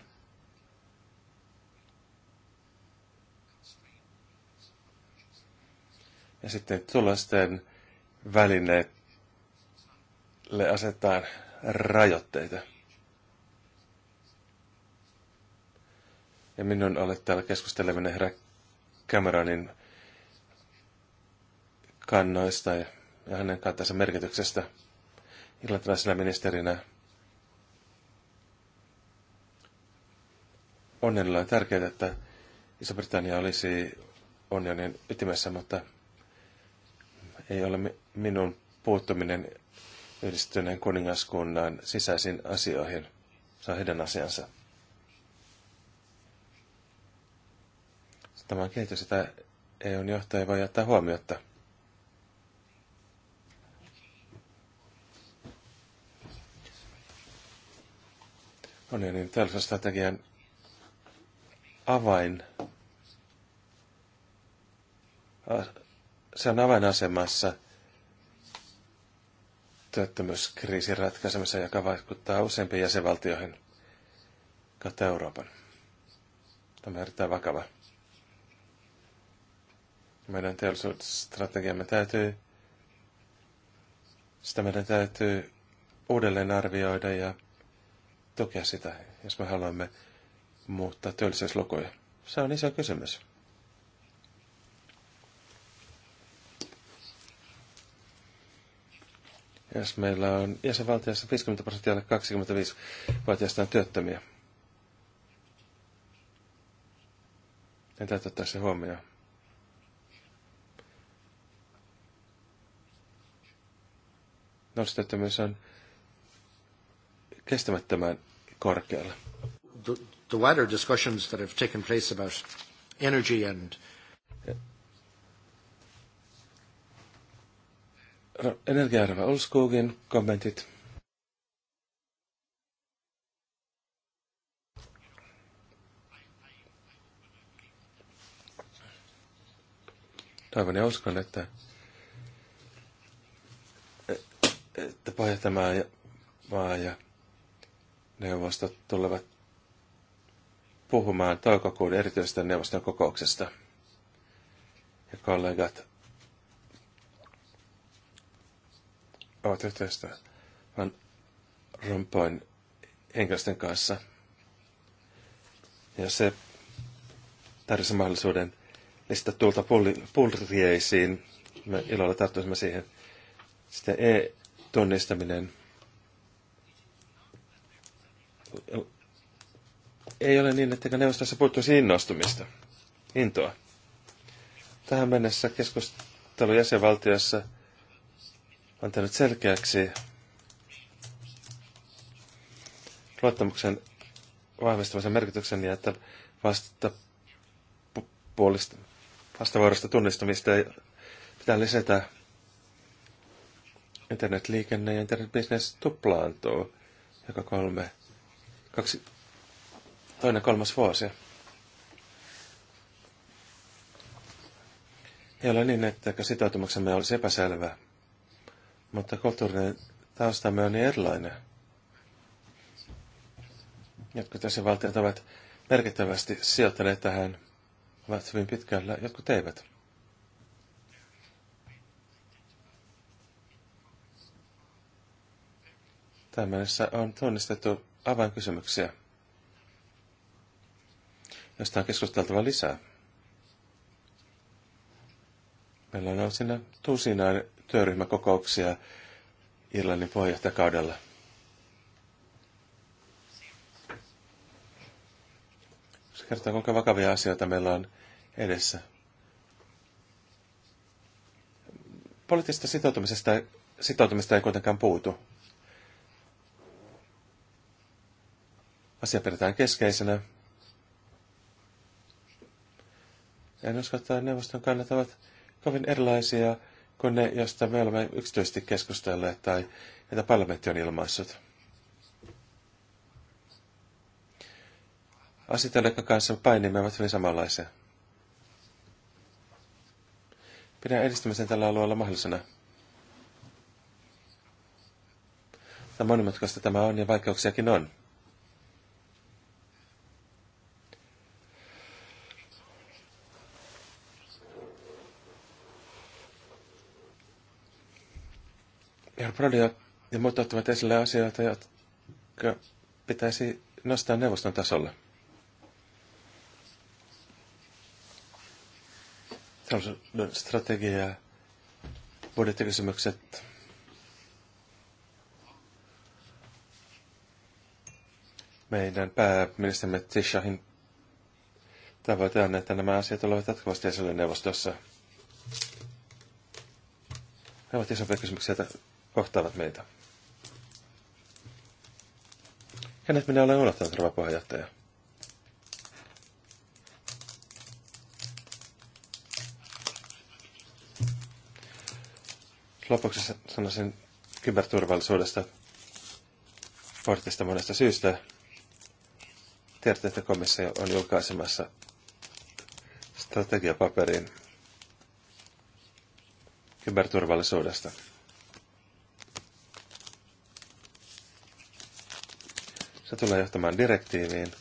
Ja sitten tulosten välineille asetetaan rajoitteita. Ja minun olet täällä keskusteleminen herra Cameronin kannoista ja ja hänen kantansa merkityksestä irlantilaisena ministerinä. On edelleen tärkeää, että Iso-Britannia olisi unionin ytimessä, mutta ei ole minun puuttuminen yhdistyneen kuningaskunnan sisäisiin asioihin. Se on heidän asiansa. Tämä on kehitys, jota EUn johtaja voi jättää huomiota. niin tällaisen strategian avain. Se on avainasemassa työttömyyskriisin ratkaisemassa, joka vaikuttaa useimpiin jäsenvaltioihin kautta Euroopan. Tämä on erittäin vakava. Meidän teollisuusstrategiamme täytyy, sitä meidän täytyy uudelleen arvioida ja tukea sitä, jos me haluamme muuttaa työllisyyslukuja? Se on iso kysymys. Jos meillä on jäsenvaltiossa 50 prosenttia alle 25-vuotiaista on työttömiä, En niin täytyy ottaa se huomioon. nuorisotyöttömyys on
kestämättömän korkealle. The, the wider discussions that have taken place about energy and
Energiaarva Olskogin kommentit. Toivon ja uskon, että, että pohjatamaa ja maa ja neuvosto tulevat puhumaan toukokuun erityisestä neuvoston kokouksesta. Ja kollegat ovat yhteistä Van Rompuyn henkilöstön kanssa. Ja se tarjosi mahdollisuuden listata tulta pulrieisiin. Me ilolla tarttuisimme siihen. Sitten e-tunnistaminen – ei ole niin, että neuvostossa puuttuisi innostumista, intoa. Tähän mennessä keskustelu jäsenvaltiossa on tehnyt selkeäksi luottamuksen vahvistamisen merkityksen ja että vasta puolista, vastavuorosta tunnistamista pitää lisätä internetliikenne ja internetbisnes tuplaantuu joka kolme kaksi, toinen kolmas vuosi. Ei ole niin, että sitoutumuksemme olisi epäselvä, mutta kulttuurinen taustamme on niin erilainen. Jotkut jäsenvaltiot ovat merkittävästi sijoittaneet tähän, ovat hyvin pitkällä, jotkut eivät. Tämmöisessä on tunnistettu avainkysymyksiä, josta on keskusteltava lisää. Meillä on ollut siinä tusinaan työryhmäkokouksia Irlannin puheenjohtajakaudella. Se kertoo, kuinka vakavia asioita meillä on edessä. Poliittisesta sitoutumisesta, sitoutumista ei kuitenkaan puutu. Asia pidetään keskeisenä. En usko, että neuvoston kannat ovat kovin erilaisia kuin ne, joista me olemme yksityisesti keskustelleet tai että parlamentti on ilmaissut. Asiat, joiden kanssa painimme, ovat hyvin samanlaisia. Pidän edistymisen tällä alueella mahdollisena. Tämä monimutkaista tämä on ja vaikeuksiakin on. Herra Prodi ja muut ottavat esille asioita, jotka pitäisi nostaa neuvoston tasolle. Talouden strategia ja budjettikysymykset. Meidän pääministerimme Tishahin tavoite on, että nämä asiat olivat jatkuvasti esille neuvostossa. Ne ovat isompia kysymyksiä kohtaavat meitä. Kenet minä olen unohtanut, rouva puheenjohtaja? Lopuksi sanoisin kyberturvallisuudesta portista monesta syystä. Tiedätte, että komissio on julkaisemassa strategiapaperin kyberturvallisuudesta. Se tulee johtamaan direktiiviin.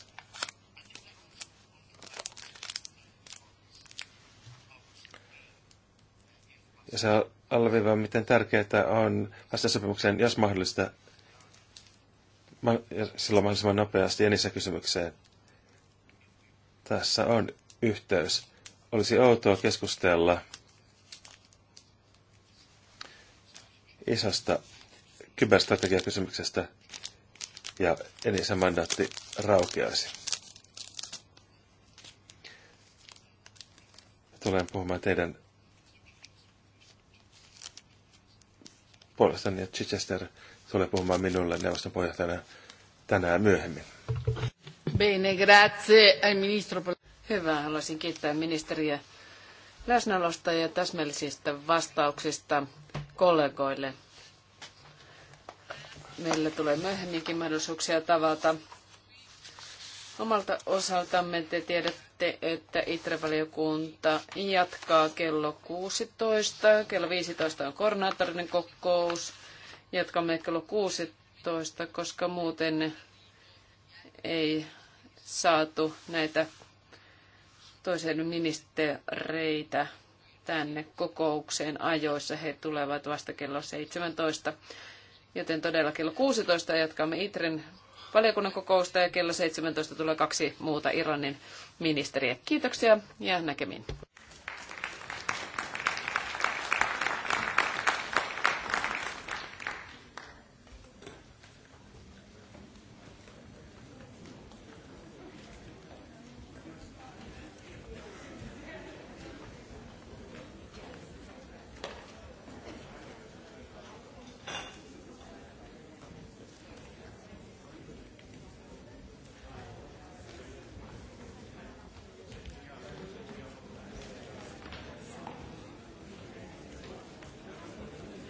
Ja se alleviivaa, miten tärkeää on päästä sopimukseen, jos mahdollista, silloin mahdollisimman nopeasti enissä kysymykseen. Tässä on yhteys. Olisi outoa keskustella isosta kyberstrategiakysymyksestä ja Elisa mandaatti raukeaisi. Tulen puhumaan teidän puolestani ja Chichester tulee puhumaan minulle neuvoston pohjohtajana tänään myöhemmin.
Bene, grazie al ministro. Hyvä, haluaisin kiittää ministeriä läsnäolosta ja täsmällisistä vastauksista kollegoille. Meillä tulee myöhemminkin mahdollisuuksia tavata. Omalta osaltamme te tiedätte, että ITRE-valiokunta jatkaa kello 16. Kello 15 on koordinaattorinen kokous. Jatkamme kello 16, koska muuten ei saatu näitä toisen ministereitä tänne kokoukseen ajoissa. He tulevat vasta kello 17. Joten todella kello 16 jatkamme ITRIN valiokunnan kokousta ja kello 17 tulee kaksi muuta Iranin ministeriä. Kiitoksia ja näkemiin.